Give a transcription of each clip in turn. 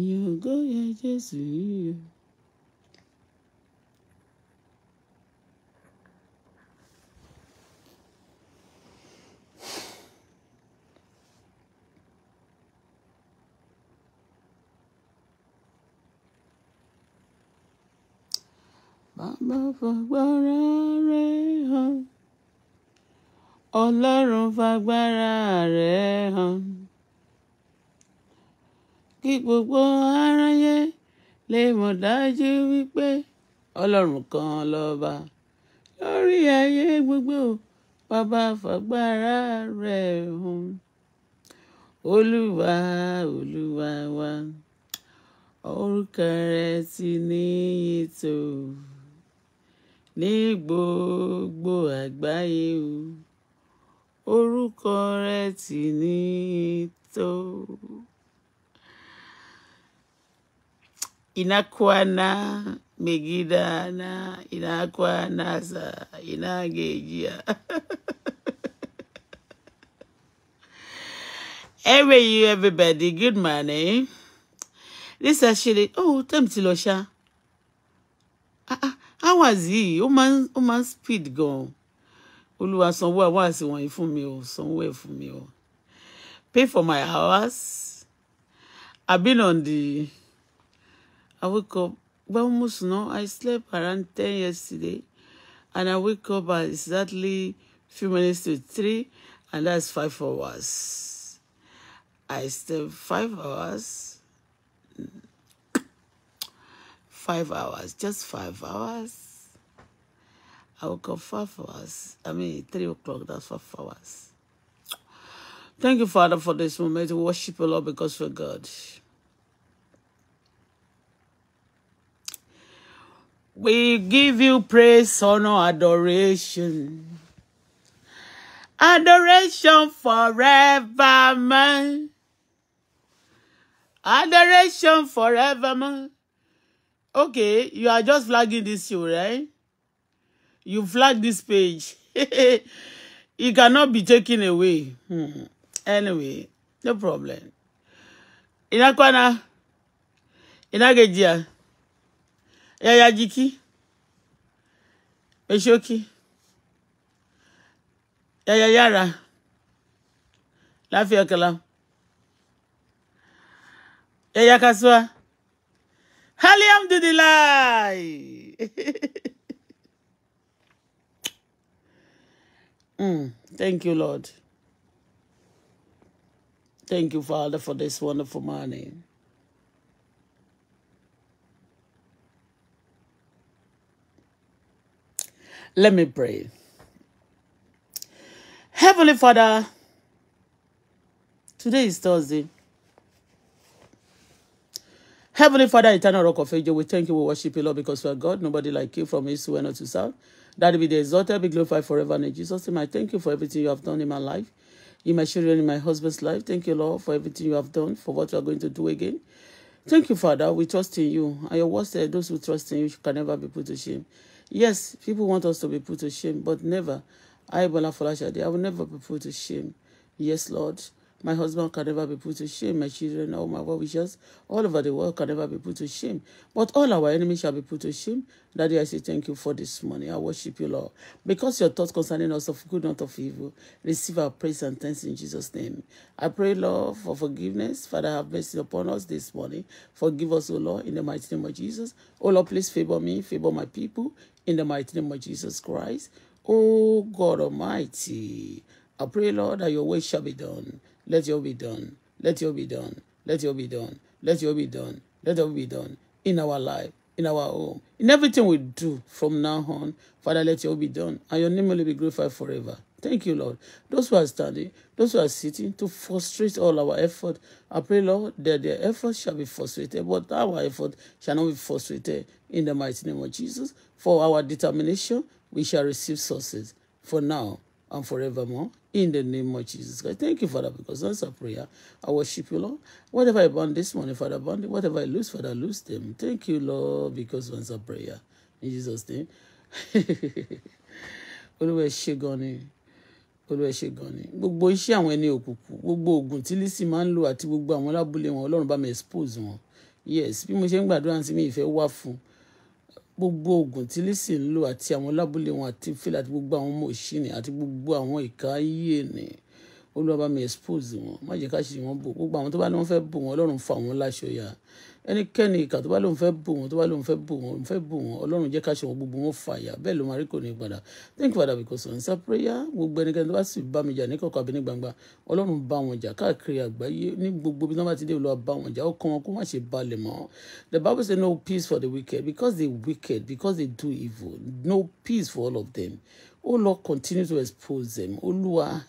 You go, yẹ Jésù Bàbá fọgbọ́rọ̀ Ọlọ́run fagbára rẹ̀ hàn. Kí gbogbo aráyé lè mọ̀ dájú wípé Ọlọ́run kan lọ́ba. Lórí ayé gbogbo, bàbá fagbára rẹ̀ hàn. Olúwa, Olúwa wa, orúkọ rẹ̀ ti níyì tó ní gbogbo àgbáyé o. orúkọ rẹ̀ tì ní tó. Inakwana megidana inakwanasa inagejia Anyway, you everybody, good morning. This actually, oh, time ti lọ ṣá. Ah, ah, how was he? Ó máa ń speed gan olúwa sanwó àwáàsí wọ̀nyí fún mi o sanwó ẹ̀ fún mi o pay for my hours i been on the i woke up well most no i slept around ten yesterday and i woke up at exactly few minutes to three and that's five hours i slept five hours five hours just five hours I woke up five hours. I mean, three o'clock, that's five hours. Thank you, Father, for this moment. We worship you, Lord, because we're God. We give you praise, honor, adoration. Adoration forever, man. Adoration forever, man. Okay, you are just flagging this you, right? you flag this page it cannot be taken away hmm. anyway no problem inakwana inagejia yayajiki eshoki yayayara lafiya kalam yayakasuwa hali amdulilayi. Mm, thank you, Lord. Thank you, Father, for this wonderful morning. Let me pray. Heavenly Father, today is Thursday. Heavenly Father, eternal rock of ages, we thank you, we worship you, Lord, because you are God, nobody like you from east to west, north to south. That be the exalted, be glorified forever. And in Jesus' name, I thank you for everything you have done in my life, in my children, in my husband's life. Thank you, Lord, for everything you have done, for what you are going to do again. Thank you, Father. We trust in you. And your word said, those who trust in you can never be put to shame. Yes, people want us to be put to shame, but never. I will never be put to shame. Yes, Lord. My husband can never be put to shame. My children, all my well wishes, all over the world can never be put to shame. But all our enemies shall be put to shame. Daddy, I say thank you for this morning. I worship you, Lord. Because your thoughts concerning us of good, not of evil, receive our praise and thanks in Jesus' name. I pray, Lord, for forgiveness. Father, have mercy upon us this morning. Forgive us, O Lord, in the mighty name of Jesus. O Lord, please favor me, favor my people, in the mighty name of Jesus Christ. O God Almighty, I pray, Lord, that your way shall be done. Let your will be done. Let your will be done. Let your will be done. Let your will be done. Let your will be done in our life, in our home, in everything we do from now on. Father, let your will be done, and your name will be glorified forever. Thank you, Lord. Those who are standing, those who are sitting, to frustrate all our effort, I pray, Lord, that their efforts shall be frustrated, but our effort shall not be frustrated. In the mighty name of Jesus, for our determination, we shall receive success for now and forevermore in the name of Jesus Christ. Thank you, Father, because that's our prayer. I worship you, Lord. Whatever I bond this morning, Father, bond it. Whatever I lose, Father, lose them. Thank you, Lord, because that's our prayer. In Jesus' name. Olúwa ẹ ṣé gan ni Olúwa ẹ ṣé gan ni gbogbo iṣẹ́ àwọn ẹni òkùnkùn gbogbo oògùn tí Lizzy máa ń lò àti gbogbo àwọn lábúlé wọn Ọlọ́run bá mi expose wọn yes bí mo ṣe ń gbàdúrà sí mi ìfẹ́ wá fún un gbogbo oògùn tí Lizzy ń lò àti àwọn lábúlé wọn àti fílẹ̀ àti gbogbo àwọn ọmọ òṣìní àti gbogbo àwọn ìka ayé ni olúwa expose wọn má ṣe wọn bò gbogbo àwọn tó bá ní wọ́n fẹ́ bò wọn ọlọ́run fà wọ́n láṣọ ya ẹnikẹ́ni ìkà tó bá lóun fẹ́ bù wọn tó bá lóun fẹ́ bù wọn fẹ́ bù wọn ọlọ́run jẹ́ ká ṣe wọn gbogbo wọn fàyà bẹ́ẹ̀ ló máa rí kò ní padà thank you father because on sa prayer gbogbo ẹnikẹ́ni tó bá sì bá mi jà ní kọ̀kọ̀ àbí ní gbangba ọlọ́run bá wọn jà káàkiri àgbáyé ní gbogbo bí wọ́n bá ti dé olúwa bá wọn jà ọkàn wọn kó má ṣe balẹ̀ mọ́ the bible say no peace for the wicked because they wicked because they do evil no peace for all of them oh lord continue to expose them olúwa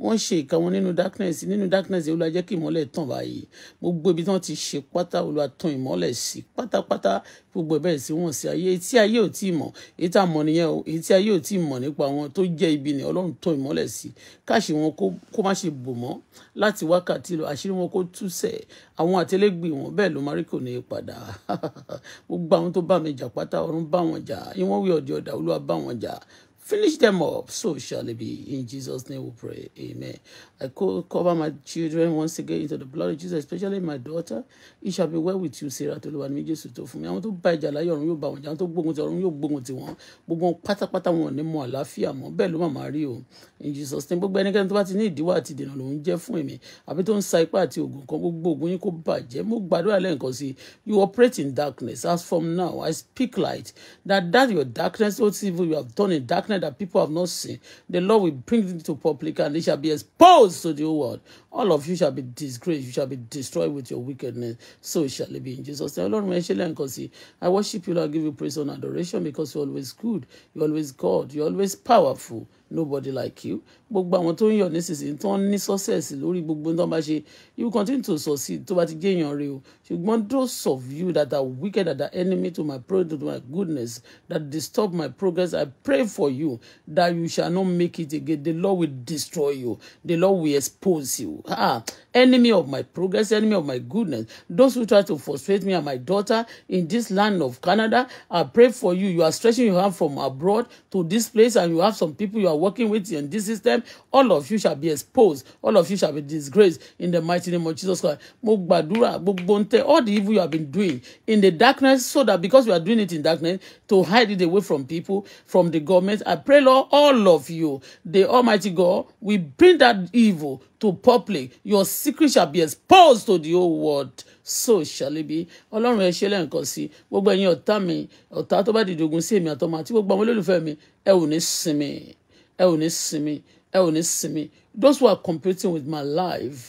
wọ́n ṣe ìka wọn nínú darkness nínú darkness olúwa jẹ́ kí ìmọ́lẹ̀ tàn báyìí gbogbo ibi tí wọ́n ti ṣe pátá olúwa tan ìmọ́lẹ̀ sí pátápátá gbogbo ẹ̀bẹ̀ sí wọn sí ayé etí ayé ò tí ì mọ̀ èyí a mọ̀ nìyẹn o èyí tí ayé ò tí ì mọ̀ nípa wọn tó jẹ́ ibi ni ọlọ́run tan ìmọ́lẹ̀ sí káṣí wọn kó má ṣe bò mọ́ láti wákàtí lọ àṣírí wọn kó túsẹ̀ àwọn àtẹlẹgbẹ́ wọn bẹ́ẹ̀ ló máa rí kò ní í padà gbogbo àwọn tó bá mi jà pátá ọ̀run bá wọn jà ìwọ́n wí ọ̀dẹ̀ ọ̀dà olúwa bá wọn jà Finish them up. So shall it be. In Jesus' name we pray. Amen. I could cover my children once again into the blood of Jesus, especially my daughter. It shall be well with you, Sarah Tolúwa ní Jésù tó fún mi. Àwọn tó bá ìjà láyé ọ̀run yóò bá wọn jà, àwọn tó gbógun ti ọ̀run yóò gbógun ti wọn. Gbogbo wọn pátápátá wọn ò ní mọ àlàáfíà mọ́. Bẹ́ẹ̀ ló màmá rí In Jesus' name gbogbo ẹnikẹ́ni tó bá ti ní ìdíwọ́ àti ìdènà lòun jẹ́ fún èmi. Àbí tó ń sa ipá àti ògùn kan gbogbo ògùn yín kó bàjẹ́. Mo gbàdúrà lẹ́ǹkan sí you operate in darkness as from now I speak light that that your darkness what evil you have done in darkness darkness that people have not seen, the Lord will bring them to public and they shall be exposed to the whole world all of you shall be disgraced you shall be destroyed with your wickedness so shall it be in Jesus name Lord. ẹ ṣé lẹ́ǹkan I worship you Lord I give you praise and adoration because you're always good you're always God you're always powerful nobody like you gbogbo àwọn tó ń yọ nísinsìnyí tó ń ní success lórí gbogbo tó ń bá ṣe you continue to succeed tó bá ti géèyàn rẹ o ṣùgbọ́n those of you that are wicked that are enemy to my product to my goodness that disturb my progress I pray for you that you shall not make it again the Lord will destroy you the Lord will expose you ah, enemy of my progress, enemy of my goodness. Those who try to frustrate me and my daughter in this land of Canada, I pray for you. You are stretching your hand from abroad to this place, and you have some people you are working with in this system. All of you shall be exposed. All of you shall be disgraced in the mighty name of Jesus Christ. Mo gbàdúrà all the evil you have been doing in the darkness so that because you are doing it in darkness to hide it away from people, from the government. I pray, Lord, all of you, the Almighty God, we bring that evil to public your secret shall be exposed to the whole world so shall it be ọlọ́run ẹ ṣe lẹ́ǹkan sí gbogbo ẹ̀yin ọ̀tá mi ọ̀tá tó bá dìde ogun sí èmi àtọmọ àti gbogbo àwọn olólùfẹ́ mi ẹ ò ní sinmi ẹ ò ní sinmi ẹ ò ní sinmi those who are competing with my life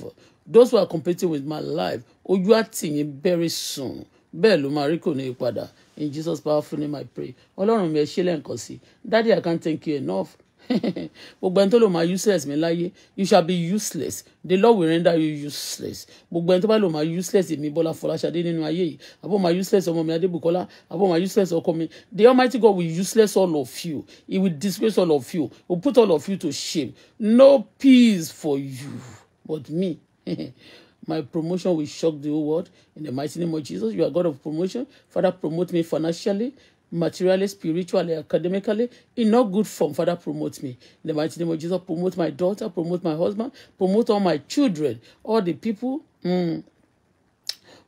those who are competing with my life ojú àtìyìn very soon bẹ́ẹ̀ ló máa rí kò ní í padà in Jesus powerful name I pray ọlọ́run mi ẹ ṣe lẹ́ǹkan sí daddy I can't thank you enough gbogbo ẹni tó lò máa useless mi láyé you shall be useless the Lord will render you useless gbogbo ẹni tó bá lò máa useless èmi Bọ́lá Fọláṣadé nínú ayé yìí àbọ̀ máa useless ọmọ mi Adébùkọ́lá àbọ̀ máa useless ọkọ mi the Almighty God will useless all of you he will disgrace all of you he will put all of you to shame no peace for you but me. My promotion will shock the whole world. In the mighty name of Jesus, you are God of promotion. Father, promote me financially materially, spiritually, academically, in no good form. Father, promote me. In the mighty name of Jesus, promote my daughter, promote my husband, promote all my children, all the people. Mm.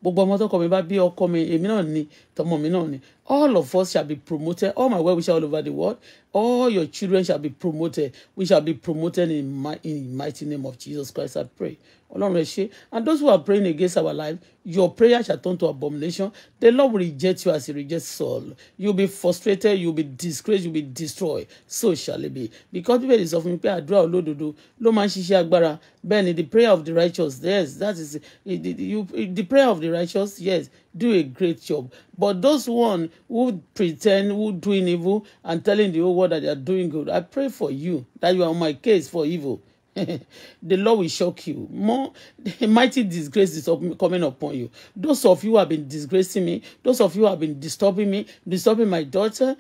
gbogbo ọmọ tọkọ mi bá bí ọkọ mi èmi náà ni tọmọ mi náà ni all of us shall be promoted all my well-wishers all over the world all your children shall be promoted we shall be promoted in, my, in the mighty name of Jesus Christ I pray ọlọ́run ẹ ṣé and those who are praying against our life your prayer shall turn to abomination the lord will reject you as he rejects Saul you be frustrated you be disgraced you be destroyed so shall it be because people dey sọ fún mi pé àdúrà olódodo ló máa ń ṣiṣẹ́ agbára bẹ́ẹ̀ ni the prayer of the righteous yes that is the, you, the prayer of the righteous yes do a great job but those one who pretend who doing evil and telling the whole world that they are doing good i pray for you that you are on my case for evil the Lord will shock you. More mighty disgrace is coming upon you. Those of you who have been disgracing me, those of you who have been disturbing me, disturbing my daughter,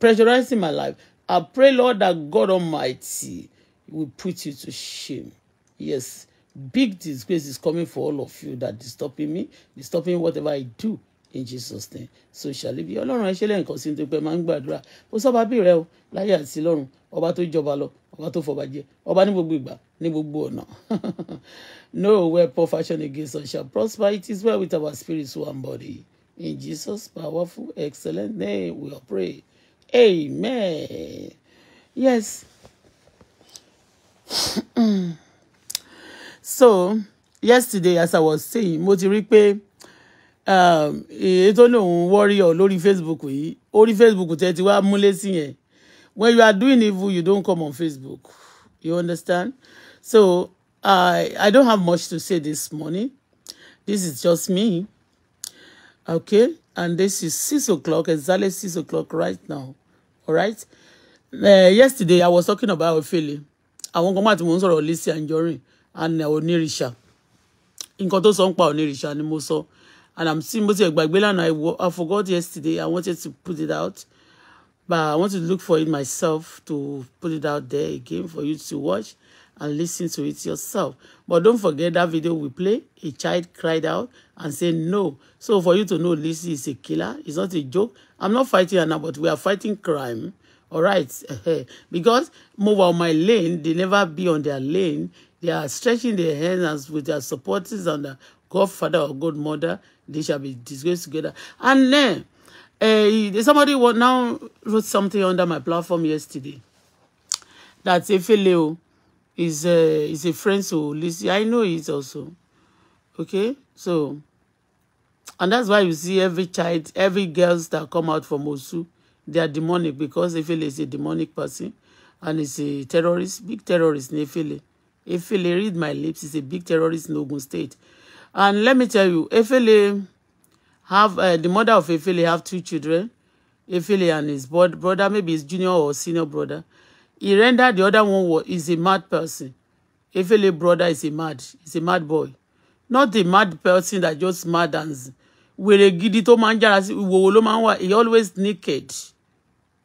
pressurizing my life, I pray, Lord, that God Almighty will put you to shame. Yes, big disgrace is coming for all of you that disturbing me, disturbing whatever I do in Jesus name so shall it be Ọlọ́run ẹ ṣe lẹ́yìn kan sí ní tó pẹ́ máa ń gbàdúrà ó sọ́ba bí rẹ o láyé àti lọ́run ọba tó fọba jẹ ọba ní gbogbo ìgbà ní gbogbo ọ̀nà no weapon fashion against us shall prosper it is well with our spirit soul and body in Jesus powerful excellent name we pray amen yes so yesterday as i was saying mo ti rí pé um, èyí tó lóun ọ lórí Facebook yìí orí Facebook tẹ́ ti wá múlé sí yẹn when you are doing evil, you don't come on Facebook. You understand? So I I don't have much to say this morning. This is just me. Okay, and this is six o'clock, exactly six o'clock right now. All right. Uh, yesterday I was talking about Ofele. Àwọn kan máa ti mò ń sọ̀rọ̀ Lizzy Anjorin and Onírìṣà. Nǹkan tó sọ ń pa Onírìṣà ni And I'm seeing mo ti And I I forgot yesterday. I wanted to put it out. But I want to look for it myself to put it out there again for you to watch and listen to it yourself. But don't forget that video we play, a child cried out and said no. So for you to know Lizzy is a killer, it's not a joke. I'm not fighting her now, but we are fighting crime. All right. because move on my lane, they never be on their lane. They are stretching their hands with their supporters and the godfather or godmother. They shall be disgraced together. And then Uh, somebody now wrote something under my platform yesterday that Efeleo is a, is a friend to Lucy. I know he's also. Okay, so and that's why you see every child, every girls that come out from Osu, they are demonic because Efele is a demonic person and is a terrorist, big terrorist in Efele. Efele, read my lips, He's a big terrorist in Ogun State. And let me tell you, Efele have uh, the mother of Efele have two children, Efele and his brother, maybe his junior or senior brother. He rendered the other one is a mad person. Efele brother is a mad, is a mad boy. Not a mad person that just mad and wèrè gidi tó máa ń jára sí he always naked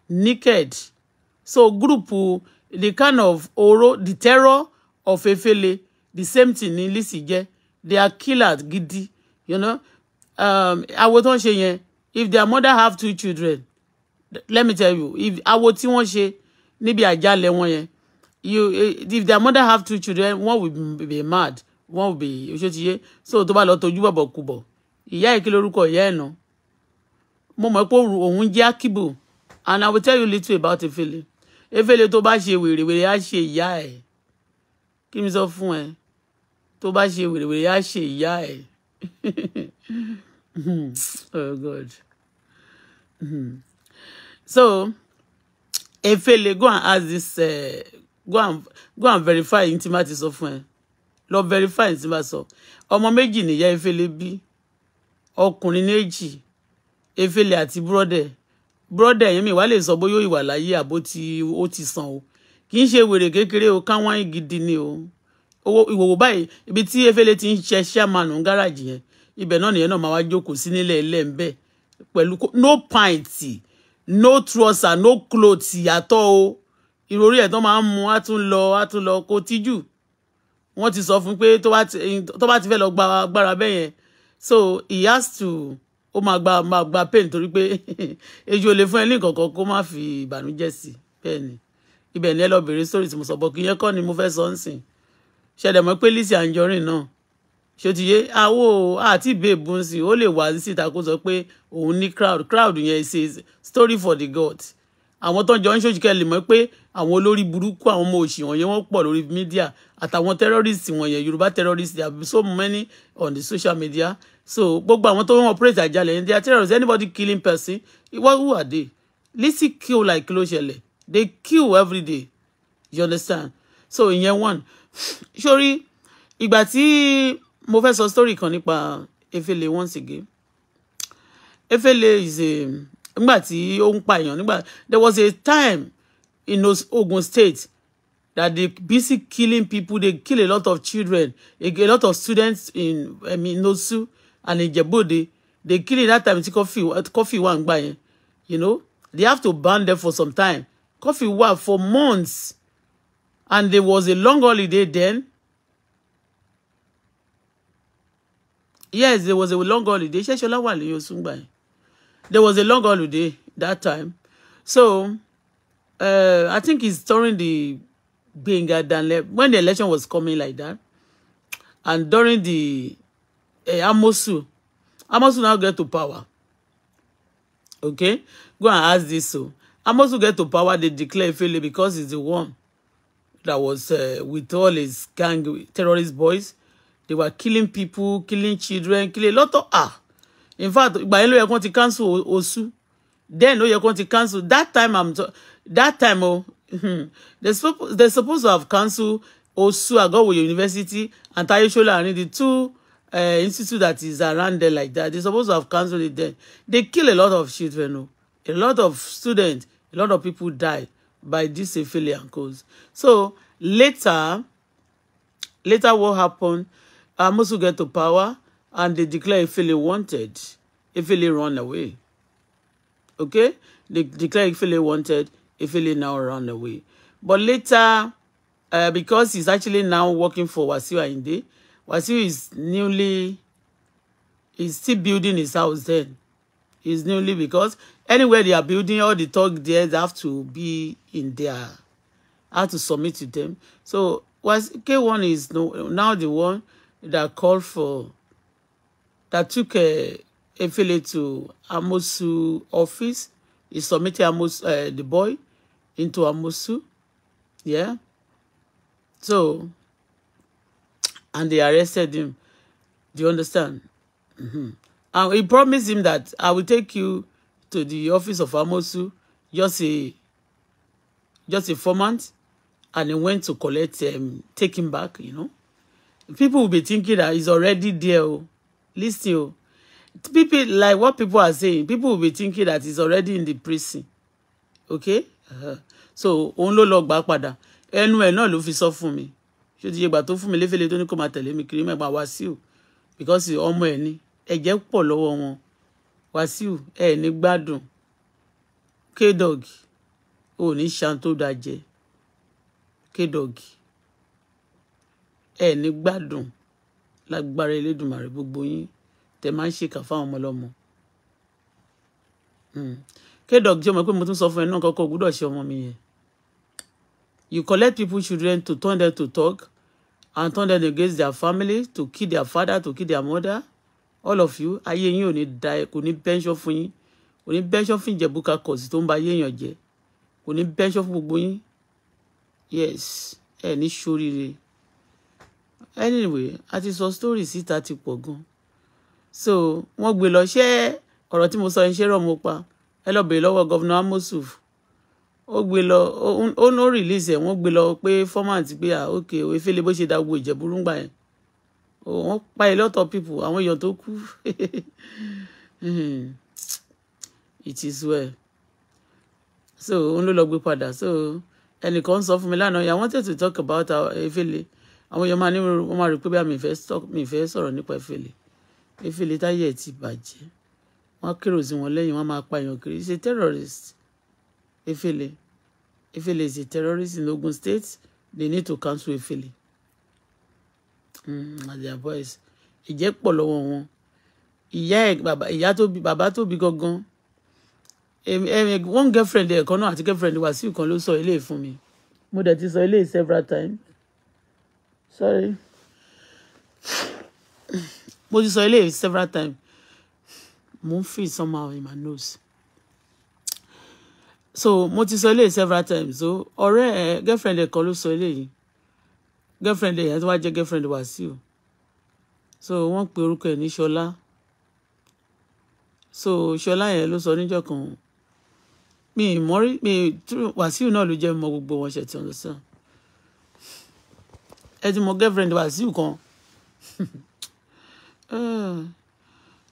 naked so group the kind of oro the terror of Efele the same thing in Lizzy jẹ they are killers gidi you know um awo tó ń ṣe yẹn if their mother have two children let me tell you if awo tí wọ́n ṣe níbi àjálẹ̀ wọn yẹn you if their mother have two children one will be mad one will be oṣooṣiye so tó bá lọ tọ́jú bọ̀bọ̀ kú bọ̀ ìyá ìkí lórúkọ ìyá ẹ̀ nà mo mọ̀ pé òun jẹ́ akíbù and i will tell you little about efele efele tó bá ṣe wèrèwèrè á ṣe ìyá ẹ̀ kí mi sọ fún ẹ tó bá ṣe wèrèwèrè á ṣe ìyá ẹ̀. Mm-hmm. oh God. Mm-hmm. so Efele go and ask this uh, go and go and verify yín tí má ti sọ fún ẹ lọ verify yín tí má sọ ọmọ méjì nìyá Efele bí ọkùnrin méjì Efele àti búrọ́dẹ̀ búrọ́dẹ̀ yẹn mi wá lè sọ bóyá ìwà láyé àbó tí ó ti san o kì í ṣe wèrè kékeré o káwọn gidi ni o owó ìwòwò báyìí ibi tí Efele ti ń ṣe ṣáàmánu gáràjì yẹn ibẹ̀ náà nìyẹn náà máa wá jókòó sí nílẹ̀ ẹlẹ́ ń bẹ̀ pẹ̀lú no pint no trouser no cloth yàtọ̀ o ìròrí ẹ̀ tó máa ń mu á tún lọ á tún lọ kó tíjú wọ́n ti sọ fún pé tó bá ti fẹ́ lọ gba agbára bẹ́ẹ̀ yẹn so he has to ó máa gba máa gba pain torí pé èjì ò lè fún ẹ ní nǹkankan kó má fi ìbànújẹ́ sí bẹ́ẹ̀ ni ibẹ̀ ni ẹ lọ bèrè sórí tí mo sọ bọ́ kí yẹn kọ́ ni mo fẹ́ sọ ń ṣẹlẹ̀ mọ́ pé Lizzy Anjorin náà ṣòtìyé àwo àti ìbèbùn sí ó lè wá síta kó sọ pé òun ní crowd crowd yẹn ṣe story for the god àwọn tó ń jọ ń ṣòṣìkẹ́ lè mọ̀ pé àwọn olórí burúkú àwọn ọmọ òṣì wọ̀nyẹn wọ́n pọ̀ lórí media àtàwọn terrorist wọ̀nyẹn yorùbá terrorist there are so many on the social media so gbogbo àwọn tó ń operate àjálẹ̀ yẹn they are terrorists anybody killing person what who are they Lizzy kill like ló ṣẹlẹ̀ they kill every day you understand so ìyẹn one sórí ìgbà tí mo fẹ́ sọ story kan nípa efele once again efele is a nígbà tí ó ń pààyàn nígbà there was a time in Ogun State that they busy killing people they kill a lot of children a lot of students in um, I mean, Nosu and Ijebode they kill that time tí coffee coffee wà ń gbà yẹn you know they have to ban them for some time coffee wà for months and there was a long holiday then yes there was a long holiday ṣé ṣọlá wà lẹ́yìn there was a long holiday that time so uh, I think it's during the Gbenga Danlep when the election was coming like that and during the uh, Amosu Amosu now get to power okay go and ask this so Amosu get to power they declare Efele because he's the one that was uh, with all his gang terrorist boys they were killing people killing children killing a lot of ah in fact by yẹn ló yẹ cancel osu then ló yẹ kó cancel that time i'm that time oh, hmm, they suppose they supposed to have cancelled osu agowoye university and tayoshola and the two uh, institute that is around there like that they supposed to have cancelled it then they kill a lot of children o oh. a lot of students a lot of people die by this affiliate cause so later later what happened Amos will get to power and they declare Ifele wanted. Ifele run away. Okay? They declare Ifele wanted. Ifele now run away. But later, uh, because he's actually now working for Wasiu Indi, Wasiu is newly, he's still building his house then. He's newly because anywhere they are building, all the talk there, they have to be in there. have to submit to them. So was K1 is no, now the one that called for, that took a Efele to Amosu office. He submitted Amos, uh, the boy into Amosu. Yeah. So, and they arrested him. Do you understand? Mm-hmm. And he promised him that I will take you to the office of Amosu, just a just a four months, and he went to collect um, take him back, you know people will be thinking that it's already there. Oh. Listen, oh. People, like what people are saying, people will be thinking that it's already in the prison. Okay? Uh-huh. So, òun ló lọ back padà. Ẹnu ẹ̀ náà ló fi sọ fún mi. Ṣé ti yẹ gbà tó fún mi léfèlé tó ní kó máa tẹ̀lé mi kiri mẹ́gbà Wàsíù. Because ọmọ ẹ̀ ni ẹ̀jẹ̀ pọ̀ lọ́wọ́ wọn. Wàsíù ẹ̀ ní gbádùn. K-Dog Oh, ní ṣan tó dájẹ́. K-Dog ẹ ní gbádùn lágbára Elédùmarè gbogbo yín tẹ máa ń ṣèkà fáwọn ọmọlọmọ hmm. kédọ̀g jẹ́ ọmọ pé mo tún sọ fún ẹ náà kọ́kọ́ gbúdọ̀ ṣe ọmọ mi yẹn you collect people children to turn them to talk and turn them against their family to kill their father to kill their mother all of you ayé yín ò ní da ẹ kò ní pension fún yín kò ní pension fún ìjẹ̀bùkà kọ̀sì tó ń ba ayé èèyàn jẹ́ kò ní pension fún gbogbo yín yes ẹ ní ṣoríire anyway a ti sọ story síta ti pọ̀ gan so wọ́n gbé lọ ṣé ọ̀rọ̀ tí mo sọ yẹn ṣé rọ̀ mo pa ẹ lọ bèèrè lọ́wọ́ gọ́vnà amosuf ó gbé lọ ó no release ẹ̀ wọ́n gbé lọ pé format pé à ok efele bó ṣe da gbogbo ìjẹ̀bú rúgbà yẹn wọ́n pa a lot of people àwọn èèyàn tó kú hmm. it is well so òun ló lọ gbé padà so ẹnìkan sọ fún mi lánàá I wanted to talk about efele. Uh, àwọn èèyàn máa ní wọn máa rò pé bí mi ìfẹ́ sọ̀rọ̀ nípa efele efele táyé ẹ̀ ti bàjẹ́ wọn kérò sí wọn lẹ́yìn wọn máa pa èèyàn kiri ṣe terrorist efele efele is a terrorist in Ogun State they need to cancel efele mm, their boys ìjẹ́ pọ̀ lọ́wọ́ wọn ìyá ẹ̀ bàbá ìyá tó bí bàbá tó bí gangan one girlfriend ẹ̀ kan náà àti girlfriend Wàsíù kan ló sọ ilé ìfún mi mo dẹ̀ ti sọ ilé several times sorry mo ti sọ eléyìí several times mo ń feel somehow in my nose so mo ti sọ eléyìí several times so ọ̀rẹ́ ẹ girlfriend ẹ kan ló sọ eléyìí girlfriend ẹ yẹn tó wá jẹ́ girlfriend Wàsíù so wọ́n pe orúkọ ẹ̀ ní Ṣọlá so Ṣọlá yẹn ló sọ níjọ́ kan mi ìmọ̀rí mi Wàsíù náà ló jẹ́ mọ gbogbo wọn ṣe ti ọ̀dọ̀ sàn ẹ ti girlfriend girlfriend Wàsíù kan eh,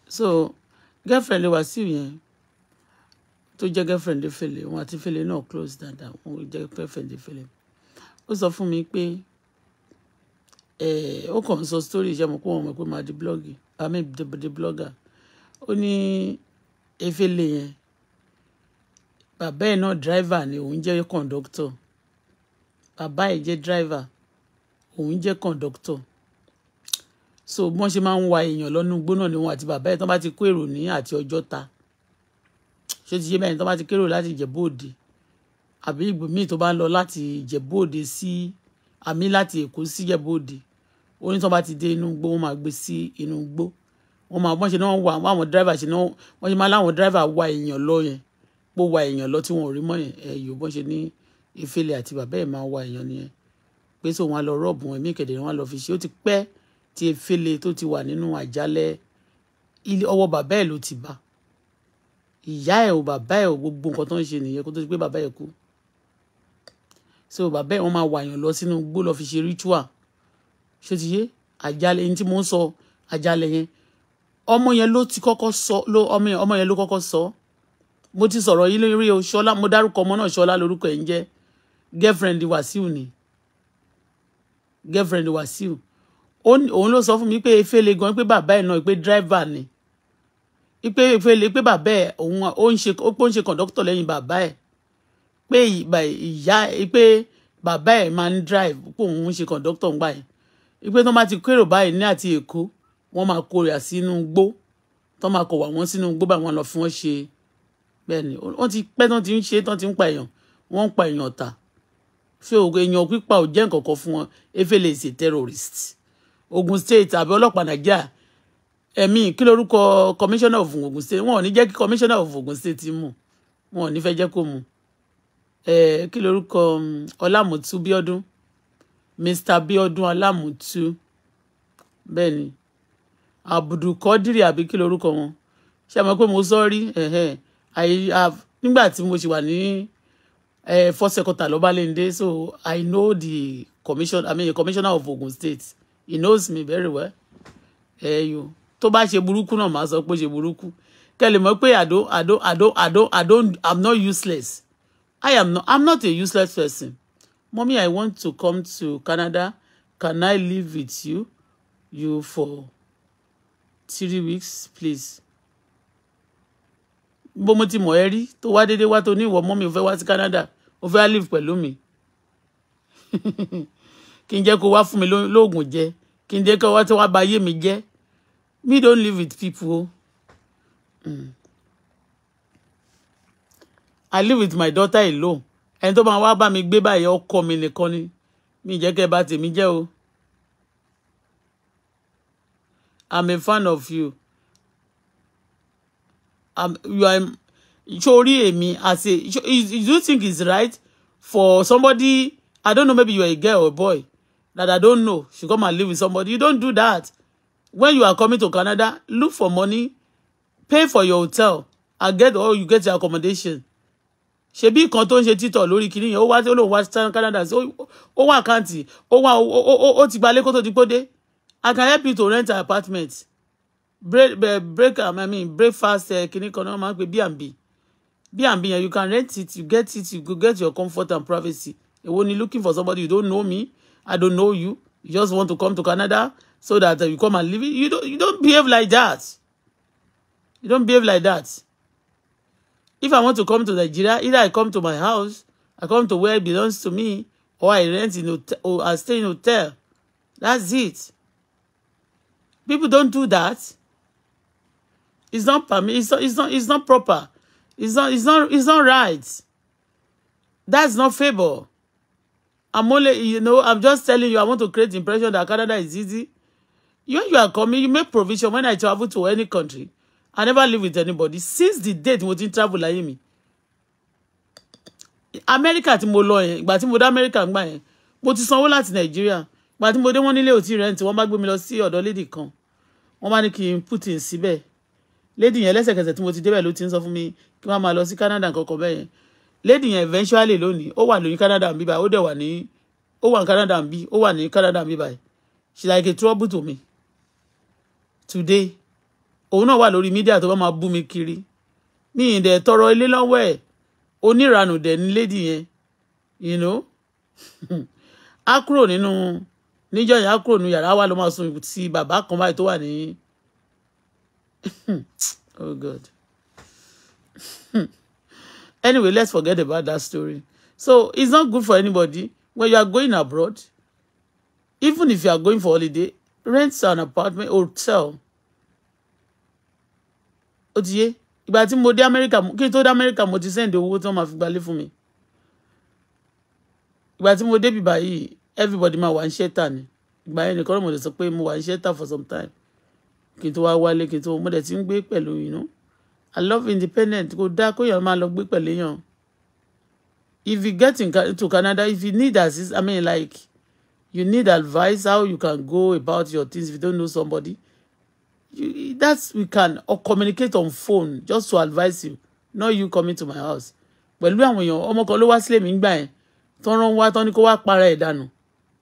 so girlfriend Wàsíù yẹn tó jẹ́ girlfriend Fẹ́lẹ́ wọn àti Fẹ́lẹ́ náà close dáadáa wọn jẹ́ girlfriend Fẹ́lẹ́ ó sọ fún mi pé eh, ó kàn ń sọ story ṣe mọ̀ pé wọ́n mọ̀ pé màá di blọ́ọ̀gì i di blogger ó ní efele yẹn bàbá ẹ̀ náà driver ni òun jẹ́ conductor. bàbá ẹ̀ jẹ́ driver òun jẹ́ kọ̀ǹdọ́tọ̀ so bí wọ́n ṣe máa ń wa èèyàn lọ́nú igbó náà ni wọn àti bàbá ẹ̀ tán bá ti kó èrò ní àti Ọjọ́ta ṣé ti ṣe bẹ́ẹ̀ tán bá ti kérò láti Ìjẹ̀bú Òde àbí ìgbòmíì tó bá ń lọ láti Ìjẹ̀bú Òde sí àmì láti Èkó sí Ìjẹ̀bú Òde ó ní tí wọ́n bá ti dé inú igbó wọ́n máa gbé sí inú igbó wọ́n máa wọ́n ṣe náà wà wọ́n àwọn dírẹ́fà ṣe náà wọ́n ṣe máa láwọn dírẹ́fà wa èèyàn lọ yẹn pé wa èèyàn lọ tí wọn ò rí mọ́ yẹn ẹ̀yọ́ bọ́n ṣe ní ìfẹ́lẹ̀ àti bàbá ẹ̀ máa wa èèyàn nìyẹn pé sóun á lọ rọ́ọ̀bù ẹ̀mí ìkẹ̀dẹ̀ ni wọ́n á lọ fi ṣe ó ti pẹ́ tí efele tó ti wà nínú àjálẹ̀ ilé ọwọ́ bàbá ẹ̀ ló ti bá ìyá ẹ̀ o bàbá ẹ̀ o gbogbo nǹkan tó ń ṣe nìyẹn kó tó ti pé bàbá ẹ̀ kú so bàbá ẹ̀ wọ́n máa wàyàn lọ sínú igbó lọ fi ṣe ritual ṣé ti yé àjálẹ̀ ẹni tí mò ń sọ àjálẹ̀ yẹn ọmọ yẹn ló ti kọ́kọ́ sọ ló ọmọ yẹn ló kọ́kọ́ sọ mo ti sọ̀rọ̀ yìí lórí o ṣọlá mo dárúkọ ọmọ náà ṣọlá lórúkọ ẹ̀ ń jẹ́ girlfriend Wàsíù ni girlfriend Wàsíù òun ló sọ fún mi pé efele gan pé bàbá ẹ̀ náà pé driver ni pé efele pé bàbá ẹ̀ òun ó ń ṣe ó ń ṣe conductor lẹ́yìn bàbá ẹ̀ pé ìyá pé bàbá ẹ̀ máa ń drive pé òun ń ṣe conductor ńgbà yẹn pé tó máa ti kérò báyìí ní àti Èkó wọ́n máa kó rẹ̀ sínú gbó tó máa kó wà wọ́n sínú gbó báyìí wọ́n lọ fún wọn ṣe bẹ́ẹ̀ ni wọ́n ti pẹ́ tán ti ń ṣe tán ti ń pa èèyàn wọ́n ń pa èèyàn ta so èèyàn pípa ò jẹ́ nǹkan kan fún wọn efele is terrorist Ogun State àbí ọlọ́pàá Nàìjíríà ẹ̀mí kí lorúkọ commissioner of Ogun State wọn ò ní jẹ́ kí commissioner of Ogun State mú wọn ò ní fẹ́ jẹ́ kó mú kí lorúkọ um, Ọlámùtú Bíọ́dún Mr Bíọ́dún Ọlámùtú bẹ́ẹ̀ ni Abdulkadiri àbí kí lorúkọ wọn ṣé àmọ́ pé mo sọ rí nígbà tí mo ṣì wà ní uh, first secretary Lobalende. So I know the commission, I mean, the commissioner of Ogun State. He knows me very well. Hey, eh, you. Toba bá ṣe burúkú náà máa sọ pé ṣe burúkú. Kẹ́lẹ̀ mọ̀ I don't, I don't, I don't, I don't, I don't, I'm not useless. I am not, I'm not a useless person. Mommy, I want to come to Canada. Can I live with you? You for three weeks, please. bó mo ti mọ̀ ẹ́ rí tó wá déédéé wá mommy fe ìwọ mọ́mí Canada ó fẹ́ live pẹ̀lú mi kí n jẹ́ kó wá fún mi lóògùn jẹ kí n jẹ́ kó wá tí wá bà ayé mi jẹ́ me don't live with people o mm. I live with my daughter alone ẹni tó máa wá bá mi gbé báyìí ọkọ mi nìkan ni mi jẹ́ kẹ́ bà tèmi jẹ́ o I'm a fan of you I'm, you are sórí èmi as a do you think it's right for somebody i don't know maybe you are a girl or a boy that i don't know she come and live with somebody you don't do that when you are coming to Canada look for money pay for your hotel and get all you get your accommodation ṣebí nǹkan tó ń ṣe títọ̀ lórí kinní yẹn ó wá tí ó lóun wá sí Canada ó wá àkáǹtì ó wá ó ti gbalé kó tó ti gbódé i can help you to rent an apartment break break i mean breakfast eh, kinní kan náà máa ń pè B&B bí and bí you can rent it you get it you get your comfort and privacy èwo ni looking for somebody you don't know me i don't know you you just want to come to Canada so that uh, you come and live it you don't you don't behave like that you don't behave like that if i want to come to Nigeria either i come to my house i come to where it belongs to me or i rent in hotel or i stay in hotel that's it people don't do that it's not permit it's not it's not it's not proper It's not, it's not, it's not right. That's not favor. I'm only, you know, I'm just telling you, I want to create the impression that Canada is easy. You, you are coming, you make provision when I travel to any country. I never live with anybody. Since the date mo ti ń travel láyé mi. America tí mo lọ yẹn, ìgbà tí America ngbà yẹn, mo ti sanwó láti Nigeria. but tí mo dé wọ́n nílé ò tí rent, wọ́n bá gbé mi lọ sí ọ̀dọ̀ lady kan. Wọ́n bá put in síbẹ̀. Lady yẹn lẹ́sẹ̀kẹsẹ̀ tí mo ti débẹ̀ ló ti ń sọ kí wọ́n máa lọ sí Canada kankan bẹ́ẹ̀ lady yẹn eventually lónìí ó wà lóyún Canada nbí báyìí ó dẹ̀ wà ní ó wà ní Canada nbí ó wà ní Canada nbí báyìí she like a trouble to me today òun náà wà lórí media tó bá máa bú mi kiri mi ì dẹ̀ tọrọ ilé lọ́wọ́ ẹ̀ oníranù dẹ̀ ní lady yẹn you know á kúrò nínú níjọ yẹn á kúrò nínú yàrá wa ló máa sùn sí bàbá kan báyìí tó wà ní oh God. Hmm. anyway, let's forget about that story. So it's not good for anybody when you are going abroad. Even if you are going for holiday, rent an apartment hotel. Ó ti yé ìgbà tí mo dé Amẹ́ríkà kí n tó dé Amẹ́ríkà mo ti sẹ́ǹdì owó tí wọ́n máa fi gbalé fún mo dé bìbà everybody máa wà ń ṣẹ́tà ni. Ìgbà yẹn nìkan mo lè sọ pé mo wà ń for some time. Kí wa tó wá wálé kí n tó mo dẹ̀ ti ń gbé pẹ̀lú yìí I love independent kò dáa kó yàn máa lọ gbé pẹ̀lú yàn if you get to Canada if you need assist I mean like you need advice how you can go about your things if you don't know somebody you, that's we can or communicate on phone just to advise you not you coming to my house pẹ̀lú àwọn èèyàn ọmọ kan ló wá sílé mi gbà yẹn tó ń rán wá tó kó wá para ẹ̀ dànù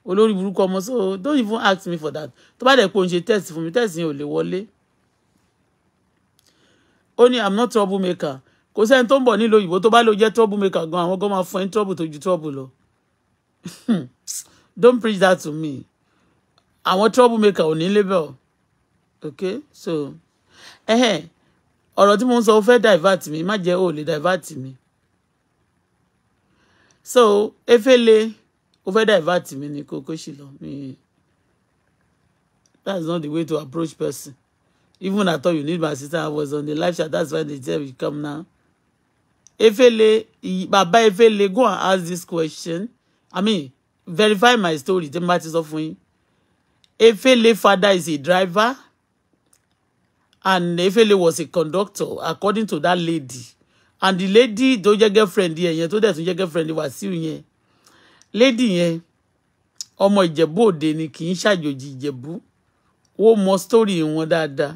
olórí burúkú ọmọ so don't even ask me for that tó bá dẹ̀ pé òun ṣe test fún mi test yẹn ò lè wọlé ó ní i'm not trouble maker kò sẹ́ni tó ń bọ̀ nílò òyìnbó tó bá lò jẹ́ trouble maker gan àwọn gan máa fún ẹ trouble tó ju trouble lọ don't preach that to me àwọn trouble maker ò ní label okay so ẹ̀hẹ̀ ọ̀rọ̀ tí mo ń sọ ó fẹ́ divert mi má jẹ́ ó lè divert mi so efele ó fẹ́ divert mi ni kò kó ṣì lọ mi is not the way to approach person Even I thought you need my sister. I was on the live chat. That's why they tell you come now. Efele, Baba Efele, go and ask this question. I mean, verify my story. The matters of me. Efele father is a driver. And Efele was a conductor, according to that lady. And the lady, tó jẹ́ girlfriend yẹn, tó dẹ̀ tún jẹ́ girlfriend Wasiu yẹn. Lady oh my Jebu, Deni ni, Joji Jebu wọ́n mọ story wọn dáadáa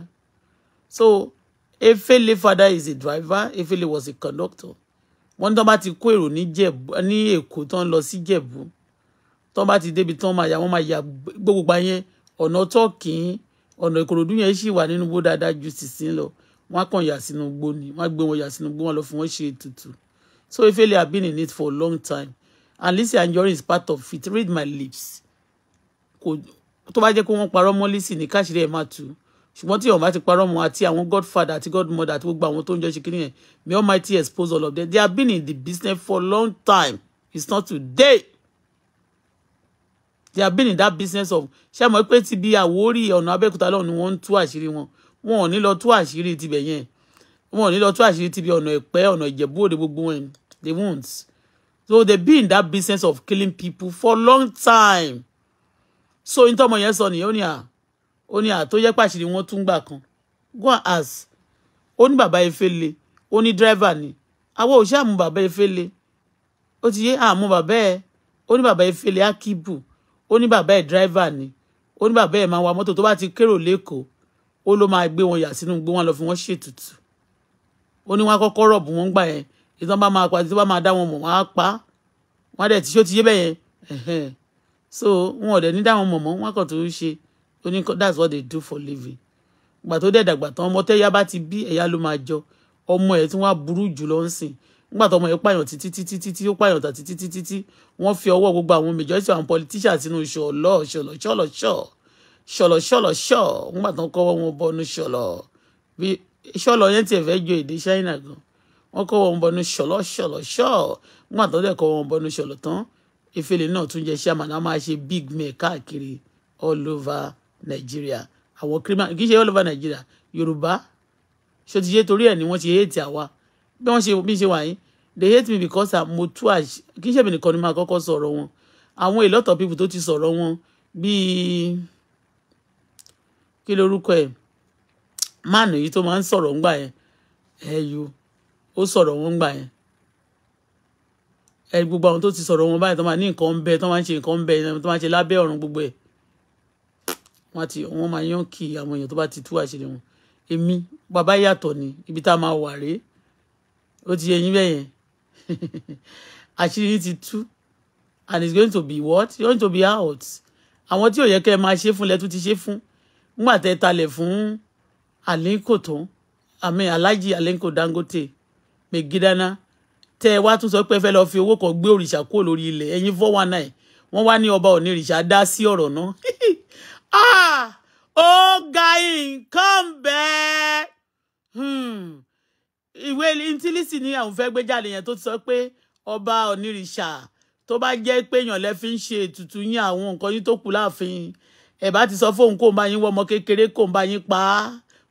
so efele father is a driver efele was a conductor wọ́n tán bá ti kó èrò ní jẹ̀bú ní èkó tán lọ sí jẹ̀bú tán bá ti débi tán máa yà wọ́n máa yà gbogbo yẹn ọ̀nà tọ́kìn ọ̀nà ìkòròdú yẹn sì wà nínú igbó dáadáa ju sísìn lọ wọ́n kàn yà sínú igbó ni wọ́n gbé wọn yà sínú igbó wọn lọ fún wọn ṣe ètùtù so efele have been in it for a long time and Lizzy Anjorin is part of it read my lips kò tó bá jẹ́ pé wọ́n parọ́ mọ́ Lizzy ní káṣírí ẹ̀ máa tú ṣùgbọ́n tí ọ̀n bá ti parọ́ mọ́ àti àwọn godfather àti godmother àti gbogbo àwọn tó ń jọ ṣe kiri yẹn may almighty expose all of them they have been in the business for long time it's not today they have been in that business of ṣé àmọ́ pé ti bí Àwórì ọ̀nà Abẹ́òkúta lọ́hùn ni wọ́n ń tú àṣírí wọn wọn ò ní lọ tú àṣírí tibẹ̀ yẹn wọn ò ní lọ tú àṣírí tibẹ̀ ọ̀nà Ẹ̀pẹ́ ọ̀nà Ìjẹ̀bú Òde gbogbo wọn they won't so they be in that business of killing people for long time so ní tọmọ yẹn sọ nìyẹn ó ní à ó ní à tó jẹ́ pàṣírí wọn tún gbà kan go and ó ní bàbá Efele ó ní dírẹ́fà ni àwọn ò ṣàmú bàbá Efele ó ti yé àmú bàbá ẹ ó ní bàbá Efele Akibu ó ní bàbá ẹ dírẹ́fà ni ó ní bàbá ẹ máa wa mọ́tò tó bá ti kérò lẹ́kọ̀ọ́ ó ló máa gbé wọn yà sínú gbé wọn lọ fi wọn ṣètùtù ó ní wọn kọ́kọ́ rọ̀bù wọn gbà yẹn ìtàn bá máa pa ìtàn bá máa dá wọn mọ̀ wọn á pa wọn á dẹ̀ tí ṣó ti yé bẹ́ẹ̀ yẹn so wọn ò dẹ̀ ní dáhùn mọ̀mọ́ wọn kàn tó ń ṣe oní that's what they do for living gbà tó dẹ̀ dàgbà tán ọmọ tẹ́yà bá ti bí ẹ̀yà ló máa jọ ọmọ ẹ̀ tí wọ́n á burú jù lọ ń sìn nígbà tó ọmọ yẹn pààyàn títí títí títí ó pààyàn tà títí títí tí wọ́n fi ọwọ́ gbogbo àwọn majority àwọn politicians sínú ṣọlọ ṣọlọ ṣọlọ ṣọ ṣọlọ ṣọlọ ṣọ nígbà tó ń kọ́wọ́ wọn bọnú ṣọlọ bí ṣọlọ yẹn tiẹ̀ fẹ́ jo èdè China gan wọ́n kọ́wọ́ wọn bọnú ṣọlọ ṣọlọ ṣọ nígbà tó dẹ̀ kọ́wọ́ wọn bọnú ṣọlọ tán Efele náà tún jẹ́ chairman máa ṣe big mail káàkiri all over Nigeria àwọn criminal kì í ṣe all over Nigeria Yorùbá ṣó ti ṣe torí ẹ̀ ni wọ́n ṣe hate àwa bí wọ́n ṣe bí ṣe wà they hate me because I'm tú àṣì kì í ṣe èmi nìkan ni máa kọ́kọ́ sọ̀rọ̀ wọn àwọn a lot of people tó ti sọ̀rọ̀ wọn bíi kí lorúkọ ẹ̀ máàlù yìí tó máa ń sọ̀rọ̀ ńgbà yẹn ẹ̀yù ó sọ̀rọ̀ wọn ńgbà yẹn gbogbo àwọn tó ti sọ̀rọ̀ wọn báyìí tó máa ní nǹkan ń bẹ tó máa ń ṣe nǹkan ń bẹ tó máa ń ṣe lábẹ́ ọ̀run gbogbo ẹ̀ wọn ti wọn máa yán kí àwọn èèyàn tó bá ti tú àṣírí wọn èmi bàbá yàtọ̀ ni ibi tá a máa wà rèé ó ti yẹ bẹ́ẹ̀ yẹn àṣírí yín ti tú and it's going to be what it's going to be out àwọn tí ò yẹ kẹ́ ẹ máa ṣe fún lẹ́tú ti ṣe fún nígbà tẹ́ ẹ talẹ̀ fún Aliko tán àmì Alhaji Aliko Dangote megidana tẹ́ ẹ wá tún sọ pé ẹ fẹ́ lọ fi owó kan gbé òrìṣà kúrò lórí ilẹ̀ ẹ̀yin four one nine wọ́n wá ní ọba onírìṣà dá sí ọ̀rọ̀ náà ah, ó ga nǹkan bẹ́ẹ̀ hmm. ìwé ìtìlísì ni àwọn fẹ́ gbé jáde yẹn tó ti sọ pé ọba onírìṣà tó bá jẹ́ pé èèyàn fi ń ṣe ètùtù yín àwọn nǹkan yín tó kù láàfin ẹ̀ bá ti sọ fóun kó ń bá yín wọ́mọ kékeré kó ń bá yín pa á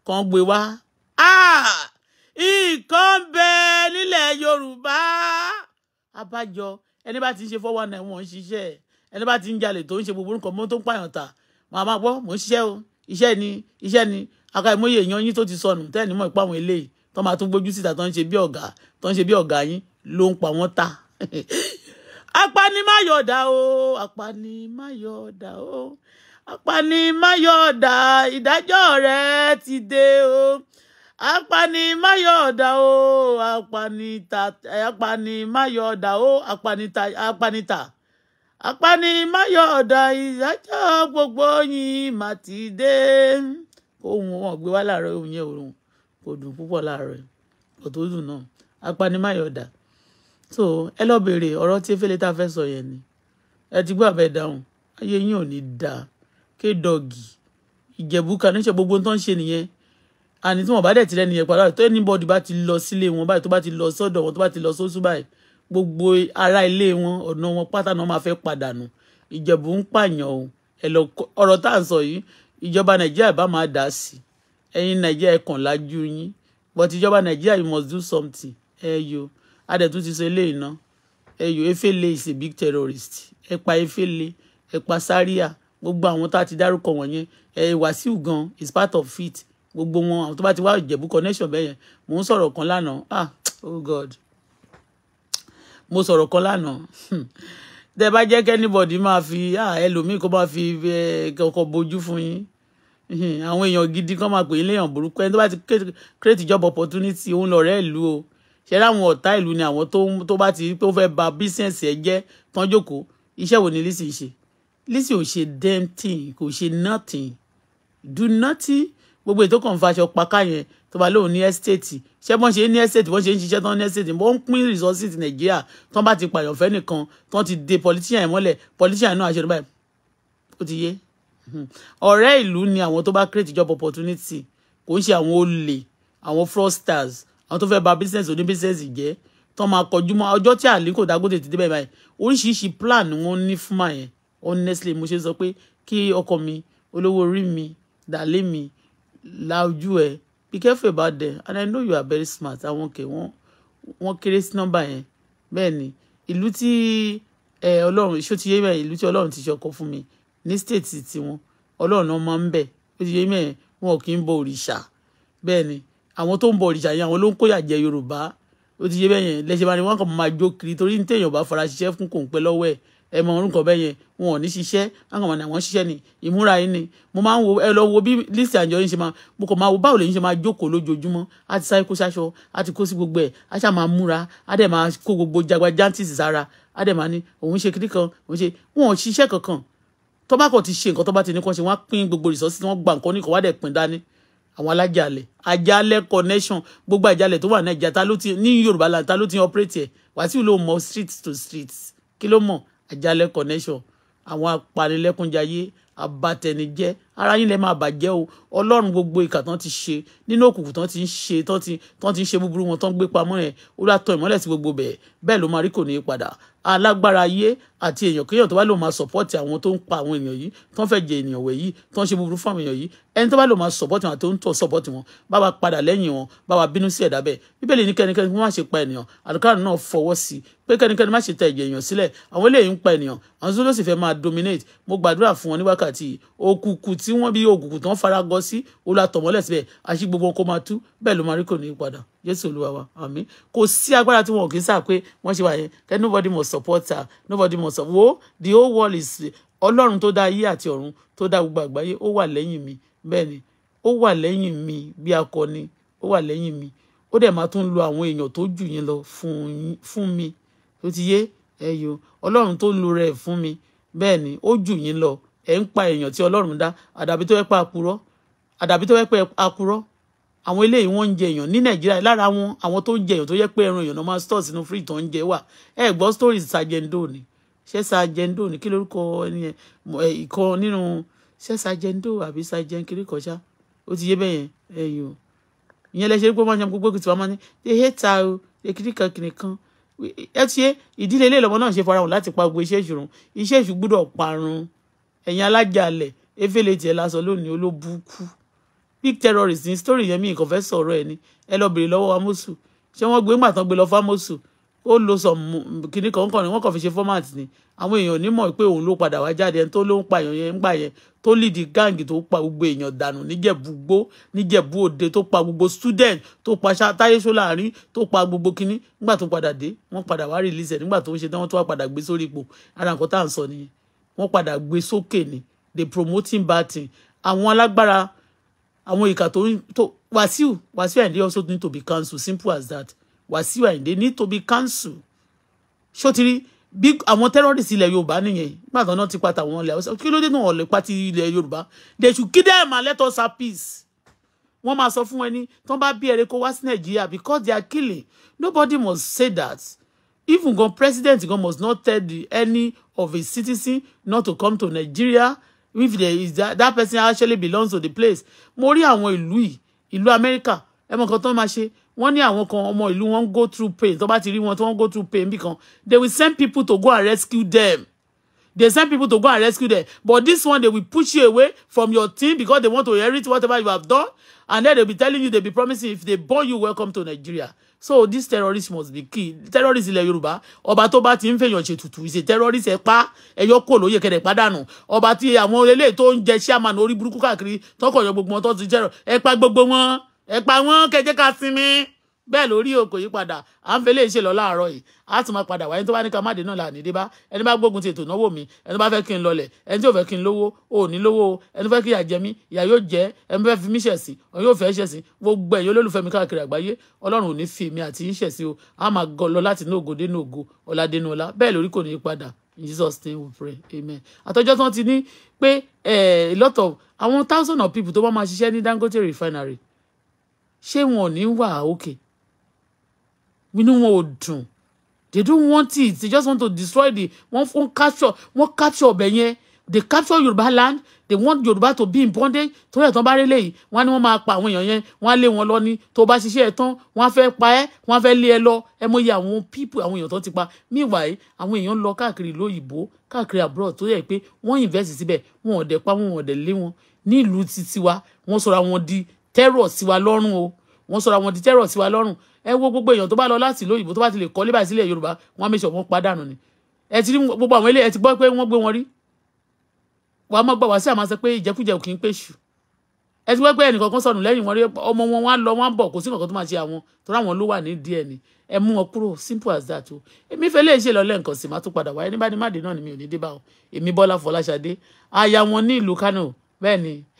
kàn gbé wá. Ah! nǹkan ń bẹ nílẹ̀ yorùbá abájọ ẹni bá ti ń ṣe four one nine wọn ń ṣiṣẹ́ ẹni bá ti ń jalè tó ń ṣe gbogbo nǹkan mọ́ tó ń pààyàn ta màá máa gbọ́ mò ń ṣiṣẹ́ o iṣẹ́ ni iṣẹ́ ni aka ìmọ̀ye èèyàn yín tó ti sọnù tẹ́ẹ̀ni mọ̀ ìpá àwọn eléyìí tó máa tún gbójú síta tó ń ṣe bí ọ̀gá tó ń ṣe bí ọ̀gá yín ló ń pa wọ́n ta apanimayọ̀dà o apanimayọ̀dà o apanimayọ̀dà ìdájọ́ rẹ̀ ti dé o apani mayọ̀ọ̀dà o apanita eh, apani mayọ̀ọ̀dà o apanita apanita apani mayọ̀ọ̀dà ìdájọ́ gbogbo yín mà ti dé. ohun wọn gbé wá láàárọ̀ ohun yẹn òun kò dùn púpọ̀ láàárọ̀ kò tó dùn náà apani mayọ̀ọ̀dà so ẹ lọ béèrè ọ̀rọ̀ tí efele tá a fẹ́ sọ yẹn ni ẹ ti gbọ́ àbẹ dáhùn ayé yín ò ní dáa kédọ̀gì ìjẹ̀bú kan níṣẹ́ gbogbo tó ń ṣe nìyẹn àní tí wọn bá dẹ̀ ti rẹ́ni yẹn padà tó anybody bá ti lọ sílé wọn báyìí tó bá ti lọ sọ́dọ̀ wọn tó bá ti lọ sóṣù báyìí gbogbo ará ilé wọn ọ̀nà wọn pátá náà máa fẹ́ padà nù ìjẹ̀bù ń pààyàn o ẹ lọ ọ̀rọ̀ tá à ń sọ yìí ìjọba nàìjíríà bá máa dà sí ẹ̀yin nàìjíríà ẹ kàn lájú yín but ìjọba nàìjíríà you must do something ẹ yo adẹ̀tún ti sọ eléyìí ná ẹ yo efele is a big terrorist ẹ pa efele ẹ pa sáríà gbogbo àwọn tá a ti dárúkọ wọ̀nyẹn ẹ wàsíù gan is part of it gbogbo wọn àwọn tó bá ti wá ìjẹ̀bú connection bẹ́yẹn mò ń sọ̀rọ̀ kan lánàá ah oh god mo sọ̀rọ̀ kan lánàá hmm. tẹ bá jẹ́ kẹ́nìbọ̀dì máa fi ah ẹlòmíì kó bá fi eh, kọ́kọ́ bojú fún yín hmm. àwọn èèyàn gidi kan máa pè é léèyàn burúkú ẹni tó bá ti create job opportunity òun lọ̀rẹ́ ìlú o ṣe láwọn ọ̀tá ìlú ni àwọn tó bá ti pé fẹ́ ba business ẹ jẹ́ tán jókòó iṣẹ́ wo ni Lizzy ṣe Lizzy ò ṣe damn thing kò ṣe nothing do nothing gbogbo ètò kan faṣọ paká yẹn tó bá lóun ní estate ṣé wọ́n ṣe ní estate wọ́n ṣe ń ṣiṣẹ́ tán ní estate wọ́n ń pín resources nàìjíríà tán bá ti pààyàn fẹ́ nìkan tán ti de politician yẹn mọ́lẹ̀ politician náà aṣọ báyìí ó ti yé hmm. ọ̀rẹ́ ìlú ni àwọn tó bá create job opportunity kò ń ṣe àwọn olè àwọn fraudsters àwọn tó fẹ́ ba business oní business jẹ́ tán máa kọjú mọ́ ọjọ́ tí Àlíkò Dangote ti débẹ̀ báyìí oríṣiríṣi plan ni wọ́n ní fún màá yẹn honestly mo ṣe la ojú ẹ be careful about them and i know you are very smart àwọn òkè wọn wọn kéré sí nọ́mbà yẹn bẹ́ẹ̀ ni ìlú tí ọlọ́run ṣó ti yé mẹ́rin ìlú tí ọlọ́run ti ṣọkọ fún mi ní state tiwọn ọlọ́run náà máa ń bẹ̀ ó ti yé mẹ́rin wọn ò kì í bọ òrìṣà bẹ́ẹ̀ ni àwọn tó ń bọ òrìṣà yẹn àwọn ló ń kóyà jẹ yorùbá ó ti yé bẹ́ẹ̀ yẹn lẹ́sẹ̀ bá ní wọn kàn máa jó kiri torí ní téèyàn bá fara ṣiṣẹ́ fún kò ń pẹ́ ẹ mọ orúkọ bẹ́ẹ̀ yẹn wọn ò ní ṣiṣẹ́ káwọn ní àwọn ṣiṣẹ́ ni ìmúra yín ni mo máa ń wo ẹ lọ wo bí Lizzy Anjorin ṣe máa mo kàn máa wo báwo lèyìn ṣe máa jókòó lójoojúmọ́ á ti sáré kó ṣaṣọ á ti kó sí gbogbo ẹ̀ á ṣáà máa múra á dẹ̀ máa kó gbogbo jagba jantis sára á dẹ̀ máa ní òun ṣe kiri kan òun ṣe wọn ò ṣiṣẹ́ kankan tó bá ti ṣe nǹkan tó ti ní kàn ṣe wọn á pín gbogbo resources wọn gbà nǹkan oníkan wá dẹ̀ pín dání àwọn alájàlẹ̀ àjàlẹ̀ connection gbogbo àjàlẹ̀ tó wà ní ẹja ta ló ti ní Yorùbá la ta ló ti operate ẹ̀ Wàsíù ló mọ street to street kí ló mọ̀ Àjàlẹ̀ connection àwọn apanilẹ́kúnjayé abatẹnijẹ́ ara yín lẹ máa bàjẹ́ o ọlọ́run gbogbo ìkà tán ti ṣe nínú òkùnkùn tán ti ń ṣe tán ti tán ti ń ṣe búburú wọn tán gbé pamọ́ yẹn olùwàtọ̀ ìmọ́lẹ̀ sí gbogbo bẹ̀ bẹ́ẹ̀ ló máa rí kò ní í padà alágbára ayé àti èèyàn kéèyàn tó bá lò máa sọ̀pọ́tì àwọn tó ń pa àwọn èèyàn yìí tó ń fẹ́ jẹ ènìyàn wẹ̀ yìí tó ń ṣe búburú fún àwọn èèyàn yìí ẹni tó bá lò máa sọ̀pọ́tì wọn àti tó ń tọ̀ sọ̀pọ́tì wọn bá wa padà lẹ́yìn wọn bá wa bínú sí ẹ̀dá bẹ́ẹ̀ bíbélì ní kẹ́nikẹ́ni wọ́n má ṣe pa ènìyàn àlùkárùn náà fọwọ́ sí i pé kẹ́nikẹ́ni má ṣe ta ẹ̀jẹ̀ èèyàn sílẹ̀ àwọn eléyìí ń pa ènìyàn àwọn dominate mo gbàdúrà fún wọn ní wákàtí t tí wọ́n bí òkùnkùn tán faragọ sí olú àtọ̀mọ́lẹ̀ síbẹ̀ gbogbo wọn máa tú bẹ́ẹ̀ ló máa rí kò ní padà jésù olúwa wa àmín kò sí agbára tí wọn ò kí ń sà pé wọ́n ṣe wà yẹn kẹ́ nobody must support her nobody must support wo the whole world is ọlọ́run tó dá ayé àti ọ̀run tó dá gbogbo àgbáyé ó wà lẹ́yìn mi bẹ́ẹ̀ ni ó wà lẹ́yìn mi bí akọni ó wà lẹ́yìn mi ó dẹ̀ máa tún lo àwọn èèyàn tó jù yín lọ fún mi tó ti yé ẹyọ ọlọ́run tó lo rẹ̀ fún mi bẹ́ẹ̀ ni ó jù yín lọ ẹ̀ ń pa èèyàn tí ọlọ́run dá àdàbí tó fẹ́ pa àkúrọ́ àdàbí tó fẹ́ pẹ́ àkúrọ́ àwọn eléyìí wọ́n ń jẹ èèyàn ní nàìjíríà lára wọn àwọn tó ń jẹ èèyàn tó yẹ pé ẹran èèyàn máa store sínú fridge tó ń jẹ wà ẹ gbọ́ stories sajendo ni ṣé sajendo ni kí lórúkọ ẹni ẹ ìkan nínú ṣé sajendo àbí sajen kiri kọjá ó ti yé bẹ́yẹn ẹ̀yìn o ìyẹn lẹ́sẹ̀ gbọ́ máa ń yan gbogbo kìtìwá máa ní ṣe é ta o ṣe kiri kan kiri kan ẹ ti ṣe ìdílé ilé ìlọ́mọ náà ṣe fara hàn láti pa gbogbo iṣẹ́ ìṣòro iṣẹ́ ìṣù ẹ̀yin alájàlẹ̀ efele tiẹ̀ lásán lónìí olóbùkú big terrorist ní story yẹn mi nǹkan fẹ́ sọ̀rọ̀ ẹ̀ ni ẹ lọ bèrè lọ́wọ́ amosu ṣé wọ́n gbé màtán gbé lọ fámosu ó lo sọ̀mù kìnnì kan kàn ní wọ́n kàn fi ṣe format ni àwọn èèyàn onímọ̀ pé òun ló padà wá jáde ẹni tó ló ń pa èèyàn yẹn ń gbà yẹn tó lìdí gáàngì tó pa gbogbo èèyàn dànù níjẹ̀búgbó níjẹ̀bú òde tó pa gbogbo student tó pa táyéṣó láàrin tó pa gbogbo kìnnì nígbà tó padà dé wọ́n padà wá release ẹ̀ nígbà tó ń ṣe tán wọ́n tó wá padà gbé sórí ipò ara nǹkan tá à ń sọ nìyẹn wọ́n padà gbé sókè ni they promoting bad thing àwọn alágbára àwọn ìkà tó ń tó Wàsíù Wàsíù Àyìndé also need to be cancelled simple as that Wàsíù Àyìndé need to be cancelled ṣótìrí bí àwọn terrorists ilẹ̀ Yorùbá nìyẹn gbàgbọ́n náà ti pata àwọn ilẹ̀ Haúsá kí ló dé náà ọ̀lẹ́ pati ilẹ̀ Yorùbá they should kill them and let us have peace wọ́n máa sọ fún ẹni tó bá bí ẹ̀rẹ́ kó wá sí Nàìjíríà because they are killing nobody must say that even gan president gan must not tell the, any of his citizen not to come to Nigeria if there is that, that person actually belongs to the place mo rí àwọn ìlú yìí ìlú America ẹ mọ nǹkan tó máa ṣe wọ́n ní àwọn kan ọmọ ìlú wọn go through pain tó bá ti rí wọn tó go through pain bìkan they will send people to go and rescue them they send people to go and rescue them but this one they will push you away from your team because they want to inherit whatever you have done and then they'll be telling you they'll be promising if they born you welcome to Nigeria so this terrorist must be killed terrorist ilẹ̀ yorùbá ọba tó bá ti ń fèèyàn ṣètùtù ìṣe terrorist ẹ pa ẹyọ kò lóye kẹrẹ pàdánù ọba tí àwọn eléyìí tó ń jẹ chairman orí burúkú káàkiri tọkọyọ gbogbo wọn tó ti jẹrọ ẹ pa gbogbo wọn ẹ wọn kẹjẹ ká sinmi bẹ́ẹ̀ lórí o kò yí padà à ń fẹlẹ́ ṣe lọ láàárọ̀ yìí á tún máa padà wáyé tó bá ní ká má dé náà là ní débá ẹni bá gbógun ti ètò ìnáwó mi ẹni bá fẹ́ kí n lọlẹ̀ ẹni tí ò fẹ́ kí n lówó ò ní lówó o ẹni fẹ́ kí ìyà jẹ mí ìyà yóò jẹ ẹni fẹ́ fi mí ṣẹ̀sín ọ yóò fẹ́ ṣẹ̀sín gbogbo ẹ̀yọ́ olólùfẹ́ mi káàkiri àgbáyé ọlọ́run ò ní fi èmi àti yín jesus name we pray amen àtọjọ́ tí wọ́n ti a lot of àwọn thousand of people tó bá máa ṣiṣẹ́ ní refinery ṣé wọn ò ní wà ókè We wọn ò dùn they don't want it they just want to destroy the one, fún capture one capture ọbẹ yẹn they capture Yorùbá land they want Yorùbá to be in bondage torí ẹ̀tàn bá rí lẹ́yìn wọ́n á ní wọ́n máa pa àwọn èèyàn yẹn wọ́n á lé wọn lọ ní tó bá ṣiṣẹ́ ẹ̀ tán wọ́n á fẹ́ pa ẹ́ wọ́n á fẹ́ lé ẹ lọ ẹ mọ iye àwọn people àwọn èèyàn tó ti pa meanwhile àwọn èèyàn lọ káàkiri ìlú òyìnbó káàkiri abroad tó yẹ pé wọ́n invest síbẹ̀ wọn ò dẹ̀ pa wọn ò dẹ̀ lé wọn nílùú titiwa wọ́n sọra wọn di terror sí wa o wọ́n sọra wọn di tẹ́rọ̀ sí wa lọ́rùn ẹ wo gbogbo èèyàn tó bá lọ láti ìlú òyìnbó tó bá ti lè kọ́lé báyìí sílẹ̀ yorùbá wọ́n mẹ́sàn wọ́n padànù ni ẹ ti rí gbogbo àwọn ilé ẹ ti gbọ́ pé wọ́n gbé wọn rí wàá mọ́ gbà wá sí àmọ́ sọ pé ìjẹkújẹ kì í pèsù ẹ ti gbọ́ pé ẹnìkan kan sọnù lẹ́yìn wọn rí ọmọ wọn wá lọ wọn bọ̀ kò sí nǹkan tó máa ṣe àwọn torí àwọn ló wà ní díẹ̀ ni ẹ mú wọn kúrò simple as that o èmi fẹ́ lè ṣe lọ́lẹ́ nǹkan sì máa tún padà wá ẹni ni mi ò ní dé bá o èmi Bọ́lá aya wọn ní ìlú Kánò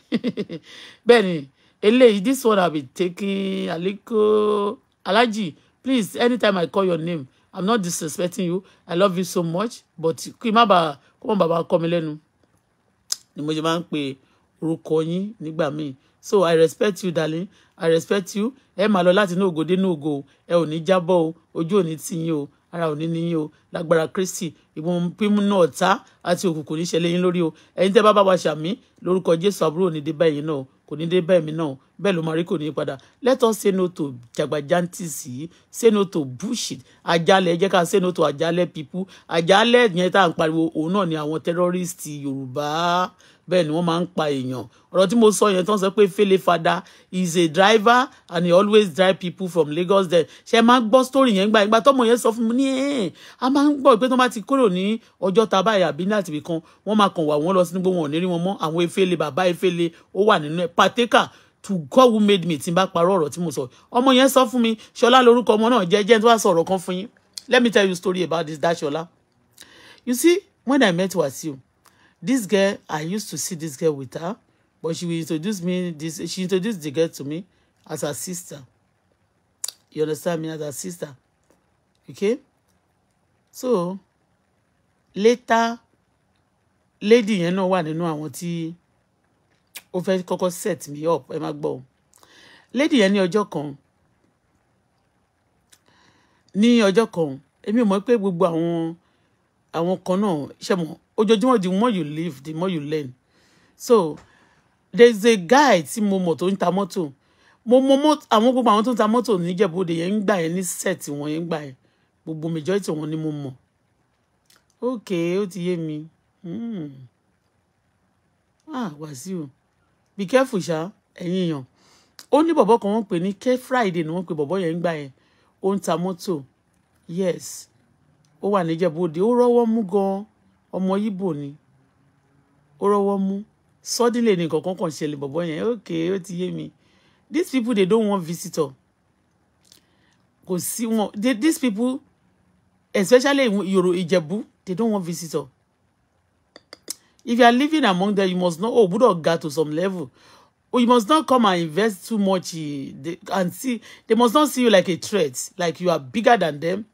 eléyìí this one i be taking aliko alaji please anytime i call your name i'm not disrespecting you i love you so much but kí n má bàa kó mọ bàbá kọ́ mi lẹ́nu ni mo ṣe máa ń pe orúkọ yín nígbà míì so i respect you darling i respect you ẹ máa lọ láti inú ògo dé inú ògo ẹ ò ní jábọ́ o ojú ò ní tì o ara ò ní níyìn o lágbára kristi ìbọn pímú náà ta àti òkùnkùn níṣẹ̀lẹ̀ yín lórí o ẹ̀yin tẹ́ bá bá wa ṣàmì lórúkọ jésù àbúrò ní dé báyìí náà kò ní dé bẹ́ẹ̀ mi náà bẹ́ẹ̀ ló máa rí kò ní padà let us say no to jagbajantisi say no to bullshit àjálẹ̀ ẹ ká say no to àjálẹ̀ people àjálẹ̀ yẹn tá à ń pariwo òun náà ni àwọn terrorist yorùbá bẹ́ẹ̀ ni wọ́n máa ń pa èèyàn ọ̀rọ̀ tí mo sọ yẹn tó ń sọ pé fele fada is a driver and he always drive people from Lagos there ṣe máa ń gbọ́ story yẹn gba ìgbà tọ́mọ yẹn sọ fún mi ní ẹ̀ a máa ń gbọ́ pé tó bá ti kúrò ní ọjọ́ ta báyìí àbí láti ibì kan wọ́n máa kàn wà wọ́n lọ sínú gbogbo wọn ò ní rí wọn mọ́ àwọn efele bàbá efele ó wà nínú ẹ̀ pateka to God who made me tí n bá parọ́ ọ̀rọ̀ tí mo sọ ọmọ yẹn sọ fún mi ṣọlá lórúkọ ọmọ náà jẹ́ jẹ́ tó wá sọ̀rọ̀ kan fún yín let me tell you story about this dashola you see when I met Wasiu this girl I used to see this girl with her but she introduced me this she introduced the girl to me as her sister you understand me as her sister okay so later lady yẹn náà wà nínú àwọn tí. No ó fẹ́ kọ́kọ́ set me up ẹ má gbọ́ lady yẹn ní ọjọ́ kan ní ọjọ́ kan èmi mọ̀ pé gbogbo àwọn àwọn kan náà ṣe mọ̀ ojoojúmọ́ the more you live the more you learn so there is a guy tí mo mọ̀ tó ń ta mọ́tò mo mọ̀ àwọn gbogbo àwọn tó ń ta mọ́tò níjẹ̀bọ́dé yẹn ń gbà yẹn ní set wọn yẹn ń gbà yẹn gbogbo majority wọn ni mo mọ̀ okay ó ti yé mi hmm. ah Wàsíù be careful ṣá ẹ̀yin èèyàn ó ní bọ̀bọ̀ kan wọ́n pè ní ké friday ni wọ́n pe bọ̀bọ̀ yẹn ń gbà yẹn ó ń yes ó wà níjẹ̀bú òde ó rọ́wọ́ mú gan-an ọmọ ni ó rọ́wọ́ mu. suddenly ní nǹkan kan kàn ṣẹlẹ̀ bọ̀bọ̀ yẹn ok ó ti yé mi these people they don't want visitor kò sí wọn these people especially Ìjẹ̀bú they don't want visitor if you are living among them you must not oh gbúdọ̀ ga to some level oh, you must not come and invest too much they, and see they must not see you like a threat like you are bigger than them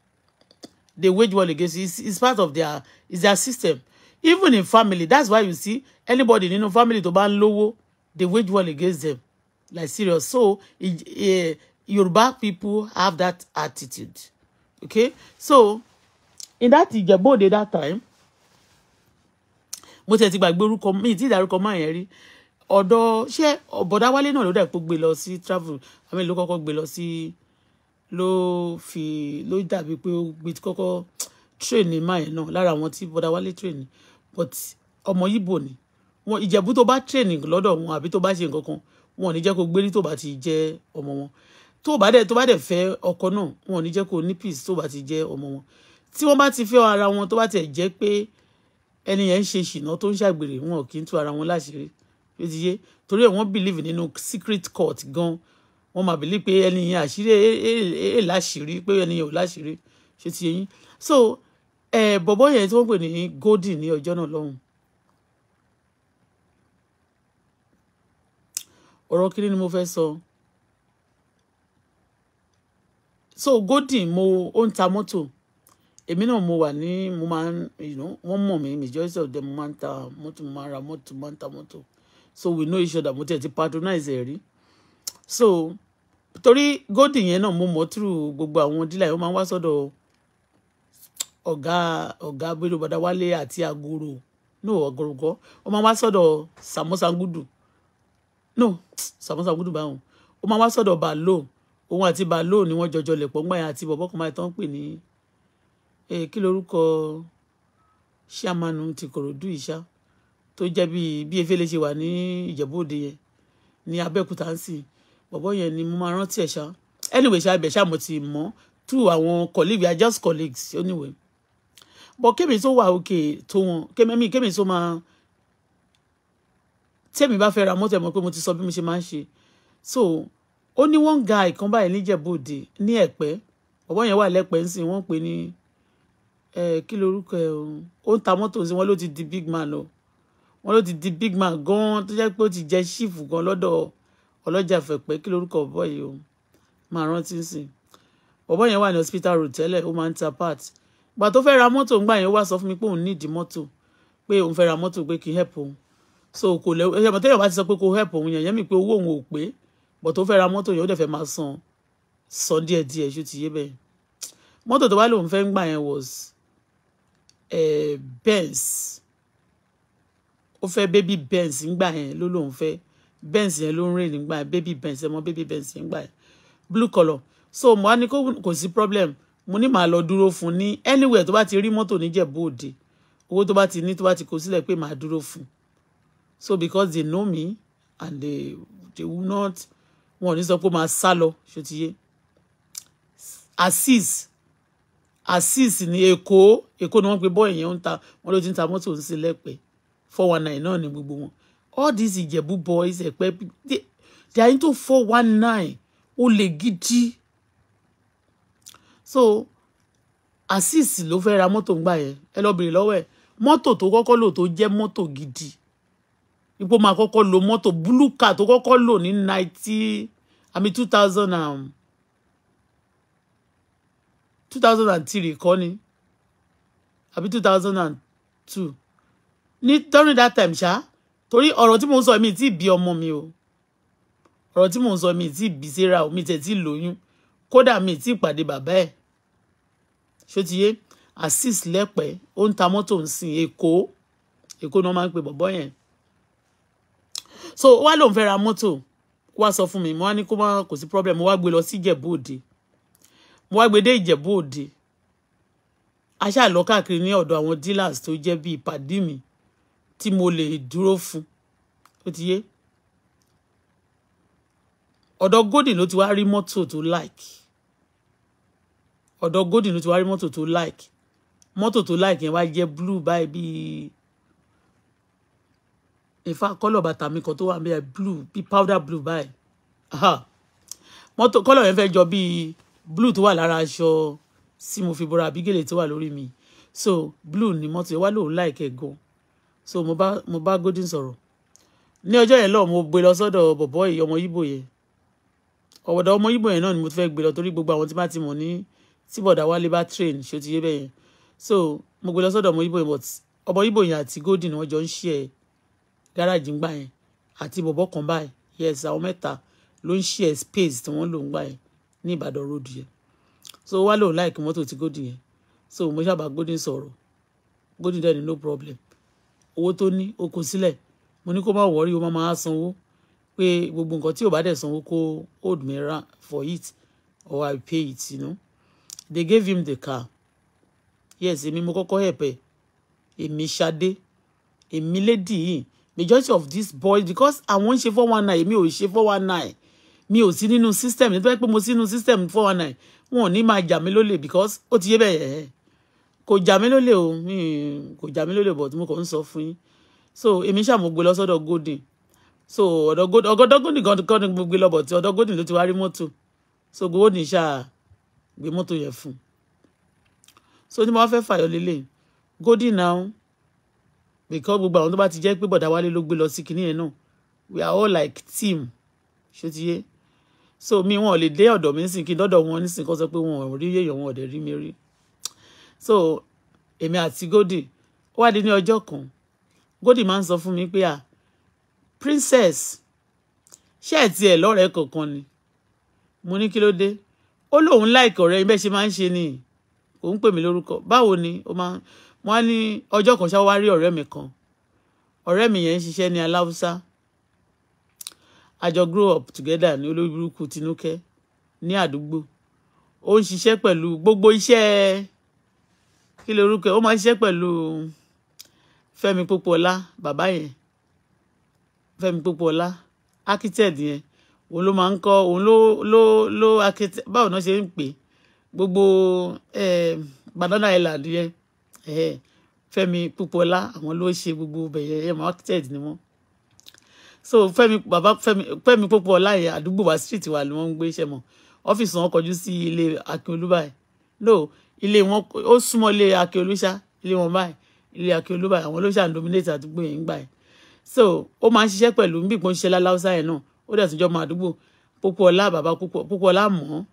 they wage war against you it's, it's part of their it's their system even in family that's why you see anybody in nínú family to ban ń they wage war against them like serious so it, uh, eh, people have that attitude okay so in that Ijebu Ode that time mo tẹ̀ ti gbàgbé orúkọ mi tí ìdárúkọ máa yẹn rí ọ̀dọ̀ ṣé ọ̀bọ̀dá wálé náà ló dà pé gbé lọ sí travel àmì ló kọ́kọ́ gbé lọ sí ló fi ló dàbí pé ó gbé kọ́kọ́ train ní máa yẹn náà lára àwọn tí bọ̀dá wálé train but ọmọ Ìgbò ni wọn Ìjẹ̀bú tó bá train lọ́dọ̀ wọn àbí tó bá ṣe nǹkan kan wọn ò ní jẹ́ kó gbérí tó bá ti jẹ́ ọmọ wọn tó bá dẹ̀ tó bá dẹ̀ fẹ́ ọkọ náà wọn ò ní jẹ́ kó ní peace tó bá ti jẹ́ ọmọ wọn tí wọ́n bá ti fẹ́ ara wọn tó bá tiẹ̀ jẹ́ pé ẹni yẹn ń ṣe ṣìnà tó ń ṣàgbèrè wọn kì í tú ara wọn láṣìírí ló ti yé torí ẹ̀ wọ́n believe nínú secret court gan wọ́n máa believe pé ẹni yẹn àṣírí èè láṣìírí pé ẹni yẹn ò láṣìírí ṣe ti yẹn so ẹ bọ̀bọ̀ yẹn tí wọ́n pè ní golden ní ọjọ́ náà lọ́hùn. ọ̀rọ̀ kí ni mo fẹ́ sọ so golden mo ó ń ta mọ́tò èmi náà mo wà ní mo máa ń you know wọ́n mọ̀ mí majority of them máa ń ta mọ́tò mo máa ń ra mọ́tò máa ń ta mọ́tò so we know each other mo tẹ̀ ti patronize ẹ̀ rí so torí góòdì yẹn náà mo mọ̀ through gbogbo àwọn dílà yẹn wọ́n máa ń wá sọ́dọ̀ ọ̀gá ọ̀gá bẹ́lú Bàdáwálé àti Agoro no ọ̀gọ̀rọ̀gọ̀ wọ́n máa ń wá sọ́dọ̀ Sàmọ́sàngúdù no samosangudu báwọn wọ́n máa ń wá sọ́dọ̀ balo òun àti Bàlóò ni wọ́n jọjọ lẹ̀ pọ̀ ńgbà yẹn àti bọ̀bọ́ kan ẹ kí lorúkọ ṣàmánù ti kòròdú ìṣá tó jẹ́ bí bí efele ṣe wà ní ìjẹ́bóde yẹn ní abẹ́òkúta ń sìn bọ̀bọ́ yẹn ni mo máa rántí ẹ̀ anyway ṣá ibẹ̀ ṣá mo ti mọ̀ through àwọn colleagues are just colleagues anyway but kémi tó wà òkè tó wọn kémi kémi tó máa tẹ́mi bá fẹ́ ra mọ́tò ẹ̀ mọ́ pé mo ti sọ bí mo ṣe máa ń ṣe so ó ní one guy kan báyìí níjẹ̀bóde ní ẹ̀pẹ́ bọ̀bọ́ yẹn wà lẹ́pẹ́ ń sìn wọ́n pè ní kí lorúkọ ẹ òun ó ń ta mọ́tò sí wọn ló ti di big man o wọn ló ti di big man gan tó jẹ́ pé ó ti jẹ́ ṣífù gan lọ́dọ̀ ọlọ́jà fẹ̀pẹ́ kí lorúkọ ọ̀bọ yìí o máa rántí sí i ọ̀bọ yẹn wà ní hospital road tẹ́lẹ̀ ó máa ń ta part ìgbà tó fẹ́ ra mọ́tò ńgbà yẹn ó wá sọ fún mi pé òun nídìí mọ́tò pé òun fẹ́ ra mọ́tò pé kí help òun so kò lẹ ẹ mọ̀ tẹ́yọ̀ bá ti sọ pé kò help òun yẹn yẹn mi pé owó òun ò pé bọ̀ tó fẹ́ ra mọ́tò yẹn ó dẹ̀ fẹ́ máa san san díẹ̀díẹ̀ ṣó ti yé bẹ́ẹ̀ mọ́tò tó wá lòun fẹ́ ń gbà yẹn was Eh, Benz ó fẹ́ baby Benz ńgbà yẹn ló lóun fẹ́ Benz yẹn ló ń rìn nígbà yẹn baby Benz ẹ baby Benz yẹn ńgbà yẹn blue color. so mo á ní kò sí problem mo ní màá lọ dúró fún ní anywhere tó bá ti rí mọ́tò níjẹ̀bú òde owó tó bá ti ní tó bá ti kó sílẹ̀ pé màá dúró fún so because they know me and they they will not wọn ò ní sọ pé màá sá lọ ṣó ti yé Azeez Azeez ní Èkó Èkó ni wọ́n pe bọ́ọ̀ yẹn ń ta wọ́n ló ti ń ta mọ́tò ń sí lẹ́pẹ́ four one nine náà ni gbogbo wọn all these Ìjẹ̀bú boys ẹ̀pẹ́ they, they are into four one nine olè gidi so Azeez ló fẹ́ ra mọ́tò ńgbà yẹn ẹ lọ bèrè lọ́wọ́ ẹ̀ mọ́tò tó kọ́kọ́ lò tó jẹ́ mọ́tò gidi ipò máa kọ́kọ́ lo mọ́tò búlúkà tó kọ́kọ́ lò ní nineteen àmì two thousand and 2003 thousand and three kọ́ ni àbí two ní during that time ṣá torí ọ̀rọ̀ tí mò ń sọ mi ti bí ọmọ mi o ọ̀rọ̀ tí mò ń sọ mi ti bí sarah o mi tẹ̀ ti lóyún kódà mi ti pàdé bàbá ẹ̀ ṣó ti yé assis lẹ́pẹ́ ó ń ta mọ́tò ń sin èkó èkó ni wọ́n máa ń pe bọ̀bọ́ yẹn so wá lòun fẹ́ ra mọ́tò wá sọ fún mi mo wá ní kó má kò sí problem mo wá gbé lọ sí Ìjẹ̀bú Òde mo wá gbedé ìjẹ̀bú òde aṣáà lọ káàkiri ní ọ̀dọ̀ àwọn dealers tó jẹ́ bíi pàdí mi tí mo lè dúró fún ó ti yé ọ̀dọ̀ golden ló ti wá rí mọ́tò tó like ọ̀dọ̀ golden ló ti wá rí mọ́tò tó like mọ́tò tó like yẹn wá jẹ́ blue báyìí bíi ìfà kọ́lọ̀ bàtà mi kan tó wà bíi blue bíi powder blue báyìí kọ́lọ̀ yẹn fẹ́ jọ bíi blue tó wà lára aṣọ tí mo fi bora àbí tó wà lórí mi so blue ni mọ́tò yẹn wá lòun láìkẹ́ gan so mo bá mo bá golden sọ̀rọ̀ ní ọjọ́ yẹn lọ́ọ̀ mo gbé lọ sọ́dọ̀ bọ̀bọ́ yìí ọmọ yíbò yẹn ọ̀wọ̀dọ̀ ọmọ yíbò yẹn náà ni mo fẹ́ gbé lọ torí gbogbo àwọn tí bá ti mọ̀ ní tí bọ̀dà wálé bá train ṣó ti yé bẹ́ẹ̀ yẹn so mo gbé lọ sọ́dọ̀ ọmọ yíbò yẹn but ọmọ yíbò yẹn àti golden ni wọ́n jọ ń ṣe ẹ̀ gáràjì ń gbà yẹn àti bọ̀bọ́ kan báyìí yes àwọn mẹ́ta ló ń ṣe ẹ̀ space tí wọ́n lò ń gbà yẹn ní ìbàdàn road yẹn so wá lòun láìkí mọ́tò tí gòdì yẹn so mo ṣàbà gòdì sọ̀rọ̀ gòdì dẹ̀ ní no problem owó tó ní ó kó sílẹ̀ mo ní kó má wọ́rí o má máa sanwó pé gbogbo nǹkan tí ò bá dẹ̀ sanwó kó hold me for it or I pay it you know they gave him the car yes èmi mo kọ́kọ́ hẹ̀pẹ̀ èmi ṣadé èmi lédìí majority of these boys because àwọn ń ṣe four one nine èmi ò ṣe four one nine mi ò sí nínú system nítorí pé mo sí nínú system four one nine wọn ò ní máa jà mí lólè because ó ti yé bẹ́ẹ̀ yẹn kò jà mí lólè o mi kò jà mí lólè but mo kàn ń sọ fún yín so èmi ṣáà mo gbé lọ sọ́dọ̀ golden so ọ̀dọ̀ golden ọ̀gọ́dọ̀ golden gan kan ni mo gbé lọ but ọ̀dọ̀ golden ló ti wá rí mọ́tò so golden ṣáà gbé mọ́tò yẹn fún so ní mo wá fẹ́ fàyọ lélẹ̀ golden now because gbogbo àwọn tó bá ti jẹ́ pé bọ̀dá wálé ló gbé lọ sí kinní yẹn náà we are all like team ṣé ti yé so mi wọn lè dé ọ̀dọ̀ mi nísìn kí dọ́dọ̀ wọn nísìn kan sọ pé wọn ò rí yéèyàn wọn ò dẹ̀ rí mi rí so èmi àti gòdì ó wá di ní ọjọ́ kan gòdì máa ń sọ fún mi pé à princess ṣé ẹ̀ tiẹ̀ lọ́rẹ̀ẹ́ kankan ni mo ní kí ló dé ó lóun láìkọ̀ ọ̀rẹ́ ibẹ̀ ṣe máa ń ṣe nìyí kò pè mí lórúkọ báwo ni ó máa wọn á ní ọjọ́ kan ṣáwá rí ọ̀rẹ́ mi kan ọ̀rẹ́ mi yẹn ń ṣiṣẹ́ ní aláùsá a jọ grow up together ní olóbìrúkú tinúkẹ́ ní àdúgbò ó ń ṣiṣẹ́ pẹ̀lú gbogbo iṣẹ́ kí lorúkọ ó máa ń ṣiṣẹ́ pẹ̀lú Fẹ́mi Pópóọlá bàbá yẹn Fẹ́mi Pópóọlá architect yẹn òun ló máa ń kọ́ òun ló ló ló architect báwo náà ṣe ń pè gbogbo Banana Island yẹn Fẹ́mi Pópóọlá àwọn ló ṣe gbogbo bẹyẹ ẹ mọ architect ni wọ́n so fẹ́mi bàbá fẹ́mi fẹ́mi pópó ọláyẹ àdúgbò wa street wa ni wọ́n ń gbé iṣẹ́ mọ́ ọ́fíìsì wọn kọjú sí ilé akínolú báyìí no ilé wọn ó súnmọ́ ilé akínolú ṣá ilé wọn báyìí ilé akínolú báyìí àwọn olóṣà ń dominate àdúgbò yẹn ń gbà yẹn so ó máa ń ṣiṣẹ́ pẹ̀lú bí ìpọn ṣiṣẹ́ láláúsá yẹn náà ó dẹ̀ tún jọ mọ àdúgbò pópó ọlá Baba, pópó ọlá mọ̀ ọ́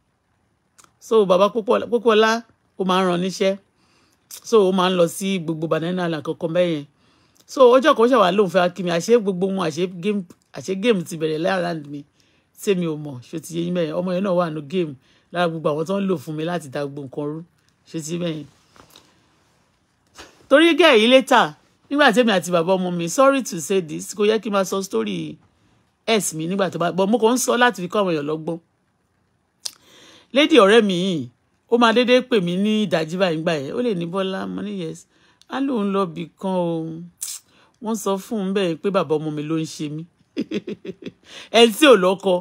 so Baba, pópó ọlá ó máa ń ran níṣẹ́ so ó máa ń lọ sí gbogbo banana àlàkọ̀kọ̀ bẹ́yẹn so ọjọ́ kan ṣàwà lóun fẹ́ kí mi àṣé gbogbo wọn àṣé game àṣé game ti bẹ̀rẹ̀ láàárín mi tèmi ò mọ̀ ṣé ti yé yín mẹ́rin ọmọ yẹn náà wà ní game lára gbogbo àwọn tó ń lò fún mi láti da gbogbo nǹkan rú ṣé ti mẹ́rin. torí gẹ́ èyí létà nígbà tèmi àti bàbá ọmọ mi sorry to say this kò yẹ kí n máa sọ story s mi nígbà tó bá bọ́ mo kàn ń sọ láti fi kọ́ àwọn èèyàn lọ́gbọ́n lédi ọ̀rẹ́ mi yìí ó máa déédéé pè mí ní ìdájí báyìí gbà yẹn ó lè ní bọ́lá mo ní yes á lóun lọ bì òun wọ́n sọ fún un bẹ́ẹ̀ pé bàbá ọmọ mi ló ń ṣe mí ẹni tí ò lọ́kọ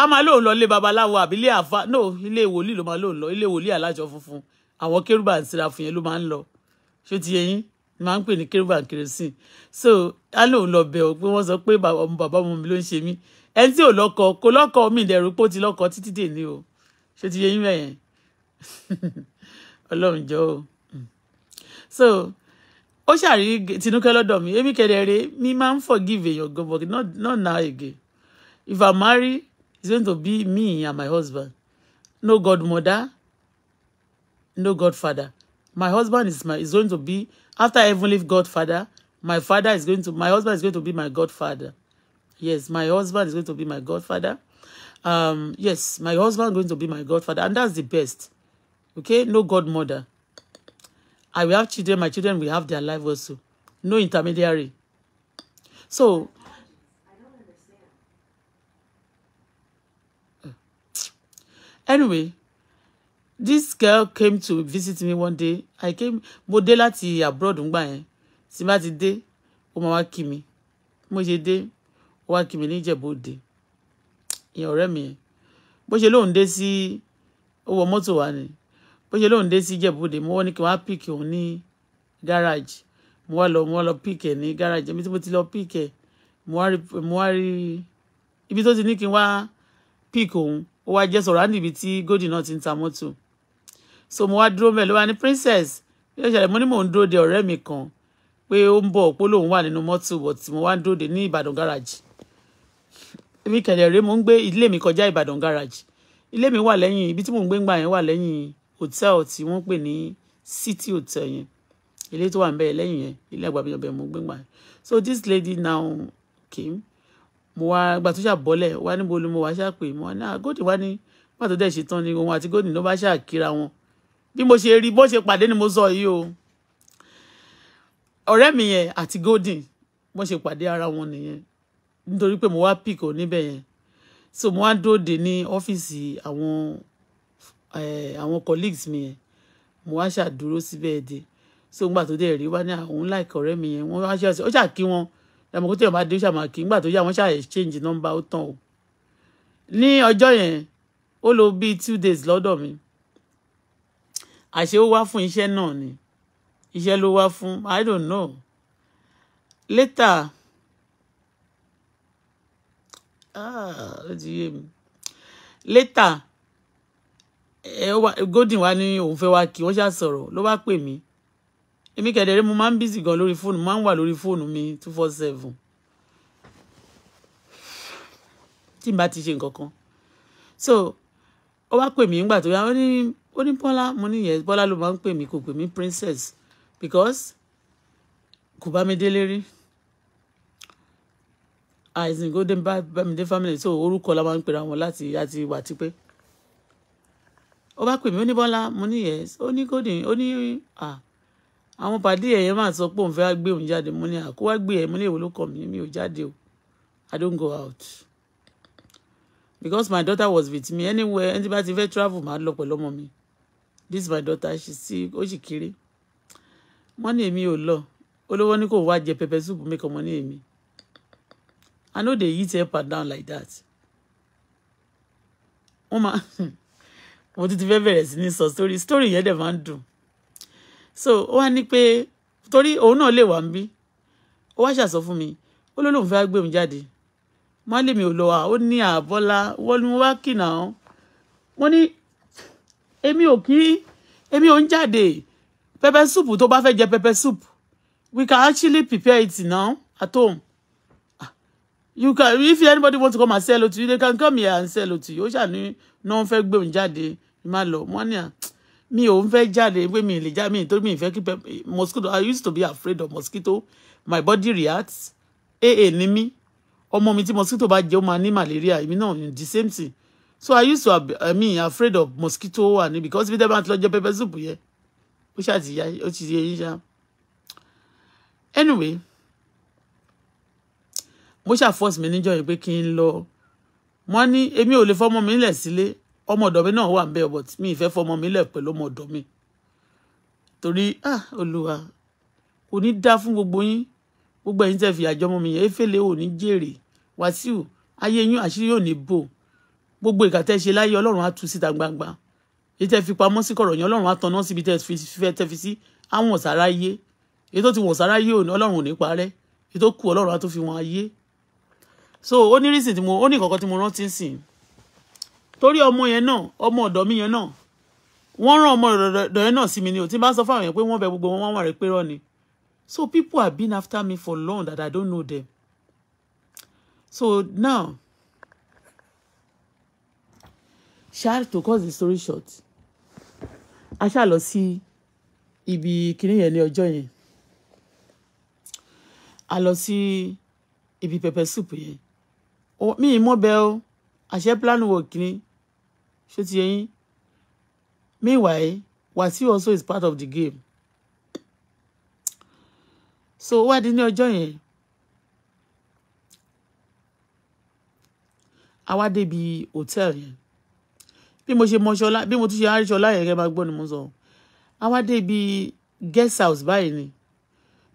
a máa lóun lọ ilé babaláwo àbí ilé àfa no ilé wòlíì ló máa lóun lọ ilé wòlíì alájọ funfun àwọn kérúbà ń tira fún yẹn ló máa ń lọ ṣó ti yẹ yín máa ń pè ní kérúbà kérésìn so a lóun lọ bẹ̀ ọ́ pé wọ́n sọ pé bàbá ọmọ mi ló ń ṣe mí ẹni tí ò lọ́kọ kò lọ́kọ mi ìdẹ̀rù pé ó ti lọ́kọ títí dè ní o ṣó ti yẹ yín bẹ́yẹn ọlọ́run jọ o so ó ṣàrí tinúkẹ́ lọ́dọ̀ mi èmi kẹ̀dẹ̀rẹ́ mi máa ń forgive èèyàn gan but not not now again if i marry it's going to be me and my husband no godmother no godfather my husband is my is going to be after heavenly godfather my father is going to my husband is going to be my godfather yes my husband is going to be my godfather um yes my husband is going to be my godfather and that's the best okay no godmother I will have children. My children will have their life also. No intermediary. So. Anyway, this girl came to visit me one day. I came, mo dé láti abroad ngbà yẹn. Tí bá ti dé, ó máa wá kí mi. Mo ṣe dé, ó wá kí mi ní Ìjẹ̀bú Òde. Ìyẹn mi yẹn. Bó ṣe lóun dé sí, ó wọ wa ni bó ṣe lóun dé sí ìjẹ́bùdè mo wọ́n ní kí wọ́n á pìkì òun ní gáràjì mo wá lọ mo wá lọ pìkì ẹ̀ ní gáràjì ibi tí mo ti lọ pìkì ẹ̀ mo wá rí ibi tó ti ní kí n wá pìkì òun ó wá jẹ́ sọ̀rọ̀ á níbi tí gòdì náà ti ń ta mọ́tò so mo wá dúró mẹ́ ló wá ní princess bí ó ṣẹlẹ̀ mo ní mò ń dúró de ọ̀rẹ́ mi kan pé ó ń bọ̀ pé lòun wà nínú mọ́tò but mo wá ń dúró de ní ìbàdàn gáràjì èmi kẹ̀lẹ̀ rèé mo ń gbé ilé mi kọjá ìbàdàn gáràjì ilé mi wà lẹ́yìn ibi tí mò ń gbé ń gbà yẹn wà lẹ́yìn hotel tí wọ́n pè ní city hotel yẹn ilé tó wà ń bẹ̀ lẹ́yìn yẹn ilé àgbàbí ọbẹ̀ mo gbé gbà so this lady now came mo wá gba tó ṣàbọ́lẹ̀ wá níbo ni mo wá ṣàpè mo wá ní àgòdì wá ní pàtó ah, dẹ̀ ṣe tán ni òun àti gòdì ló bá ṣàkíra wọn bí mo ṣe rí bó ṣe pàdé ni mo sọ yìí o ọ̀rẹ́ mi yẹn àti golden wọ́n ṣe pàdé ara wọn nìyẹn nítorí pé mo wá pick níbẹ̀ yẹn so mo wá dóde ní ọ́fíìsì àwọn àwọn colleagues mi yẹn mo wá ṣàdúró síbẹ̀ dé so ngbà tó dẹ̀ rí wá ní àwọn like ọ̀rẹ́ mi yẹn wọ́n wá ṣe ó ṣà kí wọn dàmọ́ kó tẹ̀yàn bá dé ó ṣà máa kí ngbà tó yá wọ́n ṣà exchange number ó tán o ní ọjọ́ yẹn ó lò bíi two days lọ́dọ̀ mi àṣé ó wá fún iṣẹ́ náà ni iṣẹ́ ló wá fún i don't know later ah ó ti later golden wa ní òun fẹ́ wá kí wọ́n ṣá sọ̀rọ̀ ló bá pè mí èmi kẹ̀dẹ̀rẹ́ mo máa ń bísí gan lórí fóònù máa ń wà lórí fóònù mi two four seven tí n bá ti ṣe nǹkan kan so ó wá pè mí nígbà tó yá ó ní ó ní bọ́lá mo ní yẹn bọ́lá ló máa ń pè mí kò pè mí princess because kò bá mi délé rí àìsàn golden bá mi dé family so orúkọ la máa ń pera wọn láti àti wà tipẹ́ ó bá pè mí ó ní bọ́lá mo ní yes ó ní golden ó ní àwọn pàdé ẹ̀yẹ máa sọ pé òun fẹ́ gbé òun jáde mo ní àkó wá gbé ẹ̀ mo ní èwo ló kọ̀ mí mi ò jáde o i don't go out because my daughter was with me anywhere ẹni tí bá ti fẹ́ travel máa lọ pẹ̀lú ọmọ mi this my daughter she see ó sì kéré wọ́n ní èmi ò lọ olówó ní kò wá jẹ pepper soup mi kàn ní èmi i no dey eat up and down like that wọ́n máa. mo tún ti fẹ́ bẹ̀rẹ̀ sí ní sọ story story yẹn dẹ̀ máa ń dùn so ó wá ní pé torí òun náà lè wà ń bí ó wá ṣàsọ fún mi ó ló lóun fẹ́ gbé òun jáde wọn lèmi ò lọ wá ó ní àbọ́lá wọn ni wọn wá kìnà wọn wọn ní èmi ò kí èmi ò ń jáde pepper soup tó bá fẹ́ jẹ pepper soup we can actually prepare it now at home ah, you can if anybody want to come and sell it to you they can come here and sell it to you ó ṣàní náà fẹ́ gbé òun jáde má lọ wọ́n ní à mi ò ń fẹ́ jáde pé mi lè jáde mi torí mi ìfẹ́ kí mosquito I used to be afraid of mosquito my body reacts aa ní mí ọmọ mi tí mosquito bá jẹ́ ó máa ní malaria èmi náà the same thing so I used to be I mean, afraid of mosquito and because bí dábàá ti lọ jẹ pepper soup yẹn ó ṣàti ya ó ti yẹ yín ṣá anyway mo ṣà force mi níjọ́ yìí pé kí n lọ wọ́n ní èmi ò lè fọmọ mi nílẹ̀ sílé ọmọ ọ̀dọ̀ mi náà wà ń bẹ ọbọ tí mi ìfẹ́ fọmọ mi lẹ pẹ̀lú ọmọ ọ̀dọ̀ mi torí ah olúwa kò ní dá fún gbogbo yín gbogbo ẹ̀yin tẹ́ fi àjọmọ mi yẹn efele ò ní jèrè wàsíù ayé yín àṣírí ò ní bò gbogbo ìkà tẹ́ ṣe láyé Ọlọ́run á tú síta gbangba èyí tẹ́ fi pamọ́ sí kọ̀rọ̀ yẹn Ọlọ́run á tanná síbi tẹ́ fi fẹ́ tẹ́ fi sí àwọn ọ̀sára yé èyí tó ti wọ̀n sára yé òní Ọlọ́run ò ní parẹ́ èyí tó kù Ọlọ́run á tó fi wọn ayé so ó ní rísìn tí mo ó ní ìkọ̀kọ̀ tí mo rántí sìn torí ọmọ yẹn náà ọmọ ọ̀dọ̀ mi yẹn náà wọ́n rán ọmọ ọ̀dọ̀ yẹn náà sí mi ni ò tí n bá sọ fún àwọn yẹn pé wọ́n bẹ gbogbo wọn wọ́n wà rẹ̀ pé rọ́ ni so people have been after me for long that I don't know them so now ṣáà to cut the story short a ṣáà lọ sí ibi kìnní yẹn ní ọjọ́ yẹn a lọ sí ibi pẹpẹ soup yẹn mi ì mọ bẹ́ẹ̀ o àṣẹ plan work ni ṣé ti yẹn meanwhile Wasiu also is part of the game so why wá di join? Our day be hotel. débi hòtẹ́ẹ̀lì yẹn bí mo ṣe mọ ṣọlá bí mo tún ṣe mo sọ a wá débi guest house báyìí ni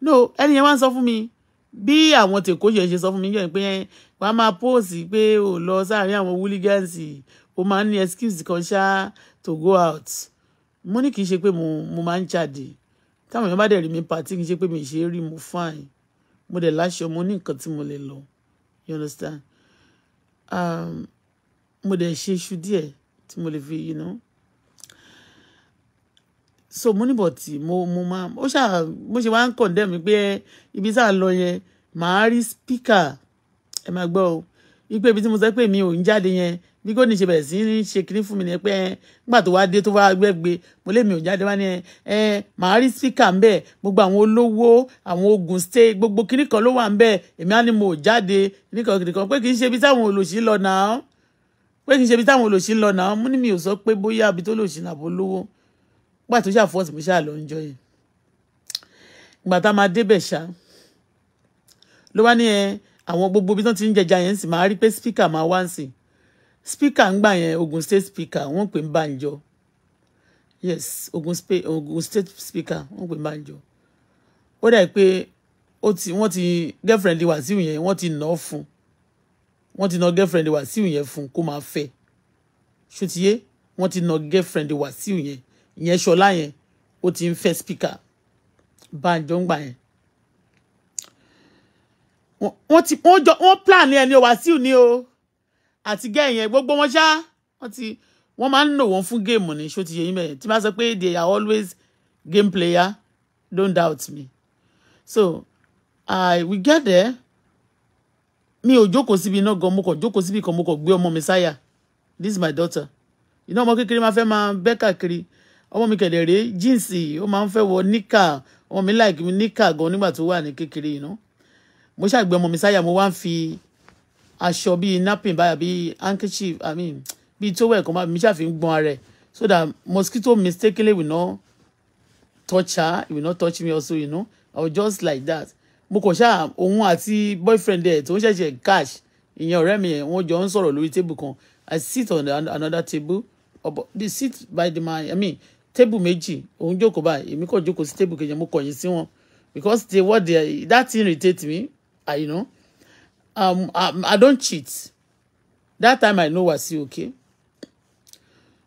no any one wá ń sọ fún mi bí àwọn tèkó You ṣe sọ fún mi yẹn pé wàá máa póòsì pé ò a sáàárín àwọn wúlígánsì ó máa ń ní excuse kan ṣá to go out mo ní kì í ṣe pé mo mo máa ń jáde táwọn èèyàn bá dẹ̀ rí mi pàtí kì í ṣe pé mi ṣe é rí mo fine mo dẹ̀ láṣọ mo ní nǹkan tí mo lè lọ you understand um, mo dẹ̀ ṣe iṣu díẹ̀ tí mo lè fi you know so mo níbọ̀ tí mo mo máa ó ṣáà mo ṣe wá ń condemn mi pé ibi tá a lọ yẹn màá rí speaker ẹ máa gbọ́ o wípé ibi tí mo sọ pé mi ò ń jáde yẹn bí kò ní ṣe bẹ̀rẹ̀ sí ní ṣe kínní fún mi ni pé ẹ nígbà tó wá dé tó wá gbẹ́gbe mo lé mi ò jáde wá ní ẹ ẹ màá rí síkà ń bẹ̀ gbogbo àwọn olówó àwọn Ogun State gbogbo kínní kan ló wà ń bẹ̀ èmi á ní mo ò jáde nìkan kìnìkan pé kì í ṣe ibi táwọn olòṣì lọ náà pé kì í ṣe ibi táwọn olòṣì lọ náà mo ní mi ò sọ pé bóyá ibi tó lòṣì nàbó lówó nígbà tó ṣàfọ́ọ̀sì mi ṣáà lọ ń jọ yìí ìgbà tá máa débẹ̀ ṣá ló wá ní ẹ àwọn gbogbo ibi tán ti ń jẹjà yẹn sì máa rí pé spíkà máa wá ń sìn speaker ń gbà yẹn Ogun state speaker wọ́n pè ń Bánjọ yes Ogun, spe, Ogun state speaker wọ́n pè ń Bánjọ ó dà pé ó ti wọ́n ti girlfriend Wàsíù yẹn wọ́n ti nà án fún wọ́n ti nà girlfriend Wàsíù yẹn fún kó máa fẹ́ ṣùtìyẹ wọ́n ti nà girlfriend Wàsíù yẹn ìyẹn Ṣọlá yẹn ó ti ń fẹ́ speaker Bánjọ ń gbà yẹn wọ́n ti wọ́n jọ wọ́n plan ní ẹni Wàsíù ni o àti gẹ́ẹ̀ yẹn gbogbo wọn ṣá wọ́n ti wọ́n máa ń lò wọ́n fún géèmù ní ṣó ti yẹ yín bẹ́ẹ̀ tí bá sọ pé they are always game player don't doubt me so i we get there mi ò jókòó síbi iná gan mo kàn jókòó síbi kan mo kàn gbé ọmọ mi sáyà this is my daughter iná ọmọ kékeré máa fẹ́ máa bẹ́ káàkiri ọmọ mi kẹ̀dẹ̀ rèé jíǹsì ó máa ń fẹ́ wọ níkà ọmọ mi láìkí níkà gan nígbà tó wà ní kékeré iná mo ṣàgbé ọmọ mi sáyà mo wá ń fi aṣọ bíi napin báyà bíi handkerchief i mean bíi towel kan báyà mi ṣàfi ń gbọn ara ẹ so that mosquito mistakenly will not touch her it will not touch me also you know i was just like that mo kàn ṣáà òun àti boyfriend ẹ tó ń ṣẹ̀ṣẹ̀ cash ìyẹn ọ̀rẹ́ mi yẹn wọ́n jọ ń sọ̀rọ̀ lórí table kan i sit on another table ọ̀bọ̀ the sit by the man i mean table méjì òun jókòó báyìí èmi kàn jókòó sí table kejì mo kọ̀yìn sí wọn because the what they that thing irritate me i you know um, um, I don't cheat. That time I know was okay.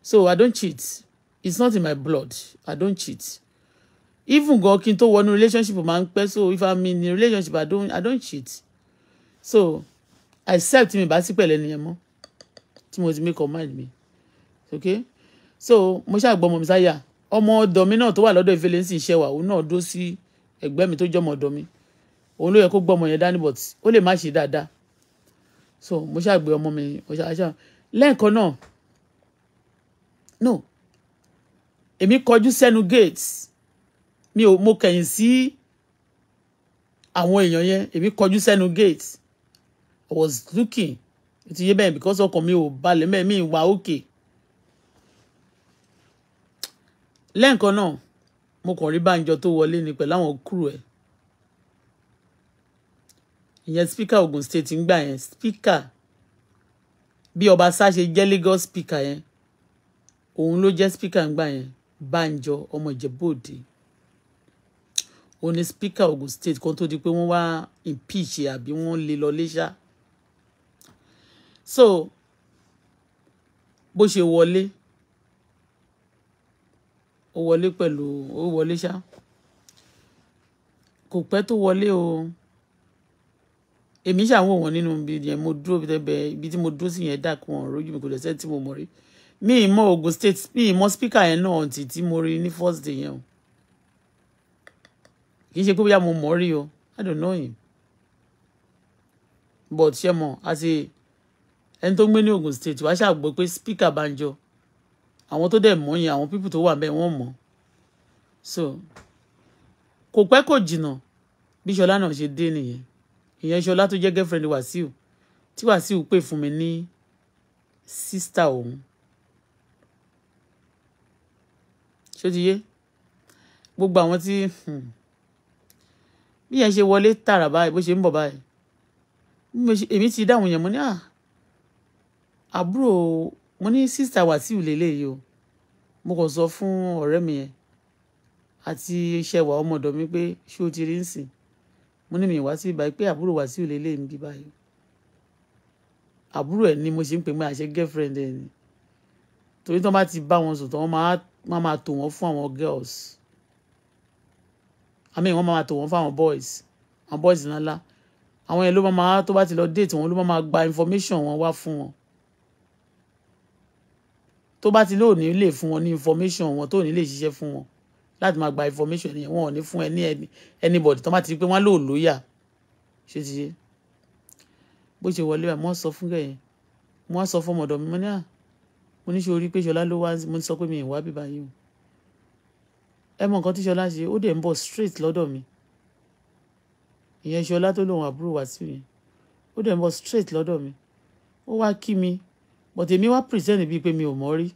So I don't cheat. It's not in my blood. I don't cheat. Even go into one relationship with ń pẹ́ so if I'm in a relationship I don't I don't cheat. So I accept mi bá sí pẹ̀lẹ́ nìyẹn mọ́ tí mo ti Okay? So mo ṣàgbọ́ ọmọ mi sáyà ọmọ ọ̀dọ̀ mi náà tó wà lọ́dọ̀ ìfẹ́lẹ́sì ìṣẹ́wà òun náà dó sí ẹgbẹ́ mi tó jọmọ òun ló yẹ kó gbọ́ ọmọ yẹn dání but ó lè má ṣe dáadáa so mo ṣàgbé ọmọ mi mo ṣàṣà lẹ́ẹ̀kan náà no èmi kọjú sẹ́nu gate mi ò mo kẹ̀yìn sí àwọn èèyàn yẹn èmi kọjú sẹ́nu gate i was looking ti yé bẹ́ẹ̀ because ọkàn mi ò balẹ̀ mẹ́ẹ̀ mi wà òkè lẹ́ẹ̀kan náà mo kàn rí Bánjọ tó wọlé ni pẹ̀lú àwọn kúrò ẹ̀ ìyẹn speaker Ogun State ń gbà yẹn speaker bí Ọbaṣá ṣe jẹ́ Lagos speaker yẹn òun ló jẹ́ speaker ń gbà yẹn Bánjọ ọmọ Ìjẹ̀bú-Òde òun ni speaker Ogun State kan tó di pé wọ́n wá impeach àbí wọ́n lè lọ léṣà so bó ṣe wọlé ó wọlé pẹ̀lú ó wọlé ṣá kò pẹ́ tó wọlé o. Wole èmi ṣàwọn òwọ̀n nínú ibi yẹn mo dúró ibi tí mo dúró sí yẹn dàkú wọn rojú mi kò dẹ̀ sẹ́ni tí mo mọ̀ rí mi mọ Ogun State mi mọ speaker yẹn náà ti tí mo rí ní first day yẹn o kì í ṣe pé bóyá mo mọ̀ rí o I don't know him but ṣe mọ àti ẹni tó ń gbé ní Ogun State wàá ṣàgbọ́ pé speaker Banjo àwọn tó dẹ̀ mọ̀ yẹn àwọn people tó wà bẹ́ẹ̀ wọ́n mọ̀ so kò pẹ́ kò jìnnà bí Ṣọlá náà ṣe dé nìyẹn ìyẹn ṣọlá tó jẹ́ girlfriend wàsíù tí wàsíù pè fún mi ní sísítà òun ṣó ti yé gbogbo àwọn tí hmm, bí yẹn ṣe wọlé tààrà báyìí bó ṣe ń bọ̀ báyìí èmi ti dáhùn yẹn mo ní ah, àbúrò mo ní sísítà wàsíù lélẹ́yìí o mo kàn sọ fún ọ̀rẹ́ mi yẹn àti ṣẹwà ọmọdọ̀ mi pé ṣé o ti rí ń mo ní mi wá sí ibà pé àbúrò wá sí òlélẹ́ mi bí báyìí àbúrò ẹ̀ ni mo ṣe ń pè mí àṣẹ girlfriend ẹ̀ ni torí tí wọ́n bá ti bá wọn sùn tán wọ́n máa máa tò wọ́n fún àwọn girls I mean wọ́n máa tò wọ́n fún àwọn boys àwọn boys ńláńlá àwọn yẹn ló máa tó bá ti lọ date wọn ló máa gba information wọn wá fún wọn tó bá ti lóò ní lè fún wọn ní information wọn tó ní lè ṣiṣẹ́ fún wọn láti máa gba information yẹn wọn ò ní fún ẹni anybody tó bá ti rí pé wọn lò lóyà ṣé ti ṣe bó ṣe wọlé wa mo sọ fún kẹyìn mo sọ fún ọmọdọ mi mo ní à mo ní ṣe orí pé ṣọlá ló wá mo sọ pé mi ìwà bíbá yìí o ẹ mọ nǹkan tí ṣọlá ṣe ó dẹ̀ ń bọ̀ straight lọ́dọ̀ mi ìyẹn ṣọlá tó lòun àbúrò wá sí mi ó dẹ̀ ń bọ̀ straight lọ́dọ̀ mi ó wá kí mi but èmi wá present bíi pé mi ò mọ̀ rí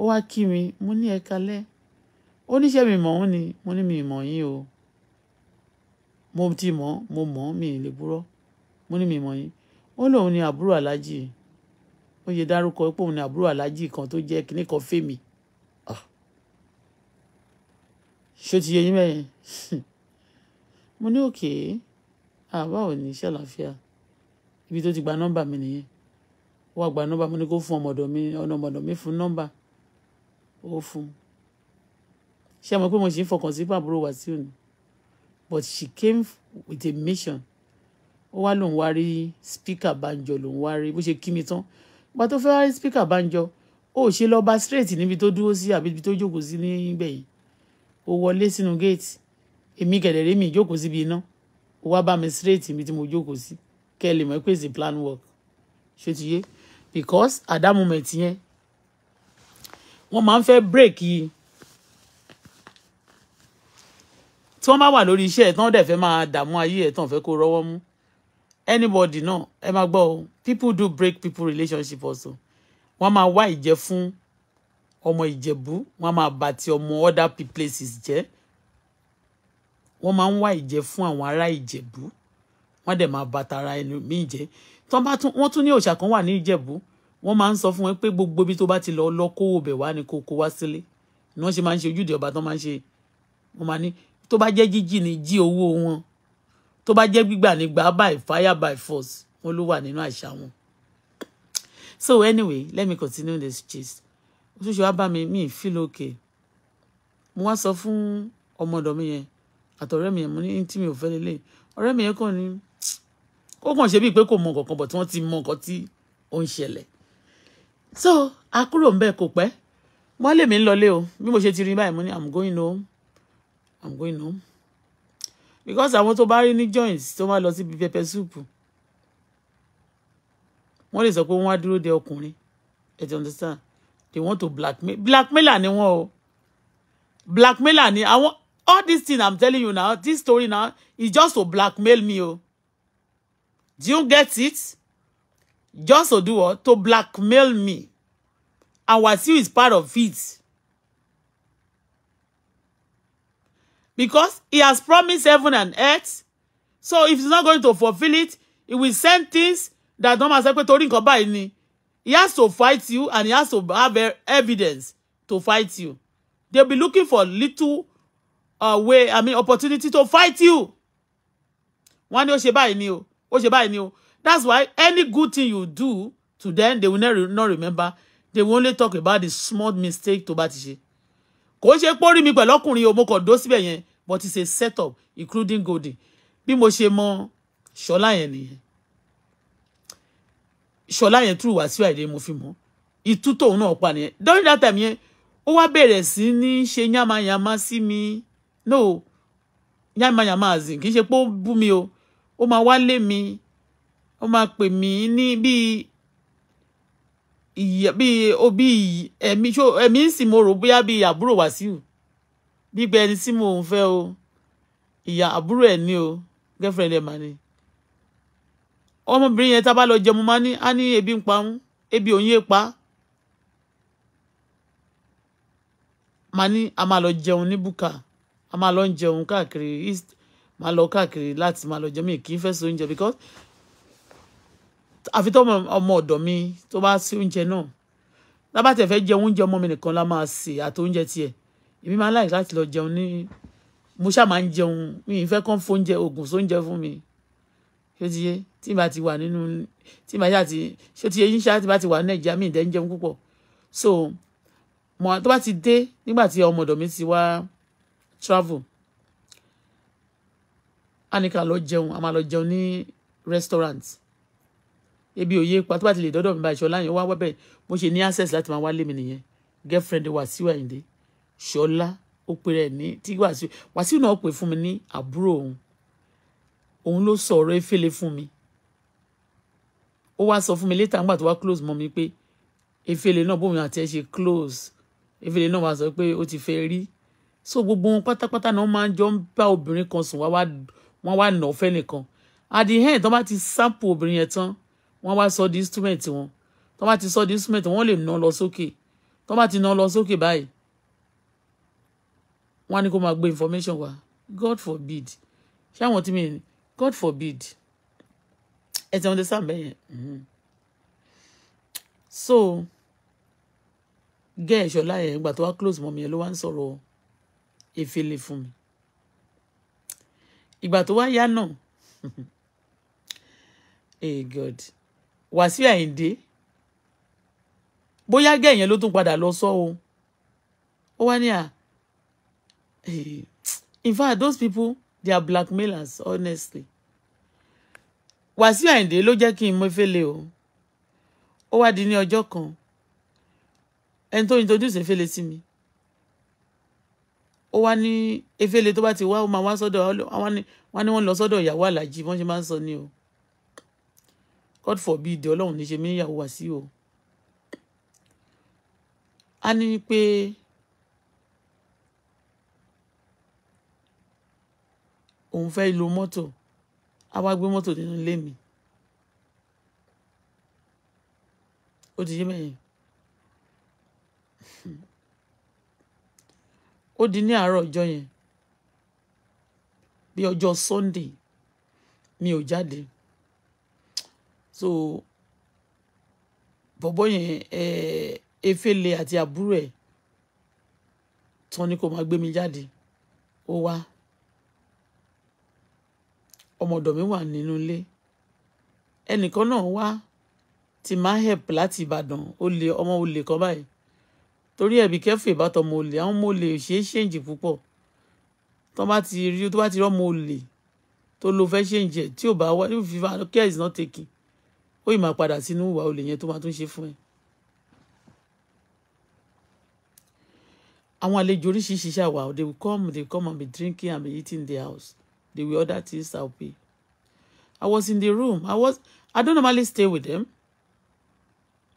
ó wá kí mi mo ní ẹ kalẹ́ ó níṣẹ́ mi mọ̀ òun ni mo ní mi mọ̀ yín o mo ti mọ̀ mo mọ̀ mi lè búrọ́ mo ní mi mọ̀ yín ó lóun ni àbúrò aláàjì ó yẹ dárúkọ pé òun ni àbúrò aláàjì kan tó jẹ́ kinní kan fèmí ah. ṣó ti yẹ yín mẹ́yìn mo ní òkè àbá ò ní iṣẹ́ àlàáfíà ibi tó ti gba nọ́mbà mi nìyẹn wọ́n gba nọ́mbà mo ní kó fún ọmọdọ̀ mi ọ̀nà ọmọdọ̀ mi fún nọ́mbà ó fún un ṣé mo pé mo ṣe ń fọkàn sí pàbúrò Wàsíù ni but she came with a mission ó wá lòun wá rí spíkà Bánjọ lòun wá rí bó ṣe kí mi tán ìgbà tó fẹ́ wá rí spíkà Bánjọ ó ṣe lọ bá straight níbi tó dúró sí àbí ibi tó jókòó sí níbẹ̀ yìí ó wọlé sínú gate èmi kẹ̀dẹ̀ rémi ìjókòó síbi iná ó wá bá mi straight níbi tí mo jókòó sí kẹ́ ẹ lè mọ̀ pé it's a plan work ṣé ti yé because at that moment yẹn wọ́n máa ń fẹ́ break yìí tí wọ́n bá wà lórí iṣẹ́ ẹ̀ tán dẹ̀ fẹ́ máa dààmú ayé ẹ̀ tán fẹ́ kó rọ́wọ́ mú anybody náà ẹ máa gbọ́ o people do break people relationship also wọ́n máa wá ìjẹ́ fún ọmọ ìjẹ̀bú wọ́n máa bà ti ọmọ other places jẹ́ wọ́n máa ń wá ìjẹ́ fún àwọn ará ìjẹ̀bú wọ́n dẹ̀ máa bà tara ẹnu mí jẹ́ tán bá tún wọ́n tún ní òòṣà kan wà ní ìjẹ̀bú wọ́n máa ń sọ fún wọn pé gbogbo ibi tó bá ti lọ lọ kówó bẹ̀ wá ni kó kó wá sílé ni wọ́n ṣe máa ń ṣe ojúde ọba tán máa ń ṣe wọ́n máa ní tó bá jẹ́ jíjì ni jí owó wọn tó bá jẹ́ gbígbà ni gbà by fire by force wọn ló wà nínú àṣà wọn. so anyway let me continue this gist oṣooṣù wa bá mi mi feel okay mo wá sọ fún ọmọ ọ̀dọ̀ mi yẹn àtọ̀rẹ́ mi yẹn mo ní tí mi ò fẹ́ lélẹ̀ ọ̀rẹ́ mi yẹn kàn ní ó kàn ṣe bíi pé kò mọ nǹkan bọ̀ tí wọ́n ti mọ nǹkan tí ó ń ṣẹlẹ̀ so a kúrò ń bẹ́ẹ̀ kò pẹ́ mọ́lẹ̀ mi ń lọlé o bí mo ṣe ti rí báyìí mo ní i'm going home i'm going home because I want to buy any joints tó máa lọ síbi pẹpẹ súùpù wọ́n lè sọ pé wọ́n á dúró de ọkùnrin Do you understand they want to blackmail blackmailer ni wọ́n blackmail blackmailer I want all this thing i'm telling you now this story now is just to blackmail me Oh, do you get it just to do what to blackmail me and you is part of it. because he has promised heaven and earth. So if he's not going to fulfill it, he will send things that don't matter pé He has to fight you and he has to have e- evidence to fight you. They'll be looking for little uh, way, I mean opportunity to fight you. Wọ́n ní That's why any good thing you do to them, they will not, not remember. They will only talk about the small mistake to bá kò ṣe pórí mi pẹ̀lú ọkùnrin o mo kàn dó síbẹ̀ yẹn but it's a set up including Golden bí mo ṣe mọ ṣọlá yẹn nìyẹn ṣọlá yẹn tú wá sí mo fi mọ ìtú tòun náà pa nìyẹn during that time yẹn ó wá bẹ̀rẹ̀ sí ní ṣe yàmàyàmà sí mi no yàmàyàmà àzìn kì í ṣe pé ó bú mi o ó máa wá lé mi ó máa pè mí ní bíi ìyá bíi obi ẹ̀mí ṣó ẹ̀mí ń sì mo rò bóyá bíi àbúrò Wàsíù gbígbẹ ẹni tí mò ń fẹ́ o ìyá àbúrò ẹ̀ ní o girlfriend ẹ̀ mà ni ọmọbìnrin yẹn tá a bá lọ jẹun máa ní á ní ebi ń pa ń ebi òun yé pa máa ní a máa lọ jẹun ní búkà a máa lọ jẹun káàkiri east máa lọ káàkiri láti máa lọ jẹun mi kì í fẹ́ oúnjẹ because àfi tó ọmọ ọ̀dọ̀ mi tó bá sí oúnjẹ náà lábàtẹ̀ fẹ́ jẹ oúnjẹ ọmọ mi nìkan la máa sè àti oúnjẹ tiẹ̀ èmi máa ń láì láti lọ jẹun ní mo ṣáà máa ń jẹun mi ì fẹ́ kán fóúnjẹ oògùn sóúnjẹ fún mi ṣé ti yé tí n bá ti wà nínú tí n bá ti ṣé ti yé yín ṣáà tí n bá ti wà nàìjíríà mi ì ń jẹun púpọ̀ so mo tó bá ti dé nígbà tí ọmọ ọ̀dọ̀ mi ti wá travel a ní ká lọ jẹun a máa lọ jẹun ní restaurant ebi òye pa tó bá ti lè dọ́dọ̀ mi bá ìṣọ́lá yẹn wá wẹ́bẹ̀ mo ṣe ní access láti máa wálé mi nìyẹn girlfriend Wàsíù Àyìndé ṣọlá ó pe rẹ̀ ní tí Wàsíù Wàsíù náà pè fún mi ní àbúrò òun òun ló sọ ọ̀rọ̀ efele fún mi ó wá sọ fún mi létà ńgbà tó wá close mọ́ mi pé efele náà bóun àti ẹ ṣe close efele náà wá sọ pé ó ti fẹ́ rí so gbogbo wọn pátápátá náà máa ń jọ ń bá obìnrin kan sùn wá wá wọn wá nà ọfẹ nìkan at the end tó bá ti sample obìnrin yẹn tán wọ́n wá sọ di instrument wọn tó bá ti sọ di instrument wọ́n lè ná lọ sókè tó bá ti ná lọ sókè báyìí wọ́n á ní máa gbé information wá God forbid ṣé àwọn tí mi God forbid ẹ ti understand bẹ́ẹ̀ yẹn mm-hmm. so gẹ́ ẹ̀ṣọ́ láyẹ̀ ìgbà tó wá close mọ́ mi ẹ̀ ló wá ń sọ̀rọ̀ efele fún mi ìgbà tó wá yá náà hey God Wàsíù Àyìndé bóyá gẹ̀yẹn ló tún padà lọ sọ o ó wá ní à in fact those people they are blackmailers honestly Wàsíù Àyìndé ló jẹ́ kí n mọ efele o ó wá di ní ọjọ́ kan ẹni tó introduce efele sí mi ó wá ní efele tó bá ti wá ó máa wá sọ́dọ̀ àwọn ni wọ́n lọ sọ́dọ̀ ìyàwó aláàjì wọ́n ṣe máa ń sọ ni o god forbid ọlọ́run ní ṣe mí níyàwó wá sí o a ní pé òun fẹ́ lo mọ́tò a wá gbé mọ́tò nínú ilé mi ó ti yé mẹ́yìn ó di ní àárọ̀ ọjọ́ yẹn bí ọjọ́ sunday mi ò jáde so bọ̀bọ́ yẹn ẹ efele àti àbúrò ẹ̀ tán ni kò máa gbé mi jáde ó wá ọmọ ọ̀dọ̀ mi wà nínú ilé ẹnìkan náà wá ti máa help láti Ìbàdàn olè ọmọ olè kan báyìí torí ẹ̀bí kẹ́fù ìbátan ọmọ olè àwọn ọmọ olè ṣe é ṣèǹjì púpọ̀ tó bá ti rí tó bá ti rí ọmọ olè tó lo fẹ́ ṣèǹjì ẹ̀ tí ò bá wá if you care is not taking ó yìí máa padà sínú ìwà olè yẹn tó máa tún ṣe fún ẹ. àwọn àlejò oríṣiríṣi ṣàwà they will come they will come and be drinking and be eating in the house they will order things i will pay i was in the room i was i don't normally stay with them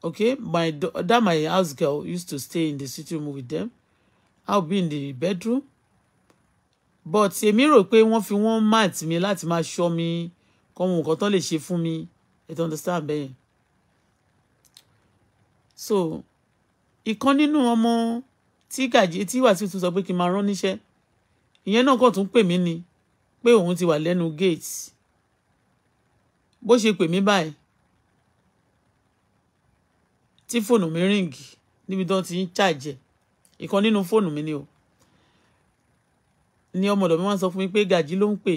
okay my that my house girl used to stay in the sitting room with them i'll be in the bedroom but èmi rò pé wọ́n fi wọ́n mat mi láti máa ṣọ́ mi kọ́ ohun nǹkan tán lè ṣe fún mi ẹ tó understand bẹ́ẹ̀ so ìkan nínú ọmọ tí gàjí tí wàsíù tún sọ pé kí n máa rán níṣẹ́ ìyẹn náà kàn tún pè mí ni pé òun ti wà lẹ́nu gate bó ṣe pè mí báyìí tí fóònù mi ríǹgì níbi tí wọ́n ti ń ṣàjẹ́ ìkan nínú fóònù mi ni o ni ọmọdọ̀ mi wá sọ fún mi pé gàjí ló ń pè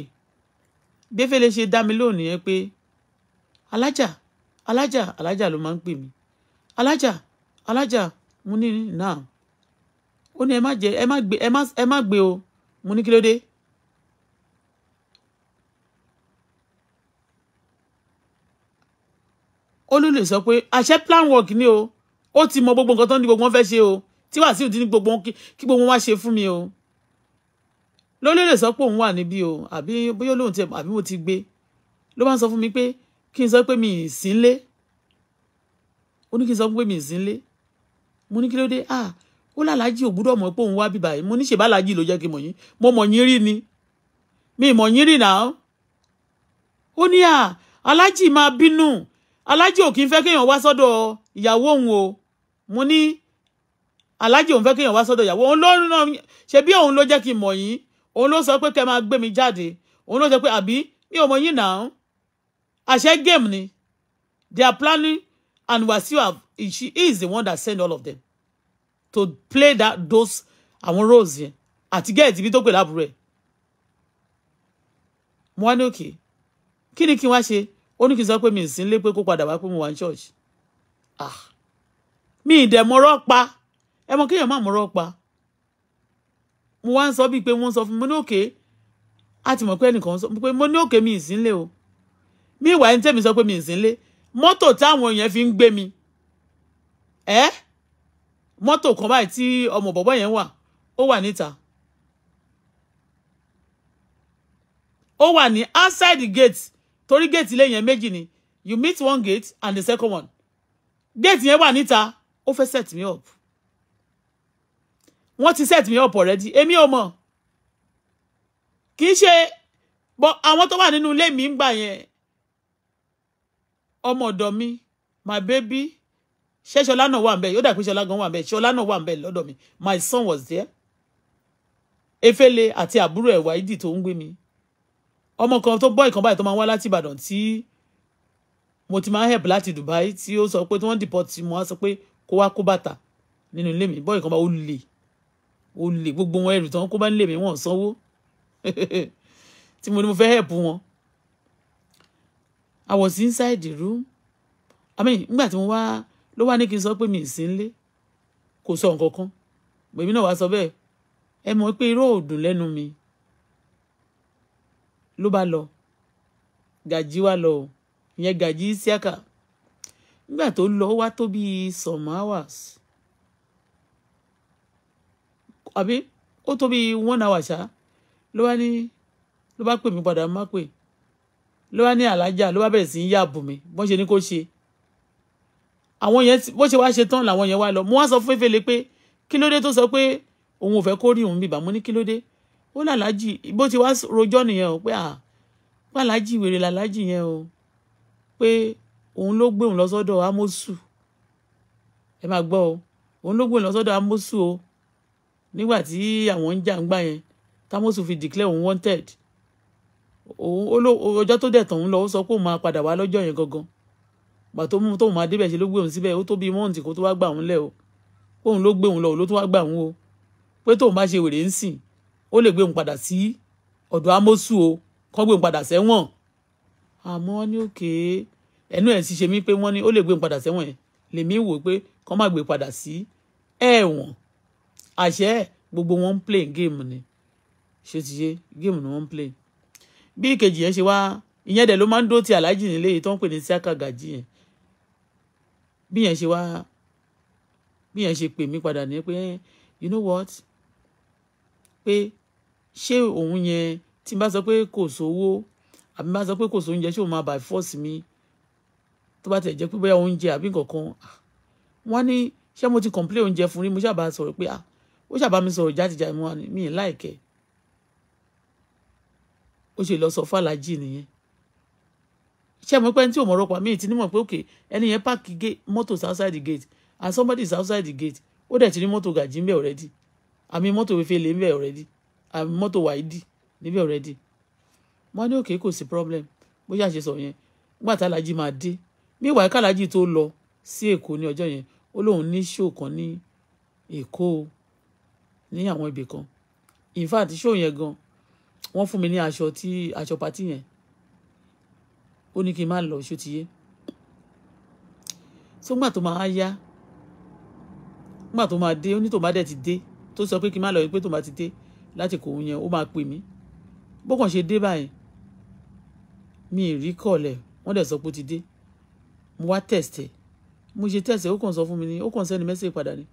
gbéfẹ́lẹ́ ṣe dá mi lónìí yẹn pé alájà alájà alájà ló máa ń pè mí alájà alájà mo ní náà ó ní ẹ má jẹ ẹ má gbé ẹ má gbé o mo ní kí ló dé. olùlè sọ pé àṣẹ plan work ni o ó ti mọ gbogbo nǹkan tó ní gbogbo wọn fẹ́ ṣe o tí wàásù ti ní gbogbo kí gbogbo wọn wá ṣe fún mi o lólè lè sọ pé òun wà níbí o àbí bóyá olóhùn tiẹ̀ àbí mo ti gbé ló bá ń sọ fún mi pé kí n sọ pé mi ì sínlé ó ní kí n sọ pé mi ì sínlé mo ní kí ló dé ah ó lálàájì ò gbúdọ̀ mọ̀ pé òun wá bíbá yìí mo ní ṣèbá làájì ló jẹ́ kí n yín mo mọ̀ yín rí ni mi mọ̀ yín rí náà ó ní à alájì máa bínú alájì ò kí n fẹ́ kéèyàn wá sọ́dọ̀ ìyàwó òun o mo ní alájì òun fẹ́ kéèyàn wá sọ́dọ̀ ìyàwó òun ló ń ràn ṣe bí òun ló jẹ́ kí n mọ̀ yín òun ló sọ pé kẹ́ máa gbé mi jáde òun ló sọ pé àbí mi ò mọ̀ yín náà àṣẹ game ni they are planning and Wasiwa have she is the one that sent all of them to play that those àwọn roles yẹn àti gẹ́ẹ̀tì ibi tó pè láàbúrò ẹ̀ mo wá ní òkè kí ni kí n wá ṣe ó ní mi ì sí nílé pé kó padà wá mo wà church ah mi ì dẹ̀ mọ́rọ́ pa ẹ mọ kéèyàn má mọ́rọ́ pa mo wá ń sọ bíi pé wọ́n sọ fún mi ní òkè àti mọ̀ pé ẹnìkan sọ mo ní òkè mi ì sí nílé o mi wa ẹni tẹ́mi sọ pé mi ì sí nílé mọ́tò táwọn fi ń mi eh moto kan báyìí tí ọmọ bọ̀bọ̀ yẹn wà ó wà níta ó wà ní outside the gate torí gate ilé yẹn méjì ni you meet one gate and the second one gate yẹn wà níta ó fẹ́ set me up wọ́n ti set me up already emi omo mọ̀ kì í ṣe bọ́ àwọn tó wà mi ń gbà ọmọ ọ̀dọ̀ mi my baby ṣé ṣọlá náà wà ń bẹ yóò dà pé ṣọlá gan wà ń bẹ ṣọlá náà wà ń bẹ lọ́dọ̀ mi my son was there efele àti àbúrò ẹwà ìdì tó ń gbé mi ọmọ kan tó bọ́ ìkan báyìí tó máa ń wá láti ìbàdàn tí mo ti máa ń help láti dubai tí ó sọ pé tí wọ́n deport mo wá sọ pé kó wá kó bàtà nínú ilé mi bọ́ ìkan bá ó lè ó lè gbogbo wọn ẹrù tán kó bá ń lè mí wọ́n sanwó tí mo ní mo fẹ́ help wọn I was inside the room I mean nígbà tí mo wá ló wá ní kí n sọ pé mi ì sí nílé kò sọ nǹkan kan bèmí náà wá sọ bẹ́ẹ̀ ẹ mọ̀ pé irọ́ ò dùn mi ló bá lọ gàjí wá lọ ìyẹn gàjí síákà nígbà tó lọ ó wá tó bíi some hours àbí ó tó bíi one hour ṣá ló wá ní ló bá pè mí padà má pè mí ló wá ní alájà ló wá bẹ̀rẹ̀ sí í yà bù mí bọ́n ṣe ní kó ṣe àwọn yẹn bó ṣe wá ṣe tán làwọn yẹn wá lọ mo wá sọ fún Efele pé kí ló dé tó sọ pé òun ò fẹ́ kó rí òun bìbà mo ní kí ló dé ó làlájì bó ti wá rojọ́ nìyẹn o pé à pàlájì wèrè làlájì yẹn o pé òun ló gbé òun lọ sọ́dọ̀ amosu ẹ máa gbọ́ o òun ló gbé òun lọ sọ́dọ̀ amosu o nígbà tí àwọn ń jà ń gbà yẹn tamosu fi declare òun wanted òun ọjọ́ tó dẹ̀ tọ̀hún lọ ó sọ pé òun máa padà wá lọ́jọ́ yẹn gangan gbà tó mú tóun máa débẹ̀ ṣe ló gbé òun síbẹ̀ ó tó bíi mọ́ǹtì kó tó wá gbà òun lẹ̀ o pé òun ló gbé òun lọ òun ló tó wá gbà òun o pé tóun bá ṣe wèrè ń sìn ó lè gbé òun padà sí ọ̀dọ̀ amósù o kọ́ gbé òun padà sẹ́wọ̀n àmọ́ ní òkè ẹnu ẹ̀ sì ṣe mí pé wọ́n ní ó lè gbé òun padà sẹ́wọ̀n yẹn lèmi wò pé kọ́ má gbé padà sí ẹ̀wọ̀n àṣẹ gbogbo wọn ń play game ni ṣé ti ṣe game ni wọ́n ń play bí ìkejì yẹn ṣe wá ìyẹn dẹ̀ ló máa ń dó ti aláàjì nílé tó ń pè ní Isiaka Gaji yẹn bí yẹn ṣe wá bí yẹn ṣe pè mí padà ní pé you know what pé ṣé òun yẹn tí n bá sọ pé kò sówó àbí n bá sọ pé kò sóúnjẹ ṣé òun máa by force mi tó bá tẹ̀ jẹ́ pé bóyá oúnjẹ àbí nǹkan kan ah, wọ́n ní ṣé mo ti complain oúnjẹ fún rí mo ṣàbà sọ̀rọ̀ pé ah ó ṣàbà mi sọ̀rọ̀ jáde jáde mi láìkẹ́ ó ṣe lọ sọ fàlàjì nìyẹn ṣé mo pẹ́ ní tí ò mọ̀rọ̀ pa mí ti ní mọ̀ pé òkè ẹni yẹn páàkì mọ́tò outside the gate and somebody is outside the gate ó dẹ̀ ti ní mọ́tò gàjí ń bẹ̀ already àmì mọ́tò fefele ń bẹ̀ already àmì mọ́tò wáìdì níbẹ̀ already wọ́n ní òkè kò sí problem bóyá ṣe sọ yẹn nígbà tá alájí máa dé níwàá kálájí tó lọ sí èkó ní ọjọ́ yẹn ó lóun ní show kan ní èkó ní àwọn ibì kan in fact show yẹn gan-an wọ́n fún mi ní aṣọ tí aṣọ pàtí yẹn ó ní kí n má lọ ṣótiyé tó gbà tó máa yá gbà tó máa dé ó ní tó bá dẹ̀ ti dé tó sọ pé kí n má lọ pé tó bá ti dé láti kò yẹn ó máa pè mí bó ṣe dé báyìí mi ì rí kọ̀ọ̀lẹ̀ wọ́n dẹ̀ sọ pé ó ti dé mo wá tẹ̀sẹ̀ mo ṣe tẹ̀sẹ̀ ó kàn sọ fún mi ní ó kàn sẹ́ni mẹ́sẹ̀ padà ni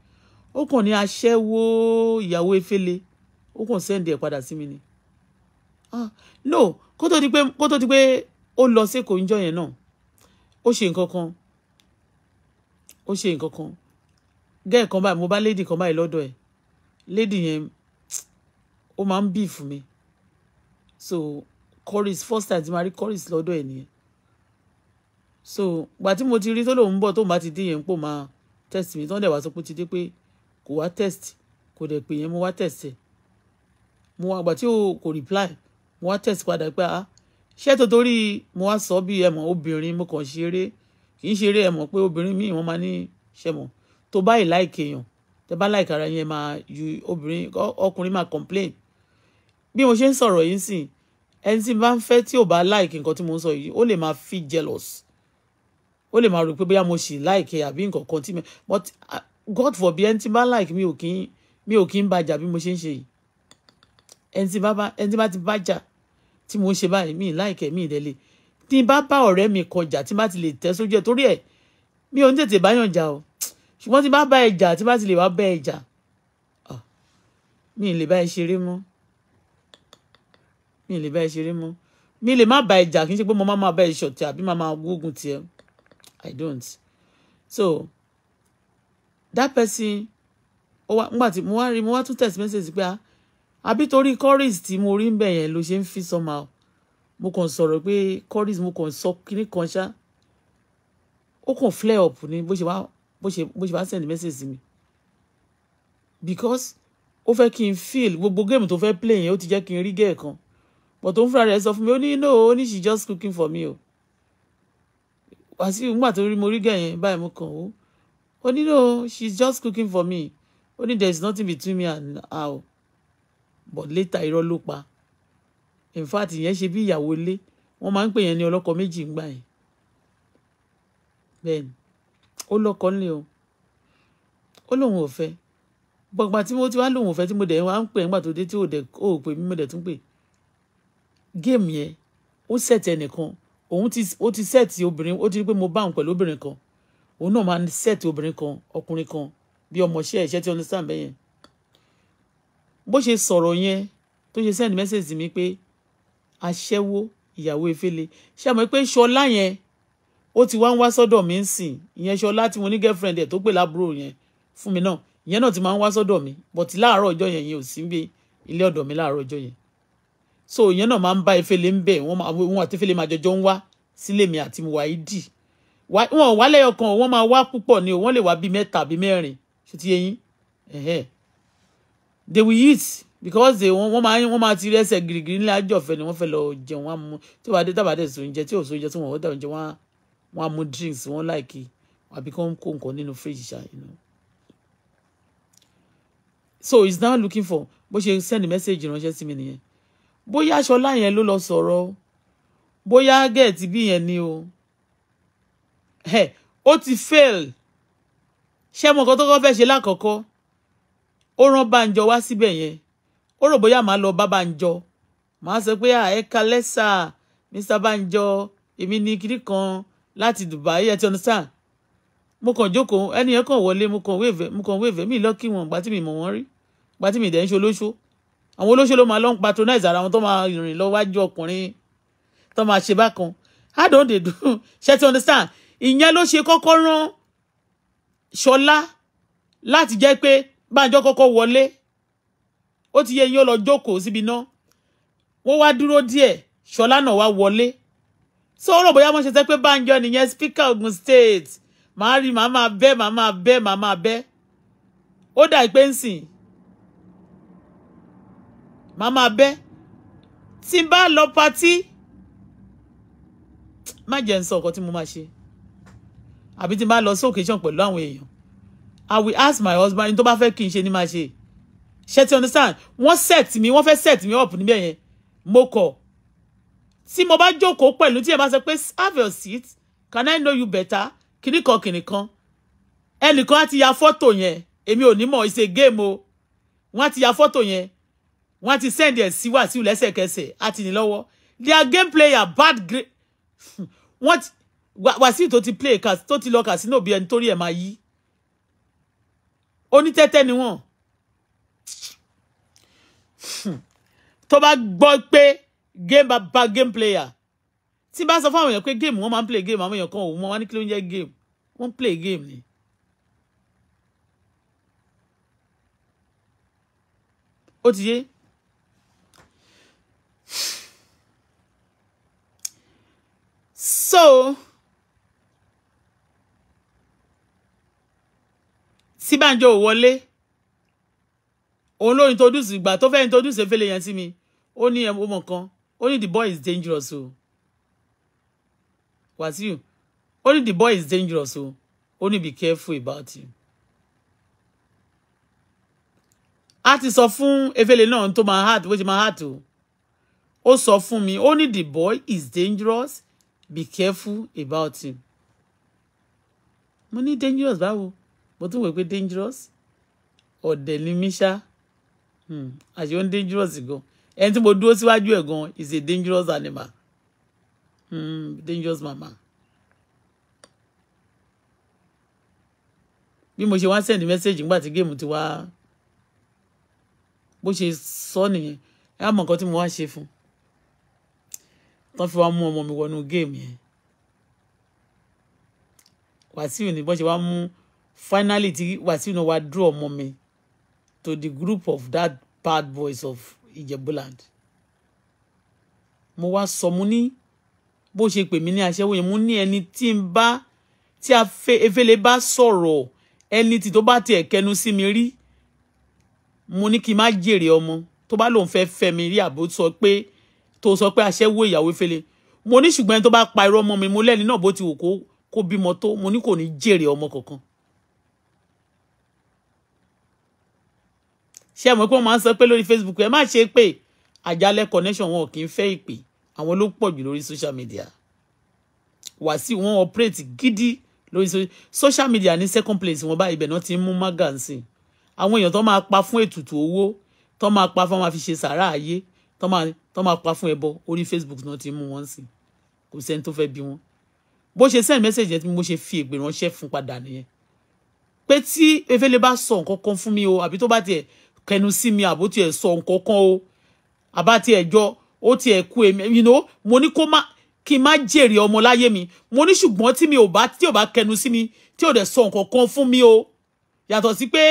ó kàn ní aṣẹ́wó ìyàwó efele ó kàn sẹ́ndì ẹ̀ padà sí mi ni ah no kó tó di pé kó tó di pé ó lọ sékòó níjọ́ yẹn náà ó ṣe nǹkan kan ó ṣe nǹkan kan gẹ́ẹ̀ kan báyìí mo bá lady kan báyìí lọ́dọ̀ ẹ̀ lady yẹn ó máa ń bì fún mi so chorus first time ti máa rí chorus lọ́dọ̀ ẹ̀ nìyẹn so gbà tí mo ti rí tó lòun ń bọ̀ tóun bá ti dé yẹn pò máa test mi tán dẹ̀ wá sọ pé ti dé pé kò wá test kò dẹ̀ pè yẹn mo wá test ẹ̀ mo wá gbà tí o kò reply mo wá tẹ̀síwájú pé ah ṣé tòtórí mo wá sọ bí ẹ̀mọ́ obìnrin mo kàn ṣeré kì í ṣeré ẹ̀mọ́ pé obìnrin míì wọ́n máa ní ṣẹ̀mọ́ tó báyìí láìkè èèyàn tẹ bá láìka ara yẹn máa ju obìnrin ọkùnrin máa complain bí mo ṣe ń sọ̀rọ̀ yìí sìn ẹni tí bá ń fẹ́ tí ò bá láìkè nǹkan tí mo ń sọ yìí ó lè máa feel jealous ó lè máa rò pé bóyá mo ṣì láìkè àbí nǹkan kan tí mi but ah, God forbid ẹni tí bá láìkè mi ò kí mi ò kí ń bàjà bí mo ṣe ń ṣe yìí ẹni tí bá ẹni tí bá ti bá jà tí mo ṣe báyìí mi láìkẹ́ mi ìdẹ́lẹ̀ tí bá bá ọ̀rẹ́ mi kan jà tí bá ti lè tẹ́ sójú ẹ̀ torí ẹ̀ mi ò ní tètè báyàn jà o ṣùgbọ́n tí bá bá ẹ jà tí bá ti lè wá bá ẹ jà mi lè bá ẹ ṣeré mọ́ mi lè bá ẹ ṣeré mọ́ mi lè má bá ẹ jà kì í ṣe pé mo máa máa bá ẹ ṣọ̀tẹ̀ àbí máa máa gbógun tiẹ̀ i don't so that person ó wá ngbà tí mo wá rí mo wá tún text message pé ah àbí torí chorus tí mo rí ń bẹ̀ yẹn ló ṣe ń fi sọmọ mo kàn sọ̀rọ̀ pé chorus mo kàn sọ kíní kan ṣá ó kàn flare up ni bó ṣe wá bó ṣe bó ṣe wá send message sí mi because ó fẹ́ kí n feel gbogbo game tó fẹ́ play yẹn ó ti jẹ́ kí n rí gẹ́ẹ̀ kan but òun fúnra rẹ̀ sọ fún mi ó ní no ó ní she just cooking for me o wàsíù nígbà tó rí mo rí gẹ̀ẹ́ yẹn báyìí mo kàn ó ó ní no she just cooking for me ó ní there is nothing between me and her o but later irọ́ ló pa in fact ìyẹn ṣe bí ìyàwó ilé wọ́n máa ń pè yẹn ní ọlọ́kọ méjì ń gbà yẹn bẹ́ẹ̀ ni ó lọ́kọ ńlẹ̀ o ó lóun ò fẹ́ gbọ̀ngbà tí mo ti wá lóun ò fẹ́ tí mo dẹ̀ wá ń pè nígbà tó dé tí ò dẹ̀ ó pè mí mo dẹ̀ tún pè géèmù yẹn ó sẹ̀tì ẹnìkan òun ti ó ti sẹ́ẹ̀tì obìnrin ó ti rí pé mo bá òun pẹ̀lú obìnrin kan òun náà máa ń obìnrin kan ọkùnrin kan bí ọmọ ṣẹ́ ẹ̀ṣẹ́ tí wọ́n ní sàmbẹ́yẹn bó ṣe sọ̀rọ̀ yẹn tó ṣe send message mi pé aṣẹ́wó ìyàwó efele ṣe mọ̀ pé ṣọlá yẹn ó ti wá ń wá sọ́dọ̀ mi ń sìn ìyẹn ṣọlá tí mo ní girlfriend ẹ̀ tó pè lábúrò yẹn fún mi náà ìyẹn náà ti máa ń wá sọ́dọ̀ mi but láàárọ̀ ọjọ́ yẹn yẹn ò sí bí ilé ọ̀dọ̀ mi láàárọ̀ ọjọ́ yẹn so ìyẹn náà máa ń bá efele ń bẹ̀ wọ́n àti efele máa jọjọ́ ń wá sílé mi àti wàídì wọn ò wá lẹ́yọ̀kan wọ́n máa wá púpọ̀ ni wọ́n lè wá bíi mẹ́ta bíi mẹ́rin ṣe ti yẹn yín they will eat because they wọ́n máa wọ́n máa ti rẹ́sẹ̀ girigiri ńlá jọ̀fẹ́ ni wọ́n fẹ́ lọ jẹun wọn mú tí wàá dé tábàdé sọ oúnjẹ tí ò sọ oúnjẹ tí wọ́n wọ́n dà oúnjẹ wọn wọn á mú drinks wọn láìkí àbí kí wọ́n kó nǹkan nínú fridge ṣá you know. so he's now looking for bó ṣe send message ránṣẹ́ sí mi nìyẹn bóyá aṣọlá yẹn ló lọ sọ̀rọ̀ bóyá gẹ̀ẹ́tì bí yẹn ni o ó ti fail ṣé mo kọ́ tó kọ́ fẹ́ ṣe lákọ̀ọ́kọ́ ó rán Bánjọ wá síbẹ̀ yẹn ó rò bóyá màá lọ bá Bánjọ màá sọ pé ẹ kalẹ́ sà Mr Bánjọ èmi ní kiri kan láti Dubai ẹ ti understand mo kàn jókòó ẹni yẹn kàn wọlé mo kàn wéèvẹ mo kàn wéèvẹ mi lọ kí wọn gbà mi mọ̀ wọ́n rí gbà mi dẹ̀ ń ṣe olóṣó àwọn olóṣó ló máa lọ ń patronize ara wọn tó máa rìn lọ wájú ọkùnrin tó máa ṣe bákan how don dey do ṣe ti understand ìyẹn ló ṣe kọ́kọ́ rán Ṣọlá láti jẹ́ pé Bánjọ kọ́kọ́ wọlé ó ti yẹ yín ó lọ jókòó síbi náà wọ́n wá dúró díẹ̀ Ṣọlá náà wá wọlé so ọ̀rọ̀ bóyá wọ́n ṣe sẹ́ pé Bánjọ nìyẹn speaker Ogun State màá rí màá máa bẹ́ màá máa bẹ́ màá máa bẹ́ ó dà pé ń sìn màá máa bẹ́ tí bá lọ patí má jẹ́ ń sọ ọkọ tí mo máa ṣe àbí tí bá lọ sí occasion pẹ̀lú àwọn èèyàn i will ask my husband tó bá fẹ́ kí n ṣe ni máa ṣe ṣe ti understand wọ́n set mi wọ́n fẹ́ set mi up níbẹ̀ yẹn mo kọ̀ tí mo bá jókòó pẹ̀lú tí ẹ bá sọ pé have your seat can i know you better kìnìkan kìnìkan ẹnìkan á ti ya fọ́tò yẹn èmi ò ní mọ̀ ìṣe géèmù o wọ́n á ti ya fọ́tò yẹn wọ́n á ti send ẹ̀ sí wàásù lẹ́sẹ̀kẹsẹ̀ á ti ní lọ́wọ́ they are game player bad grade wọ́n wàásù tó ti play tó ti lọ kàsínò bí ẹni torí ẹ̀ máa yí onítẹ́tẹ́ ni wọ́n tó bá gbọ́ pé game bá game player tí bá sọ fún àwọn èèyàn pé game wọ́n máa ń play game àwọn èèyàn kan ò mọ̀ wá ní kí ló ń jẹ́ game wọ́n ń play game ni. ó ti yé so. tí Bánjọ ò wọlé òun ló introduce ìgbà tó fẹ́ introduce efele yẹn sí mi ó ní ọmọ kan ó ní the boy is dangerous o Wàsíù ó ní the boy is dangerous o ó ní be careful about him. a ti sọ fún efele náà tó máa hard bó ṣe máa hard o ó sọ fún mi ó ní the boy is dangerous be careful about him mo ní dangerous báwo mo tún wò pé dangerous ọ̀dẹ̀ ni mí ṣá hmm, àṣé ó ń dangerous gan ẹni tí mo dúró síwájú ẹ̀ gan is a dangerous animal mm, dangerous mama. bí mo ṣe wá send message nígbà tí géèmù ti wá bó ṣe sọ nìyẹn ẹ á mọ nǹkan tí mo wá ṣe fún tán fi wá mú ọmọ mi wọnú géèmù yẹn wàsíù ni bó ṣe wá mú finally tí Wàsíù náà wá draw ọmọ mi to the group of that bad boys of Ijebuland mo wá sọ mo ní bó ṣe pè mí ní aṣẹ́wó yẹn mo ní ẹni tí ń bá tí efele bá sọ̀rọ̀ ẹni tí tó bá tiẹ̀ kẹnu sí mi rí mo ní kí n má jèrè ọmọ tó bá lòun fẹ́ fẹ́ mi rí àbó sọ pé tó sọ pé aṣẹ́wó ìyàwó efele mo ní ṣùgbọ́n ẹni tó bá pa irọ́ ọmọ mi mo lẹ́ni náà bó ti wò kó bímọ tó mo ní kò ní jèrè ọmọ kankan ṣé ẹ mọ̀ pé wọ́n máa ń sọ pé lórí Facebook ẹ má ṣe pé àjálẹ̀ connection wọn kì í fẹ́ ìpè àwọn ló pọ̀ jù lórí social media Wàsíù wọn operate gidi lórí social media ní second place wọn báyìí ibẹ̀ náà ti ń mú mágànsì àwọn èèyàn tó máa pa fún ètùtù owó tó máa pa fún wọn fi ṣe sàrà ayé tó máa pa fún ẹbọ orí Facebook náà ti mú wọn sí kò sẹ́ni tó fẹ́ bí wọn bó ṣe send message yẹn tí mo ṣe fi ègbè ránṣẹ́ fún padà nìyẹn pé tí efele bá sọ nǹkan kan fún mi o àbí tó bá tiẹ̀ kẹnu sí mi àbó tiẹ̀ sọ nǹkan kan o àbá tiẹ̀ jọ ó tiẹ̀ kú èmi you know mo ní kó má kí n má jèrè ọmọ láyé mi mo ní ṣùgbọ́n tí mi ò bá tí ò bá kẹnu sí mi tí ò dẹ̀ sọ nǹkan kan fún mi o yàtọ̀ sí pé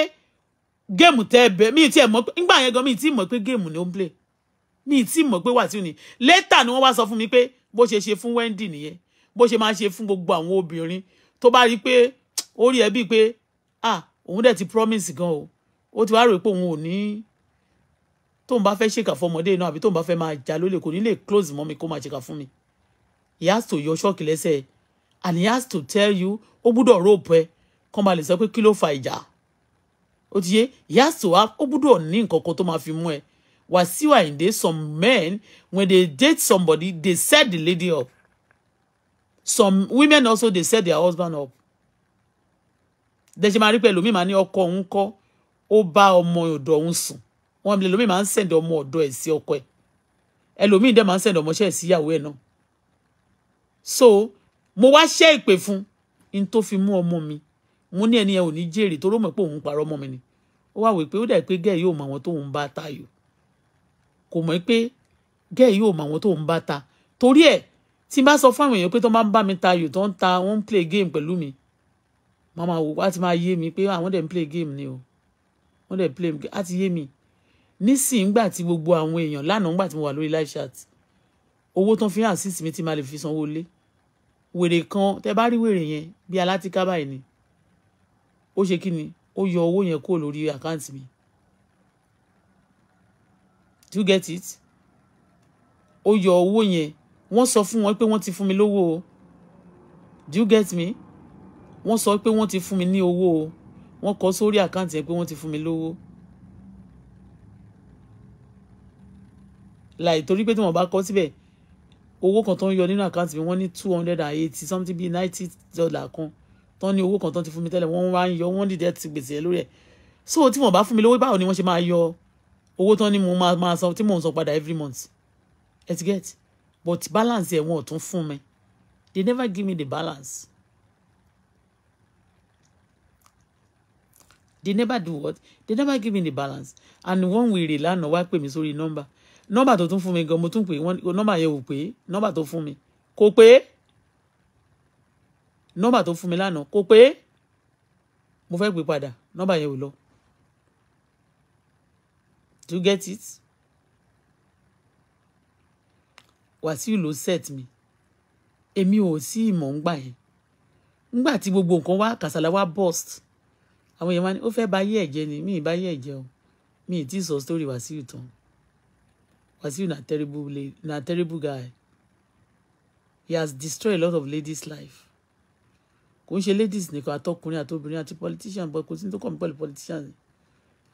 géèmù tẹ́ ẹ bẹ̀ mi ti ẹ̀ mọ̀ pé ńgbà yẹn gan mi ti mọ̀ pé géèmù ni ó ń play mi ti mọ̀ pé Wàsíù ni later ni wọ́n wá sọ fún mi pé bó ṣe ṣe fún Wendy nìyẹn bó ṣe máa ṣe fún gbogbo àwọn obìnrin tó bá rí pé ó rí ẹ pé ah òun dẹ̀ ti promise gan o ó ti wá rò pé òun ò ní tóun bá fẹ́ ṣèkà fún ọmọdé náà àbí tóun bá fẹ́ máa jà lólè kò ní lè close mọ́ mi kó máa ṣèkà fún mi he has to yọ ṣọ́ọ̀kì lẹ́sẹ̀ and he has to tell you ó gbúdọ̀ rope ẹ kán ba lè sọ pé kí ló fa ìjà ó ti yé he has to have ó gbúdọ̀ ní nǹkan kan tó máa fi mú ẹ Wasiu Ayinde some men when they date somebody they set the lady up some women also they set their husband up dẹ́sẹ̀ máa rí pẹ̀lú mi máa ní ọkọ òun kọ́ ó bá ọmọ ọ̀dọ̀ òun sùn wọn lè lómi máa ń sẹ̀ǹdẹ̀ ọmọ ọ̀dọ̀ ẹ̀ sí ọkọ ẹ̀ ẹlòmíì dẹ̀ máa ń sẹ̀ǹdẹ̀ ọmọọṣẹ́ ẹ̀ sí ìyàwó ẹ̀ náà so mo wá ṣẹ́ ìpè fún un tó fi mú ọmọ mi mo ní ẹni ẹ ò ní jèrè tó rómọ̀ pé òun parọ́ ọmọ mi ni ó wá wò pé ó dà pé gẹ́ẹ̀ yóò mọ àwọn tóun bá ta yò kò mọ̀ pé gẹ́ẹ̀ yóò mọ àwọn tóun bá ta torí ẹ̀ tí n bá sọ fún èèyàn pé tó máa ń bá mi ta yò tó ń ta wọ́n ń play game pẹ̀lú mi màmá wò wá ti máa yé mi pé àwọn dẹ̀ ń play game ni o wọ́n dẹ̀ play a ti yé mi nísìnyí gbà tí gbogbo àwọn èèyàn lánàá gbà tí mo wà lórí live chat owó tán fi hàn sísì mi tí màá lè fi sanwó lé wèrè kan tẹ bá rí wèrè yẹn bí alátìká báyìí ni ó ṣe kí ni ó yọ owó yẹn kúrò lórí àkáǹtì mi do you get it ó yọ owó yẹn wọ́n sọ fún wọn pé wọ́n ti fún mi lówó o do you get me wọ́n sọ pé wọ́n ti fún mi ní owó o wọ́n kọ sórí àkáǹtì ẹ̀ pé wọ́n ti fún mi lówó láì torí pé tí wọ́n bá kọ síbẹ̀ owó kan tó ń yọ nínú àkáǹtì mi wọ́n ní two hundred and eighty something bíi ninety dollar kan tán ní owó kan tán ti fún mi tẹ́lẹ̀ wọ́n wá ń yọ wọ́n dìde ti gbèsè lórí ẹ̀ so tí wọ́n bá fún mi lówó báwo ni wọ́n ṣe máa yọ owó tán ni mo máa máa san tí mò ń san padà every month ẹ get but balance ẹ̀ wọn ò tún fún mi they never give me the balance. they never do what they never give me the balance and one wèrè lánàá wá pè mí sórí nọ́mbà nọ́mbà tó tún fún mi gan mo tún pè wọ́n number yẹn ò pé nọ́mbà tó fún mi kò pé nọ́mbà tó fún mi lánàá kò pé mo fẹ́ pè padà number yẹn ò lọ to you get it Wàsíù ló set mi èmi ò sí ìmọ̀ ń gbà yẹn ngbà tí gbogbo nǹkan wá kàsàlà wá burst àwọn èèyàn máa ní ó fẹ́ bá yé ẹ̀jẹ̀ ni míì bá yé ẹ̀jẹ̀ o míì tí sọ story Wàsíù tán Wàsíù na terrible na terrible guy he has destroyed a lot of ladies life kò ń ṣe ladies nìkan àtọkùnrin àtobìnrin àti politician but kò sí ní tó kàn mí pẹ̀lú politician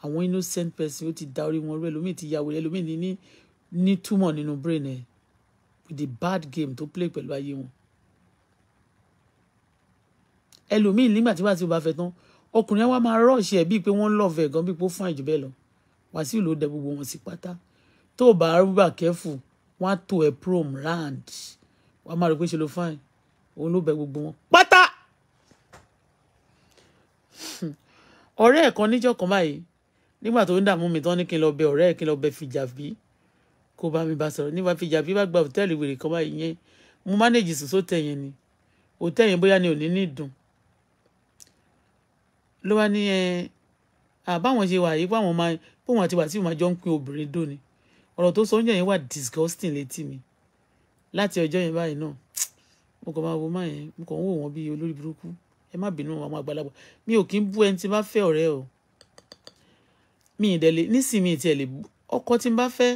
àwọn innocent person ó ti da orí wọn rú ẹlòmíì ti yàwó ẹlòmíì ní ní túmọ̀ nínú brain ẹ̀ with the bad game tó play pẹ̀lú ayé wọn ẹlòmíì nígbà tí wàá ti bá fẹ́ tán ọkùnrin wa máa rọ́ọ̀ṣì ẹ̀ bíi pé wọ́n ń lọ́ọ̀fẹ́ gan bíi pé ó fún àìjù bẹ́ẹ̀ lọ wàsíù ló dẹ gbogbo wọn sí pátá tó o bá rúbà kẹ́fù wọ́n á tó ẹ̀ prom land wọ́n á máa rò pé ṣe ló fáìn òun ló bẹ gbogbo wọn pátá. ọ̀rẹ́ ẹ̀ kan níjọ́ kan báyìí nígbà tó ń dààmú mi tán ní kí n lọ bẹ ọ̀rẹ́ ẹ̀ kí n lọ bẹ fìjàbí kó bá mi bá sọ̀rọ̀ nígbà fìjàbí bá gba hòtẹ́ẹ̀lì wèrè kan báyìí yẹn mo mánéjì sùn ló wá ní ẹ àbáwọn ṣe wà yìí pé àwọn máa bóun àti wàsíù máa ń pin obìnrin dò ọ̀rọ̀ tó sọ oúnjẹ yẹn wà disgusting létí mi láti ọjọ́ yẹn báyìí náà mo kàn máa wo máa yẹn mo kàn ń wò wọ́n bí olórí burúkú ẹ má bínú àwọn àgbàlagbà mi ò kí ń bú ẹni tí bá fẹ́ ọ̀rẹ́ o mi ì dẹ̀lé nísìnyí mi ì tiẹ̀ lè ọkọ tí n bá fẹ́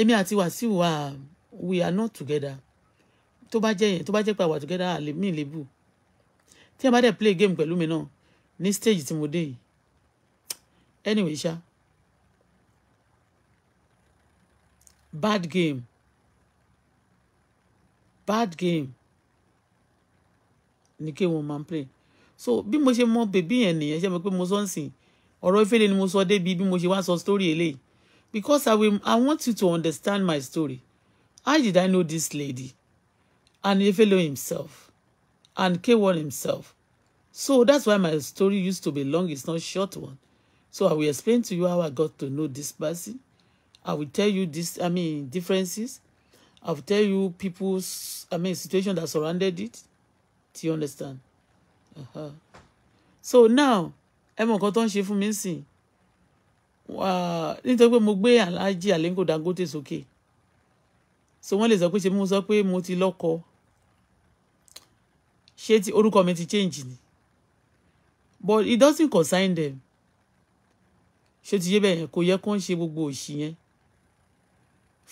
èmi àti wàsíù wa we are not together tó bá jẹ́ yẹn tó bá jẹ́ pé àwa together mi ì lè bù tí ẹ bá dẹ̀ play game pẹ̀lú mi náà ní stage tí mo dé yìí anyway ṣá bad game bad game ní kí wọn máa ń play so bí mo ṣe mọ bèbí yẹn nìyẹn ṣe mo pé mo sọ ń sìn ọ̀rọ̀ ìfẹ́lẹ́ ni mo sọ débi bí mo ṣe wá sọ story eléyìí because I, will, I want you to understand my story how did I know this lady and Efele himself and k himself So that's why my story used to be long. It's not short one. So I will explain to you how I got to know this person. I will tell you this, I mean, differences. I will tell you people's, I mean, situation that surrounded it. Do you understand? Uh-huh. So now, ẹ mọ̀ nǹkan tó ń ṣe fún mi sìn. Nítorí pé mo gbé Alhaji Aliko Dangote sókè. So wọ́n lè sọ pé ṣe mo sọ pé mo ti lọ́kọ. Ṣé ti orúkọ mi ti change ni? but it doesn't concern them ṣé ti yé bẹ́ẹ̀ yẹn kò yẹ kó ń ṣe gbogbo òṣì yẹn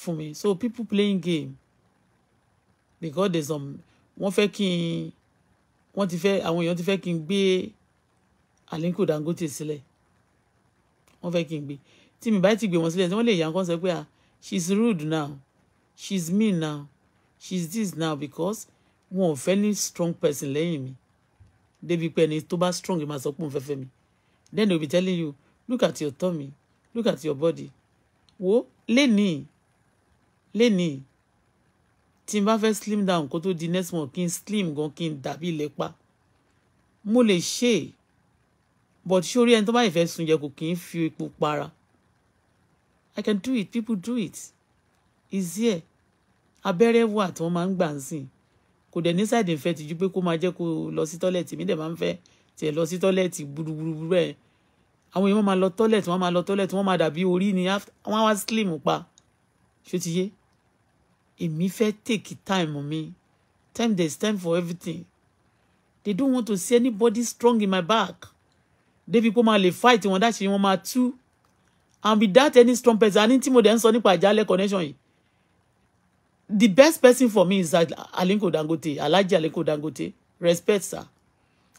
fún mi so people playing game because there's some wọ́n fẹ́ kí n wọ́n ti fẹ́ àwọn èèyàn ti fẹ́ kí n gbé Aliko Dangote sílẹ̀ wọ́n fẹ́ kí n gbé tí mi bá ti gbé wọn sílẹ̀ tí wọ́n lè yà kán sọ pé ah she's rude now she's mean now she's this now because wọn ò fẹ́ ní strong person lẹ́yìn mi débi pé ẹni tó bá strong máa sọ pé òun fẹ́ mi then they be telling you look at your tummy look at your body wo lénìí lénìí tí n bá fẹ́ slim down kó tó di next month kí n slim gan kí n dàbí ilẹ̀ pa mo lè ṣe é but sórí ẹni tó bá ìfẹ́ sun yẹ kì í fi epo para i can do it people do it it's here abẹ́rẹ́ wà tí wọ́n máa ń gbà ń sìn kò dẹ̀ ní side effect ju pé kó máa jẹ́ kó lọ sí tọ́lẹ̀tì mí dẹ̀ máa ń fẹ́ tiẹ̀ lọ sí tọ́lẹ̀tì gbúdúgbúdú bẹ́ẹ̀ àwọn èèyàn máa lọ tọ́lẹ̀tì wọ́n máa lọ tọ́lẹ̀tì wọ́n máa dàbí orí ni wọ́n wá slim pa ṣó ti yé èmi fẹ́ take time mi time there is time for everything they don't want to see anybody strong in my back débi pé ó máa lè fight wọn dáṣe wọn máa tú and without any strong person àní tí mo dẹ̀ ń sọ nípa àjálẹ̀ connection yìí the best person for me is alinko Dangote Alhaji alinko Dangote respect sir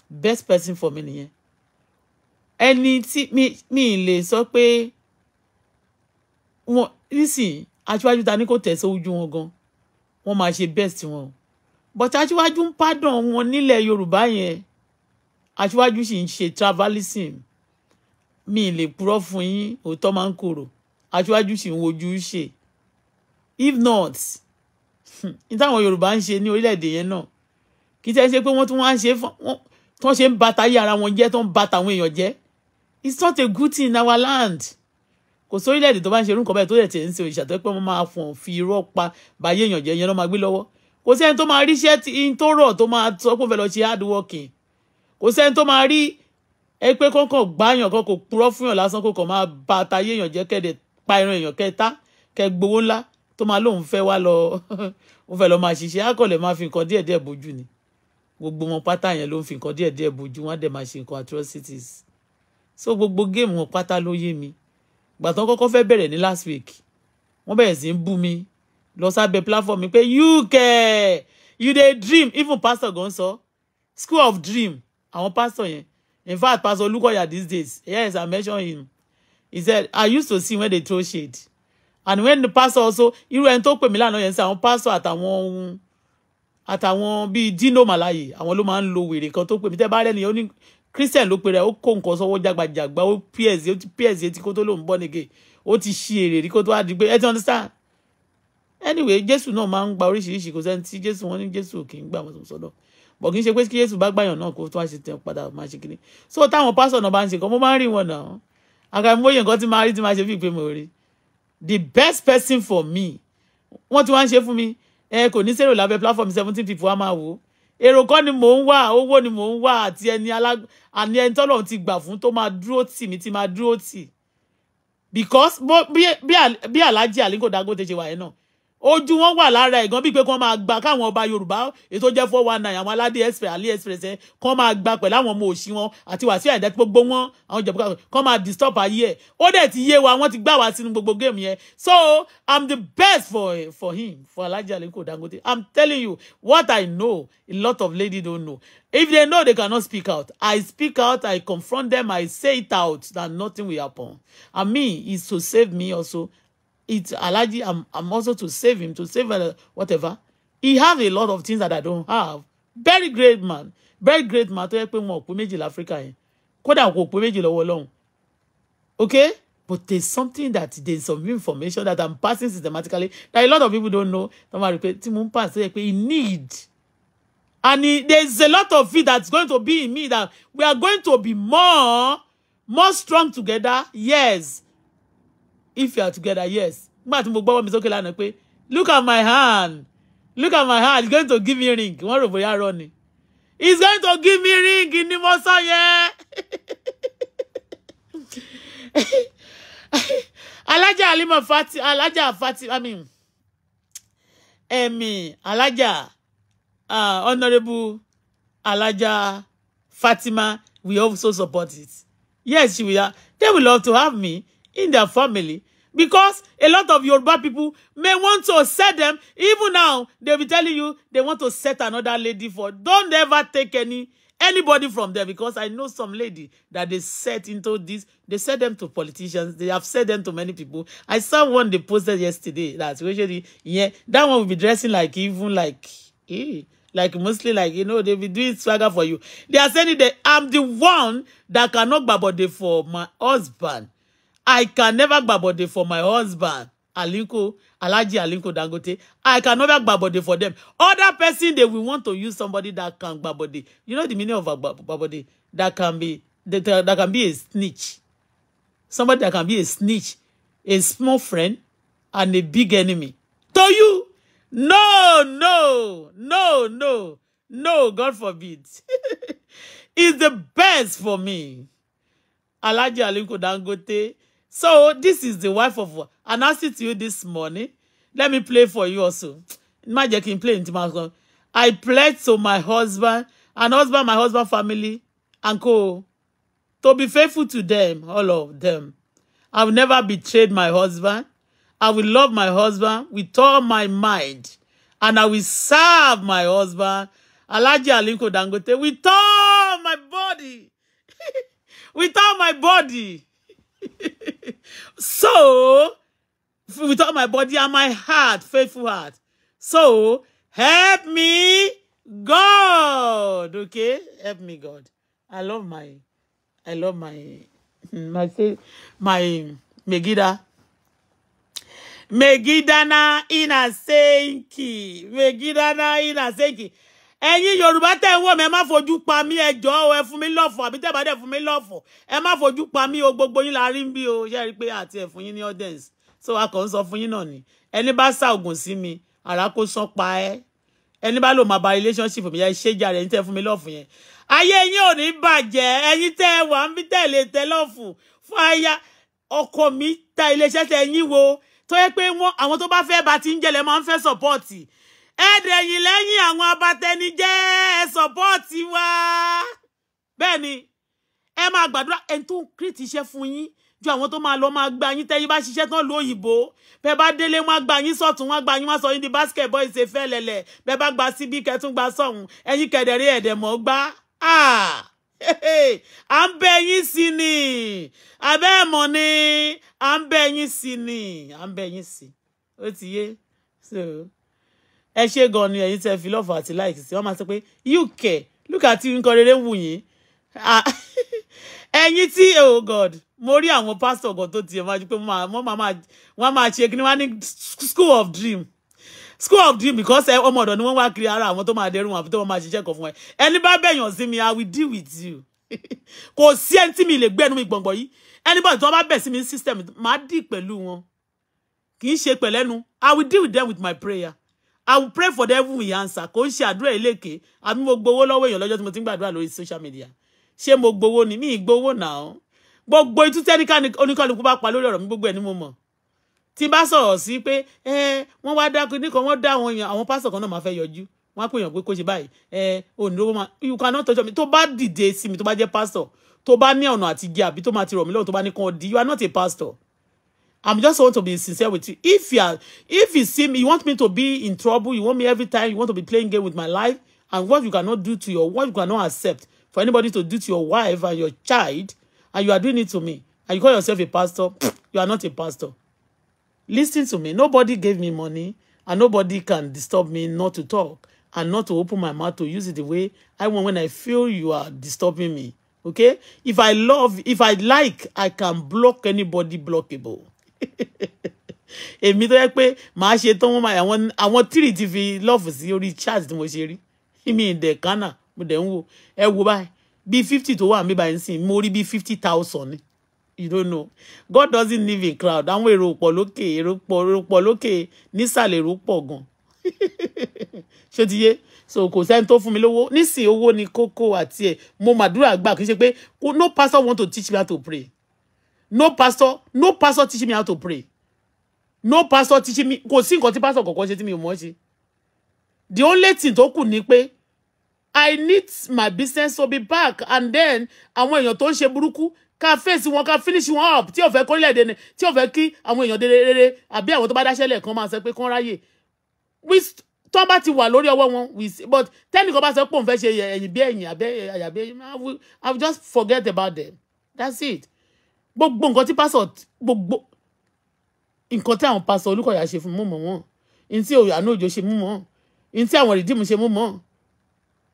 best person for me nìyẹn ẹni tí mi mi lè sọ pé wọn nísìnyí aṣíwájú ta ni kò tẹ̀ sójú wọn gan wọn máa ṣe best wọn o but aṣíwájú ń pardon wọn nílẹ̀ Yorùbá yẹn aṣíwájú sì ń ṣe travelism mi lè purọ́ fún yín òótọ́ máa ń korò aṣíwájú sì ń wojú ṣe if not ní táwọn yorùbá ń ṣe ní orílẹ̀-èdè yẹn náà kì í tẹ́ ṣe pé wọ́n tún wá ń ṣe tán ṣe ń bata ayé ara wọn jẹ́ tán ń bata àwọn èèyàn jẹ́ it's not a good thing in our land kò sórílẹ̀-èdè tó bá ń ṣe irúnkọ̀ báyìí tó dẹ̀ tẹ̀ ń ṣe òṣìṣà tó pé wọ́n máa fọ̀n fi irọ́ pa báyé èèyàn jẹ́ yẹn lọ́ máa gbé lọ́wọ́ kò sẹ́ni tó máa rí iṣẹ́ tí n tó rọ̀ tó máa sọ pé ó fẹ́ lọ ṣe hard working kò sẹ́ni tó máa rí ẹ pé kọ́kàn gbáyàn kan purọ́ fún lásán kó kàn máa ba àtàyé èèyàn jẹ́ kẹ́ẹ̀dẹ̀ pa ẹran èèyàn kẹta kẹ gbowó ńlá tó máa lóun fẹ́ wá lọ òun fẹ́ lọ máa ṣiṣẹ́ akọ̀lẹ̀ máa fi nǹkan díẹ̀díẹ̀ bójú ni gbogbo wọn pátá yẹn ló ń fi nǹkan díẹ̀díẹ̀ bójú wọn á dẹ̀ máa ṣe nǹkan atrocities so gbogbo géèmù wọn pátá ló yé mi gbà tán kọ́kọ́ fẹ́ bẹ̀rẹ̀ ní last week wọ́n bẹ̀rẹ̀ sí ń bú mi lọ sábẹ́ platform mi pé you care you dey dream even pastor gan sọ school of dream àwọn pastor yẹn in fact pastor Olukoya these days yes I mention him he said I used to see when they throw shade and when the pastor also irú ẹni tó pè mí lánàá yẹn sí àwọn pastor àtàwọn ohun àtàwọn bíi Dino Malaye àwọn ló máa ń lo wèrè kan tó pè mí tẹ́ bá rẹ́ni ó ní Christian ló pe rẹ̀ ó kó nǹkan sọ́wọ́ jágbajàgba ó pẹ́ẹ́sì ó ti pẹ́ẹ́sì etí kó tó lòún bọ́ nìge ó ti ṣí èrè rí kó tó wá di pé ẹ ti understand anyway Jésù náà máa ń gba oríṣiríṣi kò sẹ́ni tí Jésù wọn ní Jésù kì í gbà wọn sọ́dọ̀ bọ̀ kì í ṣe pé kí Jésù bá gbàyàn náà kó tó wá ṣe tẹ̀ padà máa ṣe kiri so táwọn pásọ̀ náà bá ń ṣe kan mo máa ń rí wọn náà àkàìmọye nǹkan tí máa rí tí máa ṣe fi ìpè mọ̀ rí the best person for me wọ́n ti wá ń ṣe fún mi ẹ kò ní sẹ́rò lábẹ́ platform seventeen people á máa wò ó èrò kọ́ ni mò ń wá owó ni mò ń wá àti ẹni alágbó àní ẹni tọ́lọ̀ ti gbà fún tó máa dúró tì mí ti máa dúró tì because bí Alhaji Aliko dagote ṣe wà yẹn náà ojú wọn wà lára ẹ̀gán bíi pé kí wọ́n máa gba káwọn ọba yorùbá ètò jẹ́ four one nine àwọn aládé express alẹ́ express ẹ̀ kí wọ́n máa gba pẹ̀lú àwọn ọmọ òsì wọn àti wàsíù àìdá tí gbogbo wọn àwọn jẹ̀bùkà kí wọ́n máa disturb ayé ẹ̀ ó dẹ̀ ti yé wa wọ́n ti gbà wá sínú gbogbo game yẹn so i'm the best for for him for alhaji aliko dangote i'm telling you what i know a lot of ladies don't know if they know they cannot speak out i speak out i confront them i say it out that nothing will happen and me is to save me also It Alaji. I'm, I'm also to save him, to save uh, whatever. He have a lot of things that I don't have. Very great man. Very great man. Tó yẹ pé wọn ò pé méjì l'Áfíríkà yẹn. Kódà kò pé méjì Okay? But there's something that there's some information that I'm passing systematically that a lot of people don't know. Tó máa rí pé tí mo need. And he, there's a lot of it that's going to be in me that we are going to be more, more strong together. Yes if you are together yes nígbà tí mo gbọ́wọ́ mi sókè lánàá pé look at my hand look at my hand he's going to give me ring wọ́n rò bóyá rọ ni he's going to give me ring ni mo sọ yẹn alájà alimọ fati alájà fati i mean ẹmí alájà uh, honourable alájà Fatima we also support it yes she will then we love to have me in their family because a lot of Yoruba people may want to set them. Even now, they'll be telling you they want to set another lady for. Don't ever take any anybody from there because I know some lady that they set into this. They set them to politicians. They have set them to many people. I saw one they posted yesterday that actually, yeah, that one will be dressing like even like, eh, like mostly like, you know, they'll be doing swagger for you. They are saying that I'm the one that cannot babode for my husband. I can never gbàbọ̀dẹ̀ for my husband Aliko alaji, Aliko Dangote I can never gbàbọ̀dẹ̀ for them other person they will want to use somebody that can gbàbọ̀dẹ̀ you know the meaning of gbàbọ̀dẹ̀ that can be that, uh, that can be a snitch somebody that can be a snitch a small friend and a big enemy to you no no no no no God forbid it's the best for me alaji, Aliko Dangote. So this is the wife of and I announcing to you this morning. Let me play for you also. Má jẹ́ can play in my I pledge to my husband and husband, my husband family, uncle, to be faithful to them, all of them. I will never betray my husband. I will love my husband with all my mind. And I will serve my husband, Alhaji alinko Dangote, with all my body. with all my body so, with all my body and my heart, faithful heart. So, help me, God. Okay? Help me, God. I love my, I love my, my, my Megida. Megidana Inasenki. Megidana Inasenki ẹ̀yin yorùbá tẹ́ ń wò mí ẹ má fojú pa mí ẹ jọ̀ọ́ ẹ fún mi lọ́fọ̀ àbí tẹ́ bá dẹ̀ fún mi lọ́fọ̀ ẹ má fojú pa mí o gbogbo yín la rí bí o ṣe rí pé àti ẹ̀ fún yín ní audience so a kàn ń sọ fún yín náà ni ẹni bá sa ògùn sí mi àrà kó sán pa ẹ́ ẹni bá lò máa ba relationship mi yá ṣé jà rẹ̀ ẹni tẹ́ fún mi lọ́fọ̀ yẹn ayé yín ò ní bàjẹ́ ẹ̀yin tẹ́ wà ń bí tẹ̀lé tẹ́ lọ́fù fún aya ọkọ mi ta iléeṣẹ́ tẹ yín wo tó yẹ pé àwọn tó bá fẹ́ bá ti ń jẹlẹ̀ máa ń fẹ́ sọ̀pọ́ọ̀tì ẹ dẹ̀yìn lẹ́yìn àwọn abatẹnijẹ́ ẹ sọ́pọ́ọ̀tì wa bẹ́ẹ̀ ni ẹ máa gbàdúrà ẹni tó ń kírìtì iṣẹ́ fún yín ju àwọn tó máa lọ máa gba yín tẹ́yìn bá ṣiṣẹ́ tán lóyìnbó bẹ́ẹ̀ bá délé wọ́n á gba yín sọ̀tún wọ́n gba yín wọ́n sọ yín di basketball ìṣe fẹ́ lẹ̀lẹ̀ bẹ́ẹ̀ bá gba síbí kẹtún gba sọ̀hún ẹ̀yìn kẹ̀dẹ̀rí ẹ̀dẹ̀mọ́ gbá à ń bẹ yín sí ni abẹ́ ẹ̀mọ́ ni à ń bẹ yín sí ni à ń bẹ yín sí ó ti yé so ẹ ṣe gan ni ẹ̀yin tẹ́ fi lọ́fọ̀ àti láìkì sí wọ́n máa sọ pé uk look at you nǹkan rere wù yín ẹ̀yin tí oh god mo rí àwọn pásítọ̀ kan tó tiẹ̀ máa ju pé wọ́n máa máa ṣe kí wọ́n á ní school of dream school of dream because ọmọ ọ̀dọ̀ ni wọ́n wá kiri ara àwọn tó máa dẹrùn àbí tó máa ṣiṣẹ́ kan fún ẹ ẹni bá bẹ̀yàn sí mi i will deal with you kò sí ẹni tí mi lè gbẹ́nu mi gbọ̀ngbọ̀ yìí anybody tó bá bẹ̀ sí mi system máa dì pẹ̀lú wọn kì í ṣe pẹ̀lẹ́nu i will deal with them with my prayer I will pray for them heaven will answer. Kò ń ṣe àdúrà eléke. Àbí mo gbowó lọ́wọ́ èèyàn lọ́jọ́ tí mo ti ń gbàdúrà lórí social media. Ṣé mo gbowó ni? Mi ì gbowó náà. Gbogbo itú tẹ́níkà oníkàlùkù bá pa lórí ọ̀rọ̀ mi gbogbo ẹ̀ ni mo mọ̀. Tí bá sọ̀rọ̀ sí pé ẹ wọ́n wá dákú nìkan wọ́n dá àwọn èèyàn àwọn pásọ̀ kan náà máa fẹ́ yọjú. Wọ́n á pè èèyàn pé kó ṣe báyìí. Ẹ òǹdó máa you cannot touch me. To bá dìde sí mi tó bá jẹ́ pásọ̀ tó bá ní ọ̀nà àti jẹ àbí tó máa ti rọ̀ mí lọ́rùn tó bá ní kan ọ̀dí you are not a pastor. I'm just want to be sincere with you. If you are, if you see me, you want me to be in trouble, you want me every time, you want to be playing game with my life, and what you cannot do to your, what you cannot accept for anybody to do to your wife and your child, and you are doing it to me, and you call yourself a pastor, you are not a pastor. Listen to me. Nobody gave me money, and nobody can disturb me not to talk and not to open my mouth to use it the way I want when I feel you are disturbing me. Okay? If I love, if I like, I can block anybody blockable. èmi tó yẹ pé màá ṣe tán wọn àwọn àwọn tírì ti fi lọ́ọ̀fù sí orí charge tí mo ṣe rí mi ìdẹ̀ kánà mo dẹ̀ ń wo ẹ wo báyìí bíi fifty tó wà mí báyìí ń sìn mo rí bíi fifty thousand ni you don't know God doesn't live in crowd àwọn èrò pọ̀ lókè èrò pọ̀ èrò pọ̀ lókè nísàlẹ̀ èrò pọ̀ gan ṣé ti yé so kò sẹ́ni tó fún mi lówó nísìnyí owó ni kókó àti ẹ̀ mo màdúrà gbà kì í ṣe pé no pastor want to teach me how to pray no pastor no pastor teaching me how to pray no pastor teaching me kò sí nǹkan tí pastor kọ̀ọ̀kan ṣe tí mi ò mọ̀ ṣe the only thing tó kù ni pé i need my business to be back and then àwọn èèyàn tó ń ṣe burúkú ká fèsì wọn ká finish wọn up tí ò fẹ́ kórílẹ̀-èdè ni tí ò fẹ́ kí àwọn èèyàn délé rere àbí àwọn tó bá dáṣẹ́ lẹ̀ kan máa sọ pé kán ráyè tó bá ti wà lórí ọwọ́ wọn but tẹ́nìkan bá sọ pé òun fẹ́ ṣe ẹ̀yìn bí ẹ̀yìn àbẹ́ àyàbẹ́ i will just forget about them that's it gbogbo nǹkan tí pásọ gbogbo nǹkan tí àwọn pásọ Olúkọ̀yà ṣe fún mú mọ̀ wọ́n ní tí Àánú Òjó ṣe mú mọ̀ ní tí àwọn rìdíìmù ṣe mú mọ̀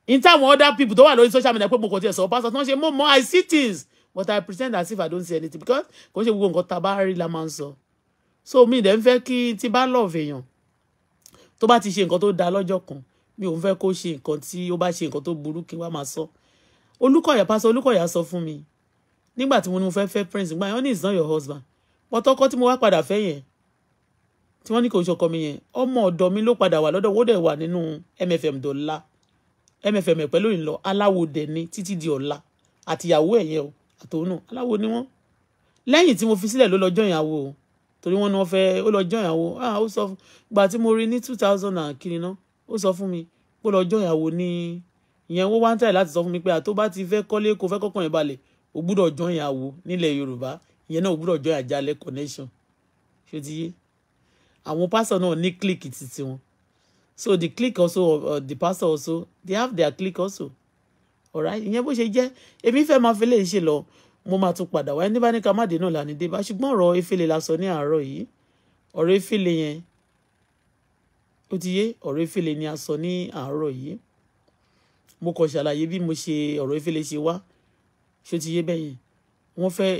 ní tí àwọn other people tó wà lórí social media pé mo kò tiẹ̀ sọ pásọ tí wọ́n ṣe mú mọ̀ I see things but I pretend as if I don't see anything because kò ṣe gbogbo nǹkan tá a bá rí la máa ń sọ so mi dẹ̀ ń fẹ́ kí tí bá love èèyàn tó bá ti ṣe nǹkan tó dáa lọ́jọ́ kan mi ò ń fẹ́ kó ṣe nǹkan tí ó bá ṣe nǹkan tó burú kí wá máa sọ Olúkọ̀yà pásọ Olúkọ̀yà sọ fún mi nígbà tí mo ní mo fẹ́ fẹ́ prince gbà yẹn wọ́n ní it's not your husband pọtọ́kọ tí mo wá padà fẹ́ yẹn tí wọ́n ní kò ṣọkọ mi yẹn ọmọ ọ̀dọ̀ mi ló padà wà lọ́dọ̀ wọ́dẹ̀ wà nínú mfm dọ̀la mfm ẹ̀pẹ́ lóyìn aláwo dẹ̀ ni títí di ọ̀la àtìyàwó ẹ̀yẹ o àtòun náà aláwo ni wọ́n lẹ́yìn tí mo fi sílẹ̀ ló lọ jọyìn àwo o torí wọ́n ní wọ́n fẹ́ ó lọ jọyìn àwo ah ó sọ gbà tí mo rí ní two thousand and kiri ná ó sọ fún mi ó lọ jọyìn àwo ní ìyẹn wọ́n wá ń tàyè láti sọ fún mi pé àtó bá ti fẹ́ kọ́lé kó fẹ́ kọ́kàn yẹn balẹ̀ o gbúdọ̀ join àwo nílẹ̀ yorùbá ìyẹn náà o gbúdọ̀ join àjálẹ̀ connection ṣé ti yé àwọn pastor náà ní click títí wọn so the click also uh, the pastor also they have their click also alright ìyẹn bó ṣe jẹ́ èmi fẹ́ máa fi lè ṣe lọ mo máa tún padà wáyé níbà ní ká má dé náà lánìí dé bá ṣùgbọ́n ọ̀rọ̀ efele la sọ ní àárọ̀ yìí ọ̀rọ̀ efele yẹn ó ti yé ọ̀rọ̀ efele ni a sọ ní àárọ̀ yìí mo kàn ṣàlàyé bí mo ṣe ọ̀rọ̀ efele ṣe wá ṣó ti yé bẹ́ẹ̀ yẹn wọ́n fẹ́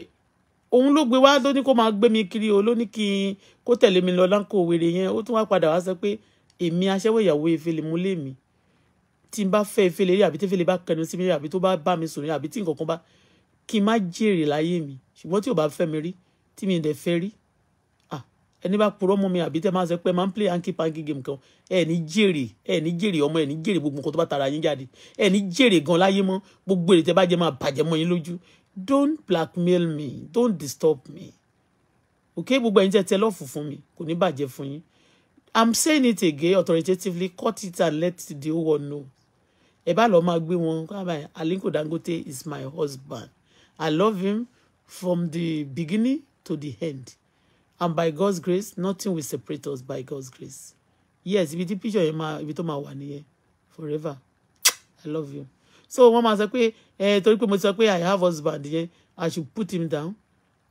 òun ló gbé wá ló ní kó máa gbé mi kiri o ló ní kí n kó tẹ̀lé mi lọ láńkó wèrè yẹn ó tún wá padà wá sọ pé èmi aṣẹ́wó ìyàwó efele mú lé mi tí n bá fẹ́ efele rí àbí tẹ́fele bá kẹnu sí mi rí àbí tó bá bá mi sùn rí àbí tí nǹkan kan bá kí n má jèrè láyé mi ṣùgbọ́n tí ò bá fẹ́ mi rí tí mi dẹ̀ fẹ́ rí ẹni bá purọ́ mọ́ mi àbí tẹ́ máa sọ pé máa ń play hanky panky game kan ẹ ní jèrè ẹ ní jèrè ọmọ ẹ ní jèrè gbogbo nǹkan tó bá tara yín jáde ẹ ní jèrè gan láyé mọ́ gbogbo èrè tẹ́ bá jẹ máa bàjẹ́ mọ́ yín lójú don't blackmail me don't disturb me ok gbogbo ẹ̀yin tẹ́ tẹ́ lọ́ọ̀fù fún mi kò ní bàjẹ́ fún yín i'm saying it again authoritatively cut it and let the whole world know ẹ bá lọ́ọ́ máa gbé wọn Aliko Dangote is my husband i love him from the beginning to the end and by God's grace nothing will separate us by God's grace yes ibi tí picture yẹn máa ibi tó máa wà nìyẹn forever I love you so Mama said, sọ pé ẹ torí pé mo sọ I have husband yẹn I should put him down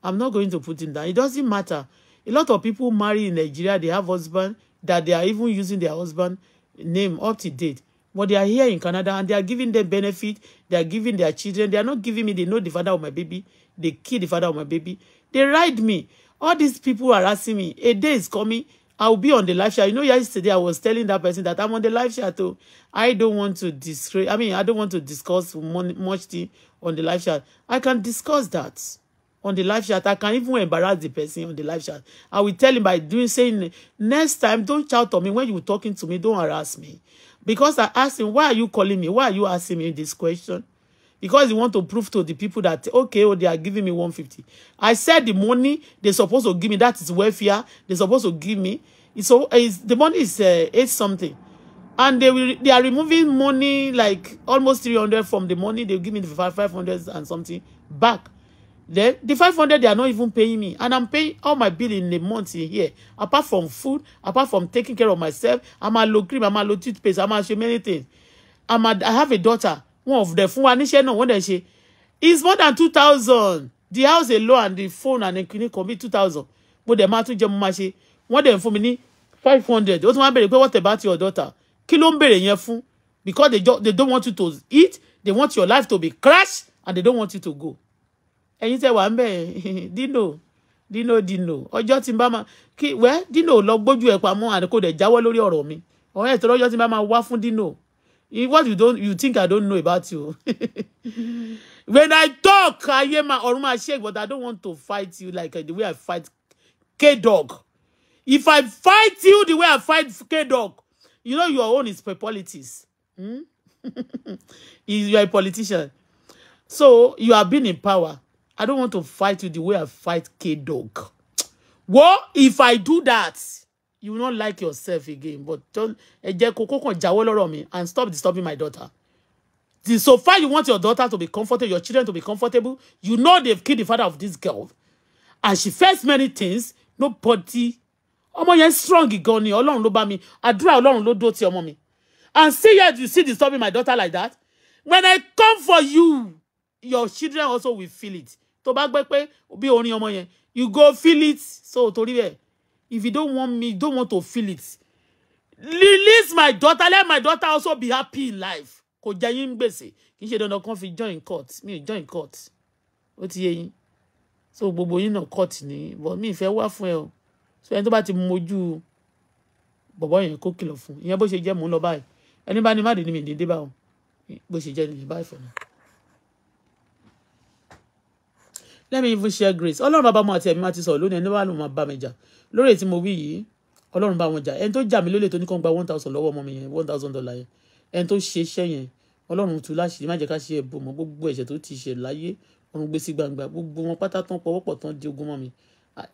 I'm not going to put him down it doesn't matter a lot of people marry in Nigeria they have husband that they are even using their husband name up to date but they are here in Canada and they are giving them benefit they are giving their children they are not giving me they know the father of my baby they kill the father of my baby they ride me all these people are asking me a day is coming I will be on the live chat. You know, yesterday I was telling that person that I'm on the live chat. Too. I don't want to discre- I mean, I don't want to discuss much thing on the live chat. I can discuss that on the live chat. I can even embarrass the person on the live chat. I will tell him by doing saying, next time, don't shout on me when you're talking to me. Don't harass me, because I asked him, why are you calling me? Why are you asking me this question? because you want to prove to the people that okay oh they are giving me 150 i said the money they supposed to give me that is welfare They supposed to give me it's so it's, the money is uh, eight something and they will they are removing money like almost 300 from the money they give me the 500 and something back then the 500 they are not even paying me and i'm paying all my bill in the month in here apart from food apart from taking care of myself i'm a low cream i'm a low toothpaste i'm a many things i'm a, i have a daughter wọn ò dẹ̀ fún wa níṣẹ́ náà wọ́n dẹ̀ ṣe it's more than two thousand the house alone and the phone and the clinic kan bí two thousand mo dẹ̀ máa tún jẹ́ mo máa ṣe wọ́n dẹ̀ fún mi ní five hundred ó tún máa béèrè pé what about your daughter kí ló ń béèrè yẹn fún because they, they don't want you to eat they want your life to be crashed and they don't want you to go ẹ̀yin tẹ́ wà ń bẹ̀ dino dino dino ọjọ́ tí n bá máa kí wẹ́ dino lọ gbójú ẹ̀ pamọ́ àdìkò dẹ̀ jáwọ́ lórí ọ̀rọ̀ mi ọ̀rẹ́ ìtọ́lọ́jọ́ tí n bá máa wá fún dino what you don't you think I don't know about you. when I talk, I hear my Oruma shake, but I don't want to fight you like uh, the way I fight K-Dog. If I fight you the way I fight K-Dog, you know your own is for politics. Hmm? you are a politician. So you have been in power. I don't want to fight you the way I fight K-Dog. What if I do that? you will not like yourself again but just ẹ jẹ́ and stop disturbing my daughter the so far you want your daughter to be comfortable your children to be comfortable you know they've killed the father of this girl and she faced many things nobody ọmọ yẹn strong gan ni Ọlọ́run ló I draw àdúrà Ọlọ́run ló dó ti ọmọ mi and see yet you see disturbing my daughter like that when I come for you your children also will feel it tó bá gbé pé bí orin ọmọ yẹn you go feel it so torí ẹ if you don't want me don't want to feel it release my daughter let my daughter also be happy in life kò jẹ yín gbèsè kì í ṣe join court Me join court ó ti yé so gbogbo yín náà court ni but me ìfẹ́ wá fún ẹ so ẹni tó bá ti moju. bọ̀bọ̀ yẹn kó kìlọ̀ fún ìyẹn bó ṣe jẹ́ mò ń lọ báyìí ẹni bá ní má dé ní mi ní dé báwọn bó ṣe jẹ́ ní báyìí let me even share grace ọlọ́run bàbá mu àti ẹ̀mí máa ti sọ̀rọ̀ lónìí ẹni bá lòun máa bá mi jà lórí èyí tí mo wí yìí ọlọ́run bá wọn jà ẹni tó jà mí lólè tó ní kàn gba one thousand lọ́wọ́ ọmọ mi yẹn one thousand dollar yẹn ẹni tó ṣe iṣẹ́ yẹn ọlọ́run tú láṣìírí má jẹ́ ká ṣe ẹ̀bùn mọ́ gbogbo ẹ̀ṣẹ̀ tó ti ṣe láyé ọ̀run gbé sí gbangba gbogbo wọn pátá tán pọwọ́pọ̀ tán di ogun mọ́ mi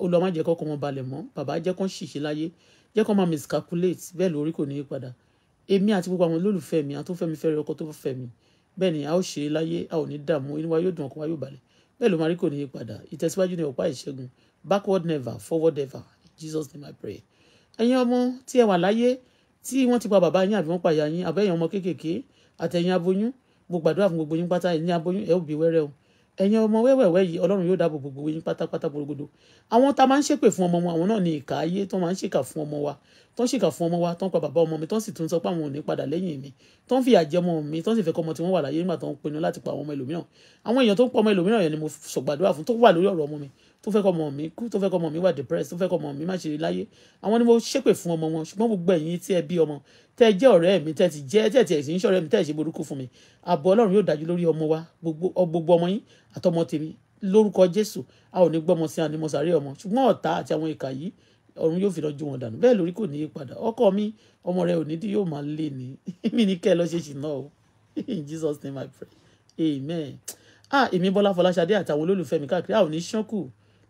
olùwà má jẹ́ kọ́kọ́ wọn balẹ̀ mọ́ bàbá jẹ́ kán ṣìṣe láyé jẹ́ kán máa miscalculate bẹ́ẹ̀ lórí kò ní í padà èmi àti gbogbo àwọn olólùfẹ́ mi àtúnfẹ́ mi fẹ́rẹ̀ ọkọ tó fẹ́ mi bẹ́ẹ̀ ni a ó ṣe é láyé a ò ní dààmú inú wa yóò dùn ọkọ wa yóò balẹ̀ bẹ́ẹ̀ ló máa rí kò ní í padà ìtẹ̀síwájú ní ọ̀pá ìṣẹ́gun backward never forward ever Jesus name I pray. ẹ̀yin ọmọ tí ẹ wà láyé tí wọ́n ti pa bàbá yín àbí wọ́n pa ìyá yín àbẹ́yìn ọmọ kéékèèké àtẹ̀yìn aboyún mo gbàdúrà fún gbogbo yín pátá ẹ̀yin aboyún ẹ ò bí wẹ́rẹ́ o ẹ̀yin ọmọ wẹ́wẹ̀wẹ́ yìí ọlọ́run yóò dáàbò gbogbo yín pátápátá gbogbo àwọn tá a máa ń ṣépè fún ọmọ wọn àwọn náà ní ìkà ayé tó máa ń ṣèkà fún ọmọ wa tó ń ṣèkà fún ọmọ wa tó ń pa bàbá ọmọ mi tó ń sì tún sọ pé àwọn ò ní padà lẹ́yìn mi tó ń fi àjẹ ọmọ mi tó ń sì fẹ́ kọ́ ọmọ tí wọ́n wà láyé nígbà tó ń pinnu láti pa àwọn ọmọ ẹlòmíràn àwọn èèyàn tó ń pa ọmọ ẹlòmíràn yẹn ni mo sọ̀gbàdúrà fún tó wà lórí ọ̀rọ̀ ọmọ mi tó fẹ́ kọ́ ọmọ mi kú tó fẹ́ kọ́ ọmọ mi wà depressed tó fẹ́ kọ́ ọmọ mi má ṣe láyé àwọn ni mo ṣépè fún ọmọ wọn ṣùgbọ́n gbogbo ẹ̀yin tí ẹ bí ọmọ tẹ́ ẹ jẹ́ ọ̀rẹ́ mi tẹ́ ẹ ti jẹ́ tẹ́ ẹ ti ẹ̀sìn ìṣọ̀rẹ́ mi tẹ́ ẹ ṣe burúkú fún mi ààbò ọlọ́run yóò dájú lórí ọmọ wa gbogbo ọmọ yín àtọmọ tèmi lórúkọ jésù a ò ní gbọ́mọ sí àní mọ̀sáré ọmọ ṣùgbọ́n ọ̀tá àti àwọn ìkà yìí ọ̀run yóò fi lọ́jú wọn dànù bẹ́ẹ̀ lórí kò ní í padà ọkọ mi ọmọ rẹ òní tí yóò máa lé ni mi ní kẹ́ ẹ lọ ṣe ṣìnà o in jesus name i pray amen ah èmi bọ́lá fọláṣadé àtàwọn olólùfẹ́ mi káàkiri a ò ní ṣánkù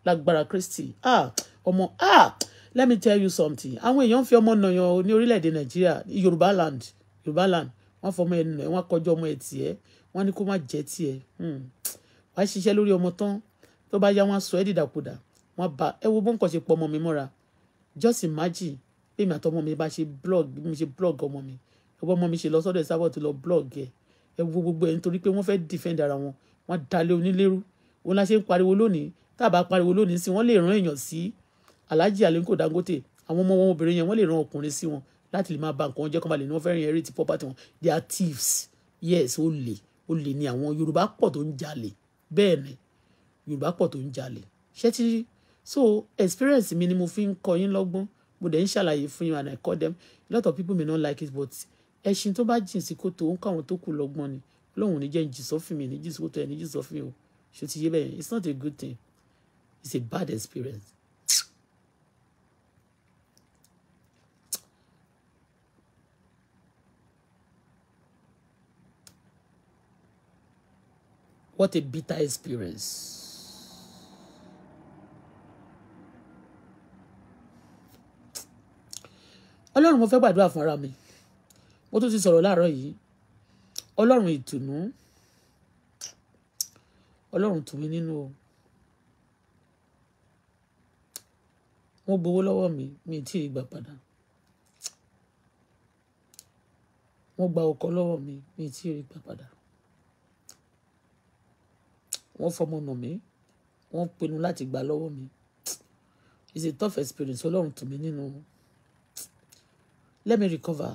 lágbára kristi ah ọmọ ah let me tell you something àwọn èèyàn ń fi ọmọ nàyàn ní orílẹ̀-èdè nàìjíríà yorùbá land yorùbá land wọ́n fọmọ ẹ̀ nà ẹ̀ wọ́n kọjú ọmọ ẹ̀ tiẹ̀ wọ́n ní kó má jẹ́ tiẹ̀ hmm. wàá ṣiṣẹ́ lórí ọmọ tán tó bá yá wọ́n sọ ẹ́ dìdàkudà wọ́n bá ẹ wo bó ń kàn ṣe pọ̀ ọmọ mi mọ́ra just imagine bí èmi àtọmọ mi bá ṣe blog bí mi ṣe blog ọmọ mi ẹ wo ọmọ mi ṣe lọ sọ́dọ̀ ìsábọ̀ tó lọ blog ẹ ẹ wo gbogbo ẹ nítorí pé wọ́n fẹ́ defend ara wọn wọ́n dalẹ̀ onílérú wọn la ṣe ń pariwo lónìí tá a bá pariwo lónìí sí wọ́n lè rán èèyàn sí Alhaji Aliko Dangote àwọn ọmọ wọn obìnrin yẹn wọ́n lè rán ọkùnrin sí wọn láti lè máa ba nǹkan jẹ́ kó balẹ̀ ní wọ́n fẹ́ rìn ẹ̀rí ti property wọn they are thieves yes ó lè ó lè ní àwọn Yorùbá pọ̀ tó ń jalè bẹ́ẹ̀ ni Yorùbá pọ̀ tó ń jalè ṣé so experience mi ni mo fi ń kọ́ yín lọ́gbọ́n mo dẹ̀ ń ṣàlàyé fún yín and I call them a lot of people may not like it but ẹṣin tó bá jìn sí kòtò ó ń káwọn tó kù lọ́gbọ́n ni Ọlọ́run ò ní jẹ́ ń jì sọ́fìn mi ní jì sọ́fìn mi ní ṣe ti yé bẹ́ẹ̀ it's not a good thing It's a bad experience. What a bitter experience. Ọlọ́run mo fẹ́ gbàdúrà fún ara mi mo tún ti sọ̀rọ̀ láàárọ̀ yìí Ọlọ́run ìtùnú Ọlọ́run tù mí nínú o. wọ́n gbowó lọ́wọ́ mi mi ì tí ì gbà padà wọ́n gba ọkọ̀ lọ́wọ́ mi mi ì tí ì gbà padà wọ́n fọmọ nà mí wọ́n pinnu láti gbà lọ́wọ́ mi it's a tough experience ọlọ́run tù mí nínú let me recover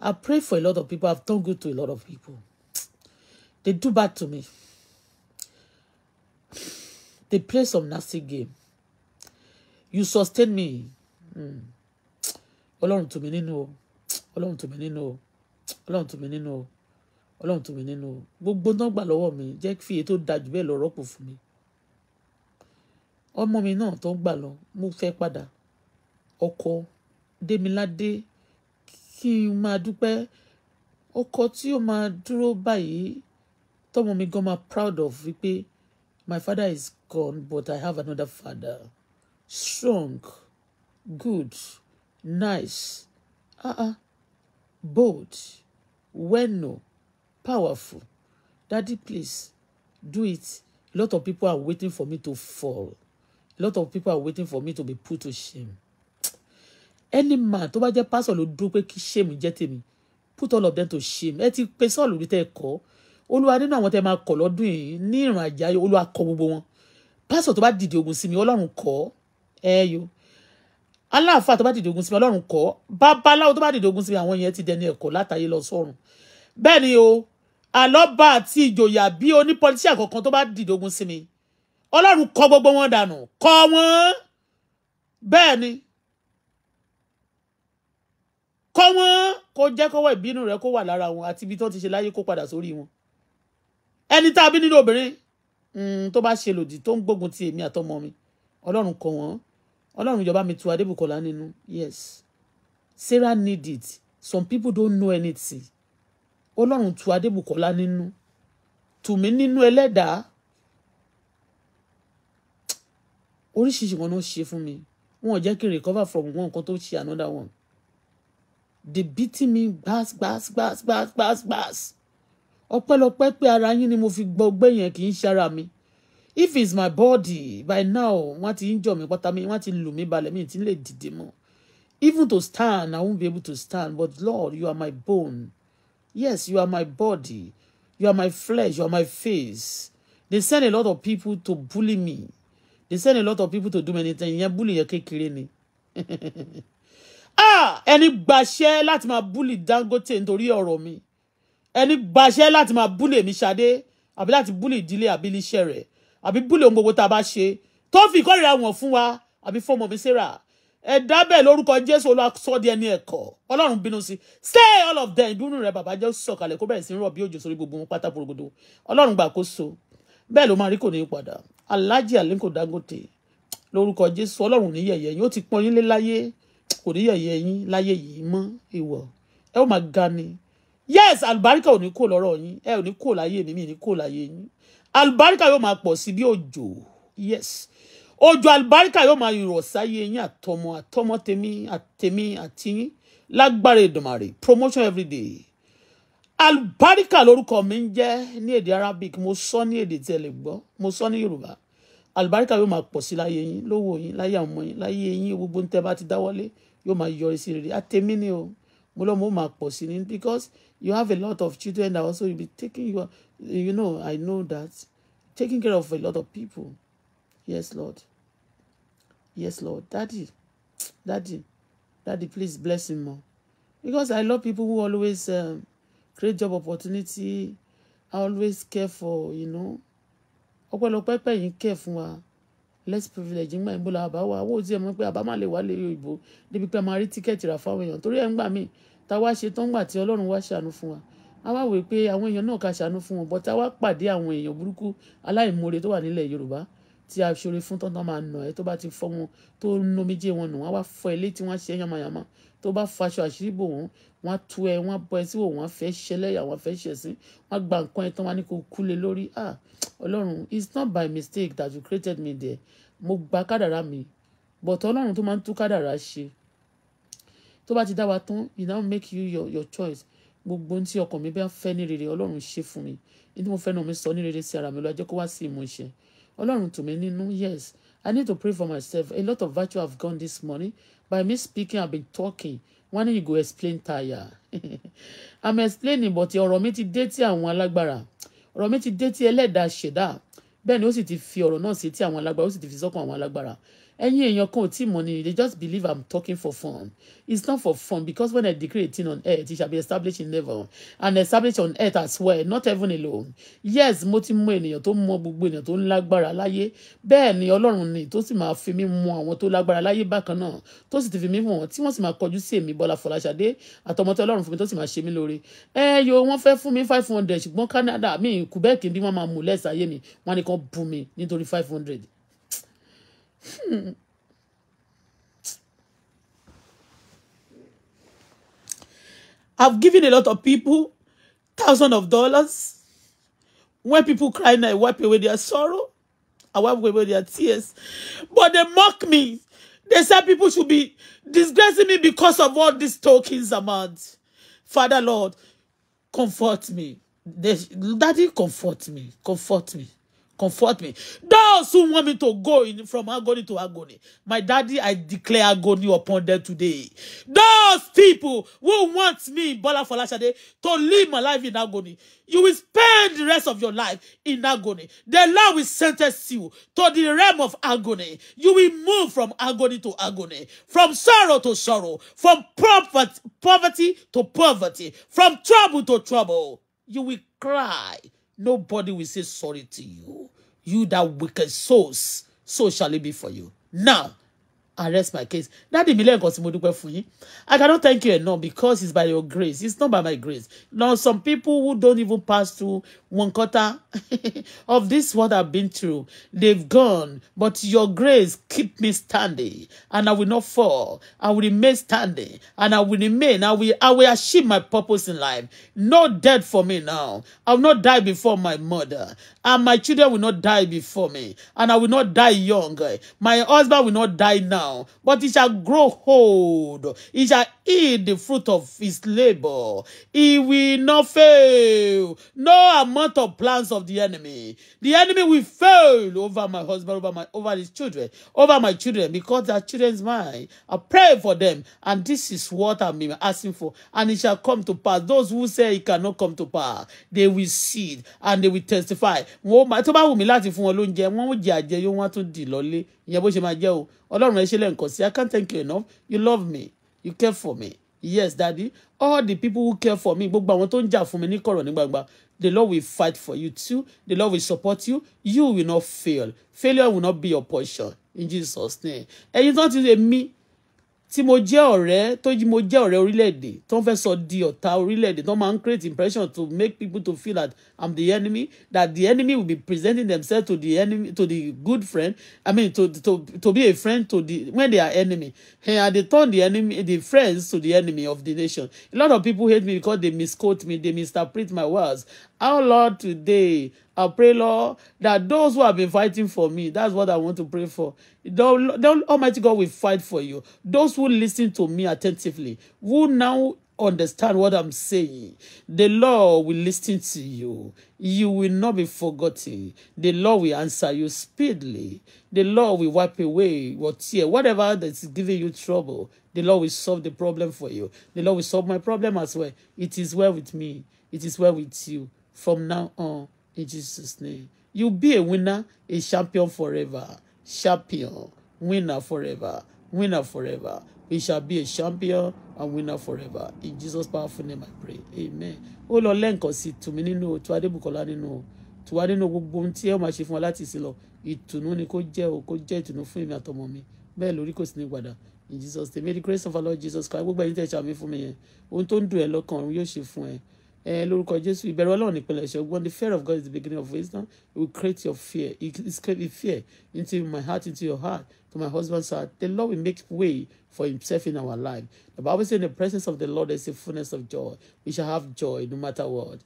I pray for a lot of people I have done good to a lot of people they do bad to me they play some nasty game you sustain me hmm. ọlọ́run tù nínú o ọlọ́run tù mí nínú o ọlọ́run tù mí nínú o ọlọ́run tù mí nínú o gbogbo náà gbà lọ́wọ́ mi jẹ́ fi èyí tó da jù bẹ́ẹ̀ lọ rọ́pò fún mi ọmọ mi náà tó ń gbà lọ mo fẹ́ padà ọkọ Démiládé kí n máa dúpẹ́ ọkọ tí ó máa dúró báyìí tọmọ mi gan máa proud of wípé my father is gone but I have another father strong, good, nice, uh-uh, bold, well-known, powerful. Daddy, please do it. A lot of people are waiting for me to fall. A lot of people are waiting for me to be put to shame. Any man tó bá jẹ́ pastor ló dúró pé kí shame jẹ́ me, put all of them to shame. Any Ẹ ti pe Sọ́ọ̀lù rí tẹ́ kọ́. Olúwa nínú àwọn tẹ́ máa kọ̀ lọ́dún yìí ní ìrìn àjá Olúwa kọ gbogbo wọn. Pastor tó bá dìde ogun sí all on call ẹyọ aláàfáà tó bá dìde ogun sí mi ọlọ́run kọ́ babaláwo tó bá dìde ogun sí mi àwọn yẹn ti dẹni ẹ̀kọ́ látàyè lọ sọ́run bẹ́ẹ̀ ni o àlọ́bà àti ìjòyà bí onípọlítíà kankan tó bá dìde ogun sí mi ọlọ́run kọ́ gbogbo wọn dànù kọ́ wọn bẹ́ẹ̀ ni kọ́ wọn kó jẹ́ kọ́wọ́ ìbínú rẹ kó wà lára wọn àti ibi tó ti ṣe láyé kó padà sórí wọn ẹni tá a bí nínú obìnrin hmm, tó bá ṣe lòdì tó ń gbógun ti èmi àtọmọ mi ọlọ́run kọ́ wọn ọlọ́run ìjọba mi tu adébùkọ́lá nínú yes sarah need it some people don't know anything ọlọ́run tu adébùkọ́lá nínú tù mí nínú ẹlẹ́dàá oríṣiríṣi wọn náà ṣe fún mi wọn ò jẹ́ kí n recover from one nǹkan tó ṣe another one they beating me gbas gbas gbas gbas gbas gbas ọpẹ́lọpẹ́ pé ara yín ni mo fi gbọ́ ọgbẹ́ yẹn kì í ṣe ara mi if it's my body by now wọ́n ti ń jọ mi pátá mi wọ́n ti lù mí balẹ̀ mi ti lè dìde mọ́ even to stand I won't be able to stand but Lord you are my bone yes you are my body you are my flesh you are my face they send a lot of people to bully me they send a lot of people to do many things yẹn bully yẹn kékeré ni ah ẹni gbàṣẹ láti máa bully Dangote nítorí ọ̀rọ̀ mi ẹni gbàṣẹ láti máa bully mi Ṣadé àbí láti bully ìdílé àbí iléeṣẹ́ rẹ̀ àbí búlẹ̀ ohun gbogbo tá a bá ṣe tó fi ìkórìíra wọn fún wa àbí fọmọ mi sarah ẹ dábẹ́ lórúkọ jésù olúwa ẹni ẹ̀kọ́ ọlọ́run bínú sí stay all of them ìdúró rẹ bàbá jẹ́ sọ̀kalẹ̀ kó bẹ̀rẹ̀ sí ń rọ̀ bí òjò sórí gbogbo wọn pátá gbogbo ọlọ́run gbàkóso bẹ́ẹ̀ ló máa rí kò ní í padà aláàjì àlékò dangote lórúkọ jésù ọlọ́run ní yẹ̀yẹ́ yín ó ti pọ́n yín lé láyé kò ní yẹ̀yẹ́ yín láyé yìí mọ́ ìwọ ẹ ó máa ga ni yes àlùbáríkà ò ní kò lọ́rọ̀ yín ẹ ò ní kò láyé mi mi ní kò láyé yín àlùbáríkà yóò máa pọ̀ sí bí òjò yes òjò àlùbáríkà yóò máa rọ̀ sáyé yín àtọmọ àtọmọ tèmi àtèmi àti lágbára Èdùmàrè promotion everyday àlùbáríkà lórúkọ mi ń jẹ́ ní èdè Arabic mo sọ ní èdè tí ẹ lè gbọ́ mo sọ ní Yorùbá àlùbáríkà yóò máa pọ̀ sí láyé yín lówó yín láyé àwọn ọmọ yín láyé yín gbogbo ń tẹ́ bá ti dáwọ́lé yóò máa yọrí sí rere àtẹ̀mí ni o mo lọ́mọ ó máa pọ̀ sí ni because you have a lot of children that also will be taking your you know, I know that taking care of a lot of people. Yes, Lord. Yes, Lord. Daddy, Daddy, Daddy, please bless him more. Because I love people who always um, create job opportunity. I always care for, you know. ọpẹ́lọpẹ́ pẹ̀yìn kẹ̀ fún less privilege my ìbúlọ abawa. wa owó tí ẹ mọ̀ pé àbá má lè wá lè òyìnbó débi pé a máa rí tíkẹ́ẹ̀tì rà fáwọn èèyàn torí ẹ̀ ń gbà míì tá a wá ṣe a wá wèé pé àwọn èèyàn náà ká ṣàánú fún wọn bọ́tà wá pàdé àwọn èèyàn burúkú aláìmoore tó wà nílẹ̀ yorùbá tí a ṣoore fún tọ́ntàn máa nà ẹ́ tó bá ti fọ́ wọn tó nu méjì wọn nù wọ́n wá fọ ilé tí wọ́n ṣe yamayama tó bá faṣọ àṣírí bò wọ́n wọ́n tú ẹ wọ́n bọ ẹ sí wò wọ́n fẹ́ ṣẹlẹ́yà wọ́n fẹ́ ṣẹ̀sín wọ́n gba nǹkan ẹ tán wọ́n ní kó kú lórí ah ọlọ́run it's not by mistake that you created me there mo gba kádàrá mi but ọlọ́run tó máa ń tú kádàrá ṣe tó bá ti dá wa tán you now make you your, your choice gbogbo tí ọkàn mi bá fẹ́ ní rere ọlọ́run ṣe fún mi ní tí mo fẹ́ náà mi sọ ní rere sí ara mi lọ ajẹ́ kó wá sí ìmúṣẹ ọlọ́run tù mí nínú yes i need to pray for myself a lot of virtue have gone this morning by me speaking i been talking wọ́n ní you go explain tire i'm explaining but ọ̀rọ̀ mi ti dé tí àwọn alágbára ọ̀rọ̀ mi ti dé tí ẹlẹ́dàá ṣẹ̀dá bẹ́ẹ̀ ni ó sì ti fi ọ̀rọ̀ náà sí tí àwọn alágbára ó sì ti fi sọ́kàn àwọn alágbára ẹ̀yin èèyàn kan ò tí mọ̀ ni they just believe i'm talking for fun it's not for fun because when i decree a thing on earth it shall be established in heaven and established on earth as well not heaven alone yes mo ti mọ ènìyàn tó mọ gbogbo ènìyàn tó ń lágbára láyé bẹ́ẹ̀ ni ọlọ́run ni tó sì máa fi mí mọ àwọn tó lágbára láyé bákan náà tó sì ti fi mí mọ tí wọ́n sì máa kọjú sí èmi bọ́lá fọláṣadé àtọmọtẹ ọlọ́run fún mi tó sì máa ṣe mí lóore ẹ yo wọ́n fẹ́ fún mi five hundred ṣùgbọ́n canada mi kùbẹ́ẹ̀kì bí wọ́n máa mú lẹ́sàáyé mi wọ́n á ní kàn bù mí nítorí five hundred Hmm. I've given a lot of people thousands of dollars. When people cry now, I wipe away their sorrow. I wipe away their tears. But they mock me. They say people should be disgracing me because of all these tokens amount. Father Lord, comfort me. They, Daddy, comfort me. Comfort me comfort me. Those who want me to go in from agony to agony, my daddy, I declare agony upon them today. Those people who want me, Bola Folashade, to live my life in agony, you will spend the rest of your life in agony. The Lord will sentence you to the realm of agony. You will move from agony to agony, from sorrow to sorrow, from poverty to poverty, from trouble to trouble. You will cry Nobody will say sorry to you. You that wicked souls, so shall it be for you. Now, I rest my case dáàdì mi lẹ́ẹ̀kan tí mo dúpẹ́ fún yín I cannot thank you enough because it's by your grace it's not by my grace now some people who don't even pass through one quarter of this what I've been through they've gone but your grace keep me standing and I will not fall I will remain standing and I will remain I will I will achieve my purpose in life no death for me now I will not die before my mother and my children will not die before me and I will not die young my husband will not die now down, but he shall grow old. He shall eat the fruit of his labor. He will not fail. No amount of plans of the enemy. The enemy will fail over my husband, over my over his children, over my children, because their children's mine. I pray for them, and this is what I'm asking for. And it shall come to pass. Those who say it cannot come to pass, they will see it and they will testify. Tó bá wù mí láti fún wọn lóúnjẹ, wọ́n ó jẹ àjẹyó, wọ́n á tún dì lọ́lé. Ìyẹn bó ṣe máa jẹ́ o ọlọ́run ẹ ṣe lẹ́ǹkan sí i i can't thank you enough you love me you care for me yes daddy all the people who care for me gbogbo àwọn tó ń jà fún mi ní kọ̀rọ̀ ní gbangba the lord will fight for you too the lord will support you you will not fail failure will not be your portion in jesus name ẹ̀yin tán ti èmi tí mo jẹ́ ọ̀rẹ́ tó jí mo jẹ́ ọ̀rẹ́ orílẹ̀-èdè tó ń fẹ́ sọ di ọ̀tá orílẹ̀-èdè tó máa ń create impression to make people to feel that I'm the enemy that the enemy will be presenting themselves to the enemy to the good friend I mean to to to be a friend to the when they are enemy and they turn the enemy the friends to the enemy of the nation a lot of people hate me because they misquote me they misinterpret my words how Lord today I pray, Lord, that those who have been fighting for me, that's what I want to pray for. Don't, don't, Almighty God will fight for you. Those who listen to me attentively, who now understand what I'm saying, the Lord will listen to you. You will not be forgotten. The Lord will answer you speedily. The Lord will wipe away your tear. Whatever that's giving you trouble, the Lord will solve the problem for you. The Lord will solve my problem as well. It is well with me. It is well with you from now on in Jesus' name. You'll be a winner, a champion forever. Champion, winner forever, winner forever. We shall be a champion and winner forever. In Jesus' powerful name I pray. Amen. Ó lọ lẹ́ǹkan sí tùmí nínú tí Adébùkọ́lá nínú tí wàá nínú gbogbo ohun tí ẹ máa ṣe fún wa láti sí lọ. Ìtùnú ni kó jẹ́ o, kó jẹ́ ìtùnú fún èmi àtọmọ mi. Bẹ́ẹ̀ In Jesus' name, may the grace of our Lord Jesus Christ gbogbo ẹni tẹ̀ ṣàmì fún mi yẹn. Ohun tó ń dùn ẹ lọ́kàn yóò ṣe fún ẹ lórúkọ jésù ìbẹ̀rù ọlọ́run nípìnlẹ̀ ìṣẹ́ ogun the fear of God is the beginning of wisdom it will create your fear it is create fear into my heart into your heart to my husband's heart the Lord will make way for himself in our life the Bible says in the presence of the Lord there is a fullness of joy we shall have joy no matter what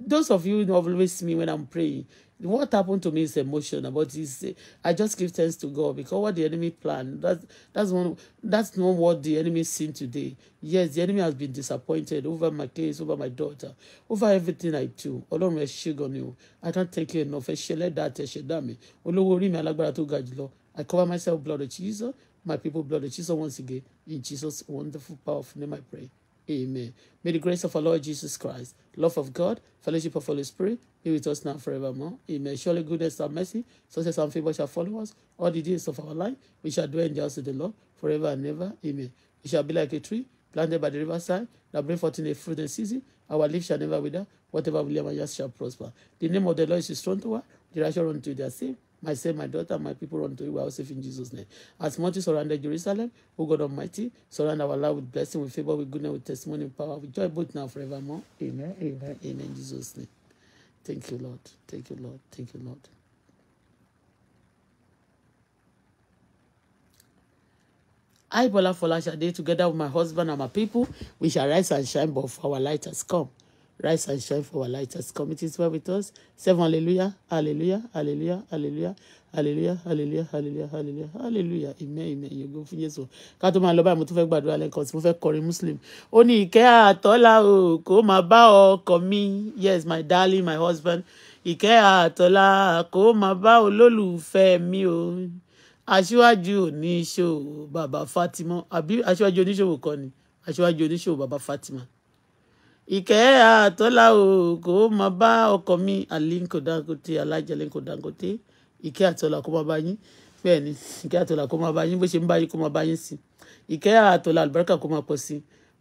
those of you who always see me when I'm praying what happened to me is emotional but it's i just give thanks to god because what the enemy planned that that's one that's not what the enemy seen today yes the enemy has been disappointed over my case over my daughter over everything i do ọlọ́run ẹ ṣé gan ni o i can't thank you enough ẹ ṣé lẹ́dàá àti ẹ̀ṣẹ̀ dá mi olówó orí mi alágbára tó ga jùlọ i cover myself blood of jesus my people blood of jesus once again in jesus wonderful powerful name i pray Amen. May the grace of our Lord Jesus Christ, love of God, fellowship of Holy Spirit be with us now forevermore. Amen. Surely goodness and mercy, success and favor shall follow us all the days of our life. We shall dwell in the house of the Lord forever and ever. Amen. We shall be like a tree planted by the riverside that bring forth in a fruit and season. Our leaves shall never wither. Whatever we live and shall prosper. The name of the Lord is strong to us. The righteous run to their save myself, my daughter, my people unto you. We are all safe in Jesus' name. As much as surrounded Jerusalem, O God Almighty, surround our love with blessing, with favor, with goodness, with testimony, with power, with joy, both now forevermore. Amen. Amen. Amen. Jesus' name. Thank you, Lord. Thank you, Lord. Thank you, Lord. I, Bola Folashade, together with my husband and my people, we shall rise and shine, but for our light has come. Rise and shine for our light as committees were with us. Seven hallelujah, hallelujah, hallelujah, hallelujah, hallelujah, hallelujah, hallelujah, hallelujah, hallelujah. Amen, amen. Yóò go fún Jésù. Ká tó máa lọ báyìí mo tún fẹ́ gbàdúrà lẹ́ẹ̀kan tí mo fẹ́ kọrin Muslim. Ó ní ìkẹ́ àtọ́lá o kó máa bá ọkọ mi. Yes, my darling, my husband. Ìkẹ́ àtọ́lá kó máa bá olólùfẹ́ mi o. Aṣíwájú oníṣòwò bàbá Fatima. Àbí aṣíwájú oníṣòwò kọ́ ni. Aṣíwájú oníṣòwò bàbá Fatima ìkẹ́ àtọ́lá o kò máa bá ọkọ mi Aliko Dangote Alhaji Aliko Dangote ìkẹ́ àtọ́lá kó máa bá yín bẹ́ẹ̀ ni ìkẹ́ àtọ́lá kó máa bá yín bó ṣe ń bá yín kó máa bá yín sí ìkẹ́ àtọ́lá àlùbáríkà kó máa pọ̀ sí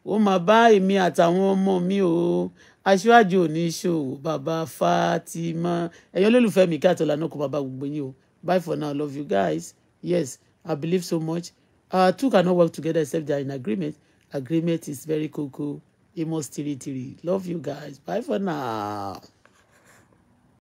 ó máa bá èmi àtàwọn ọmọ mi o aṣíwájú òní ṣòwò bàbá Fatima ẹ̀yin olólùfẹ́ mi ìkẹ́ àtọ́lá náà kó máa bá gbogbo yín o bye for now love you guys yes I believe so much uh, two cannot work together except they are in agreement agreement is very cool cool. Amos Tiri Tiri. Love you guys. Bye for now.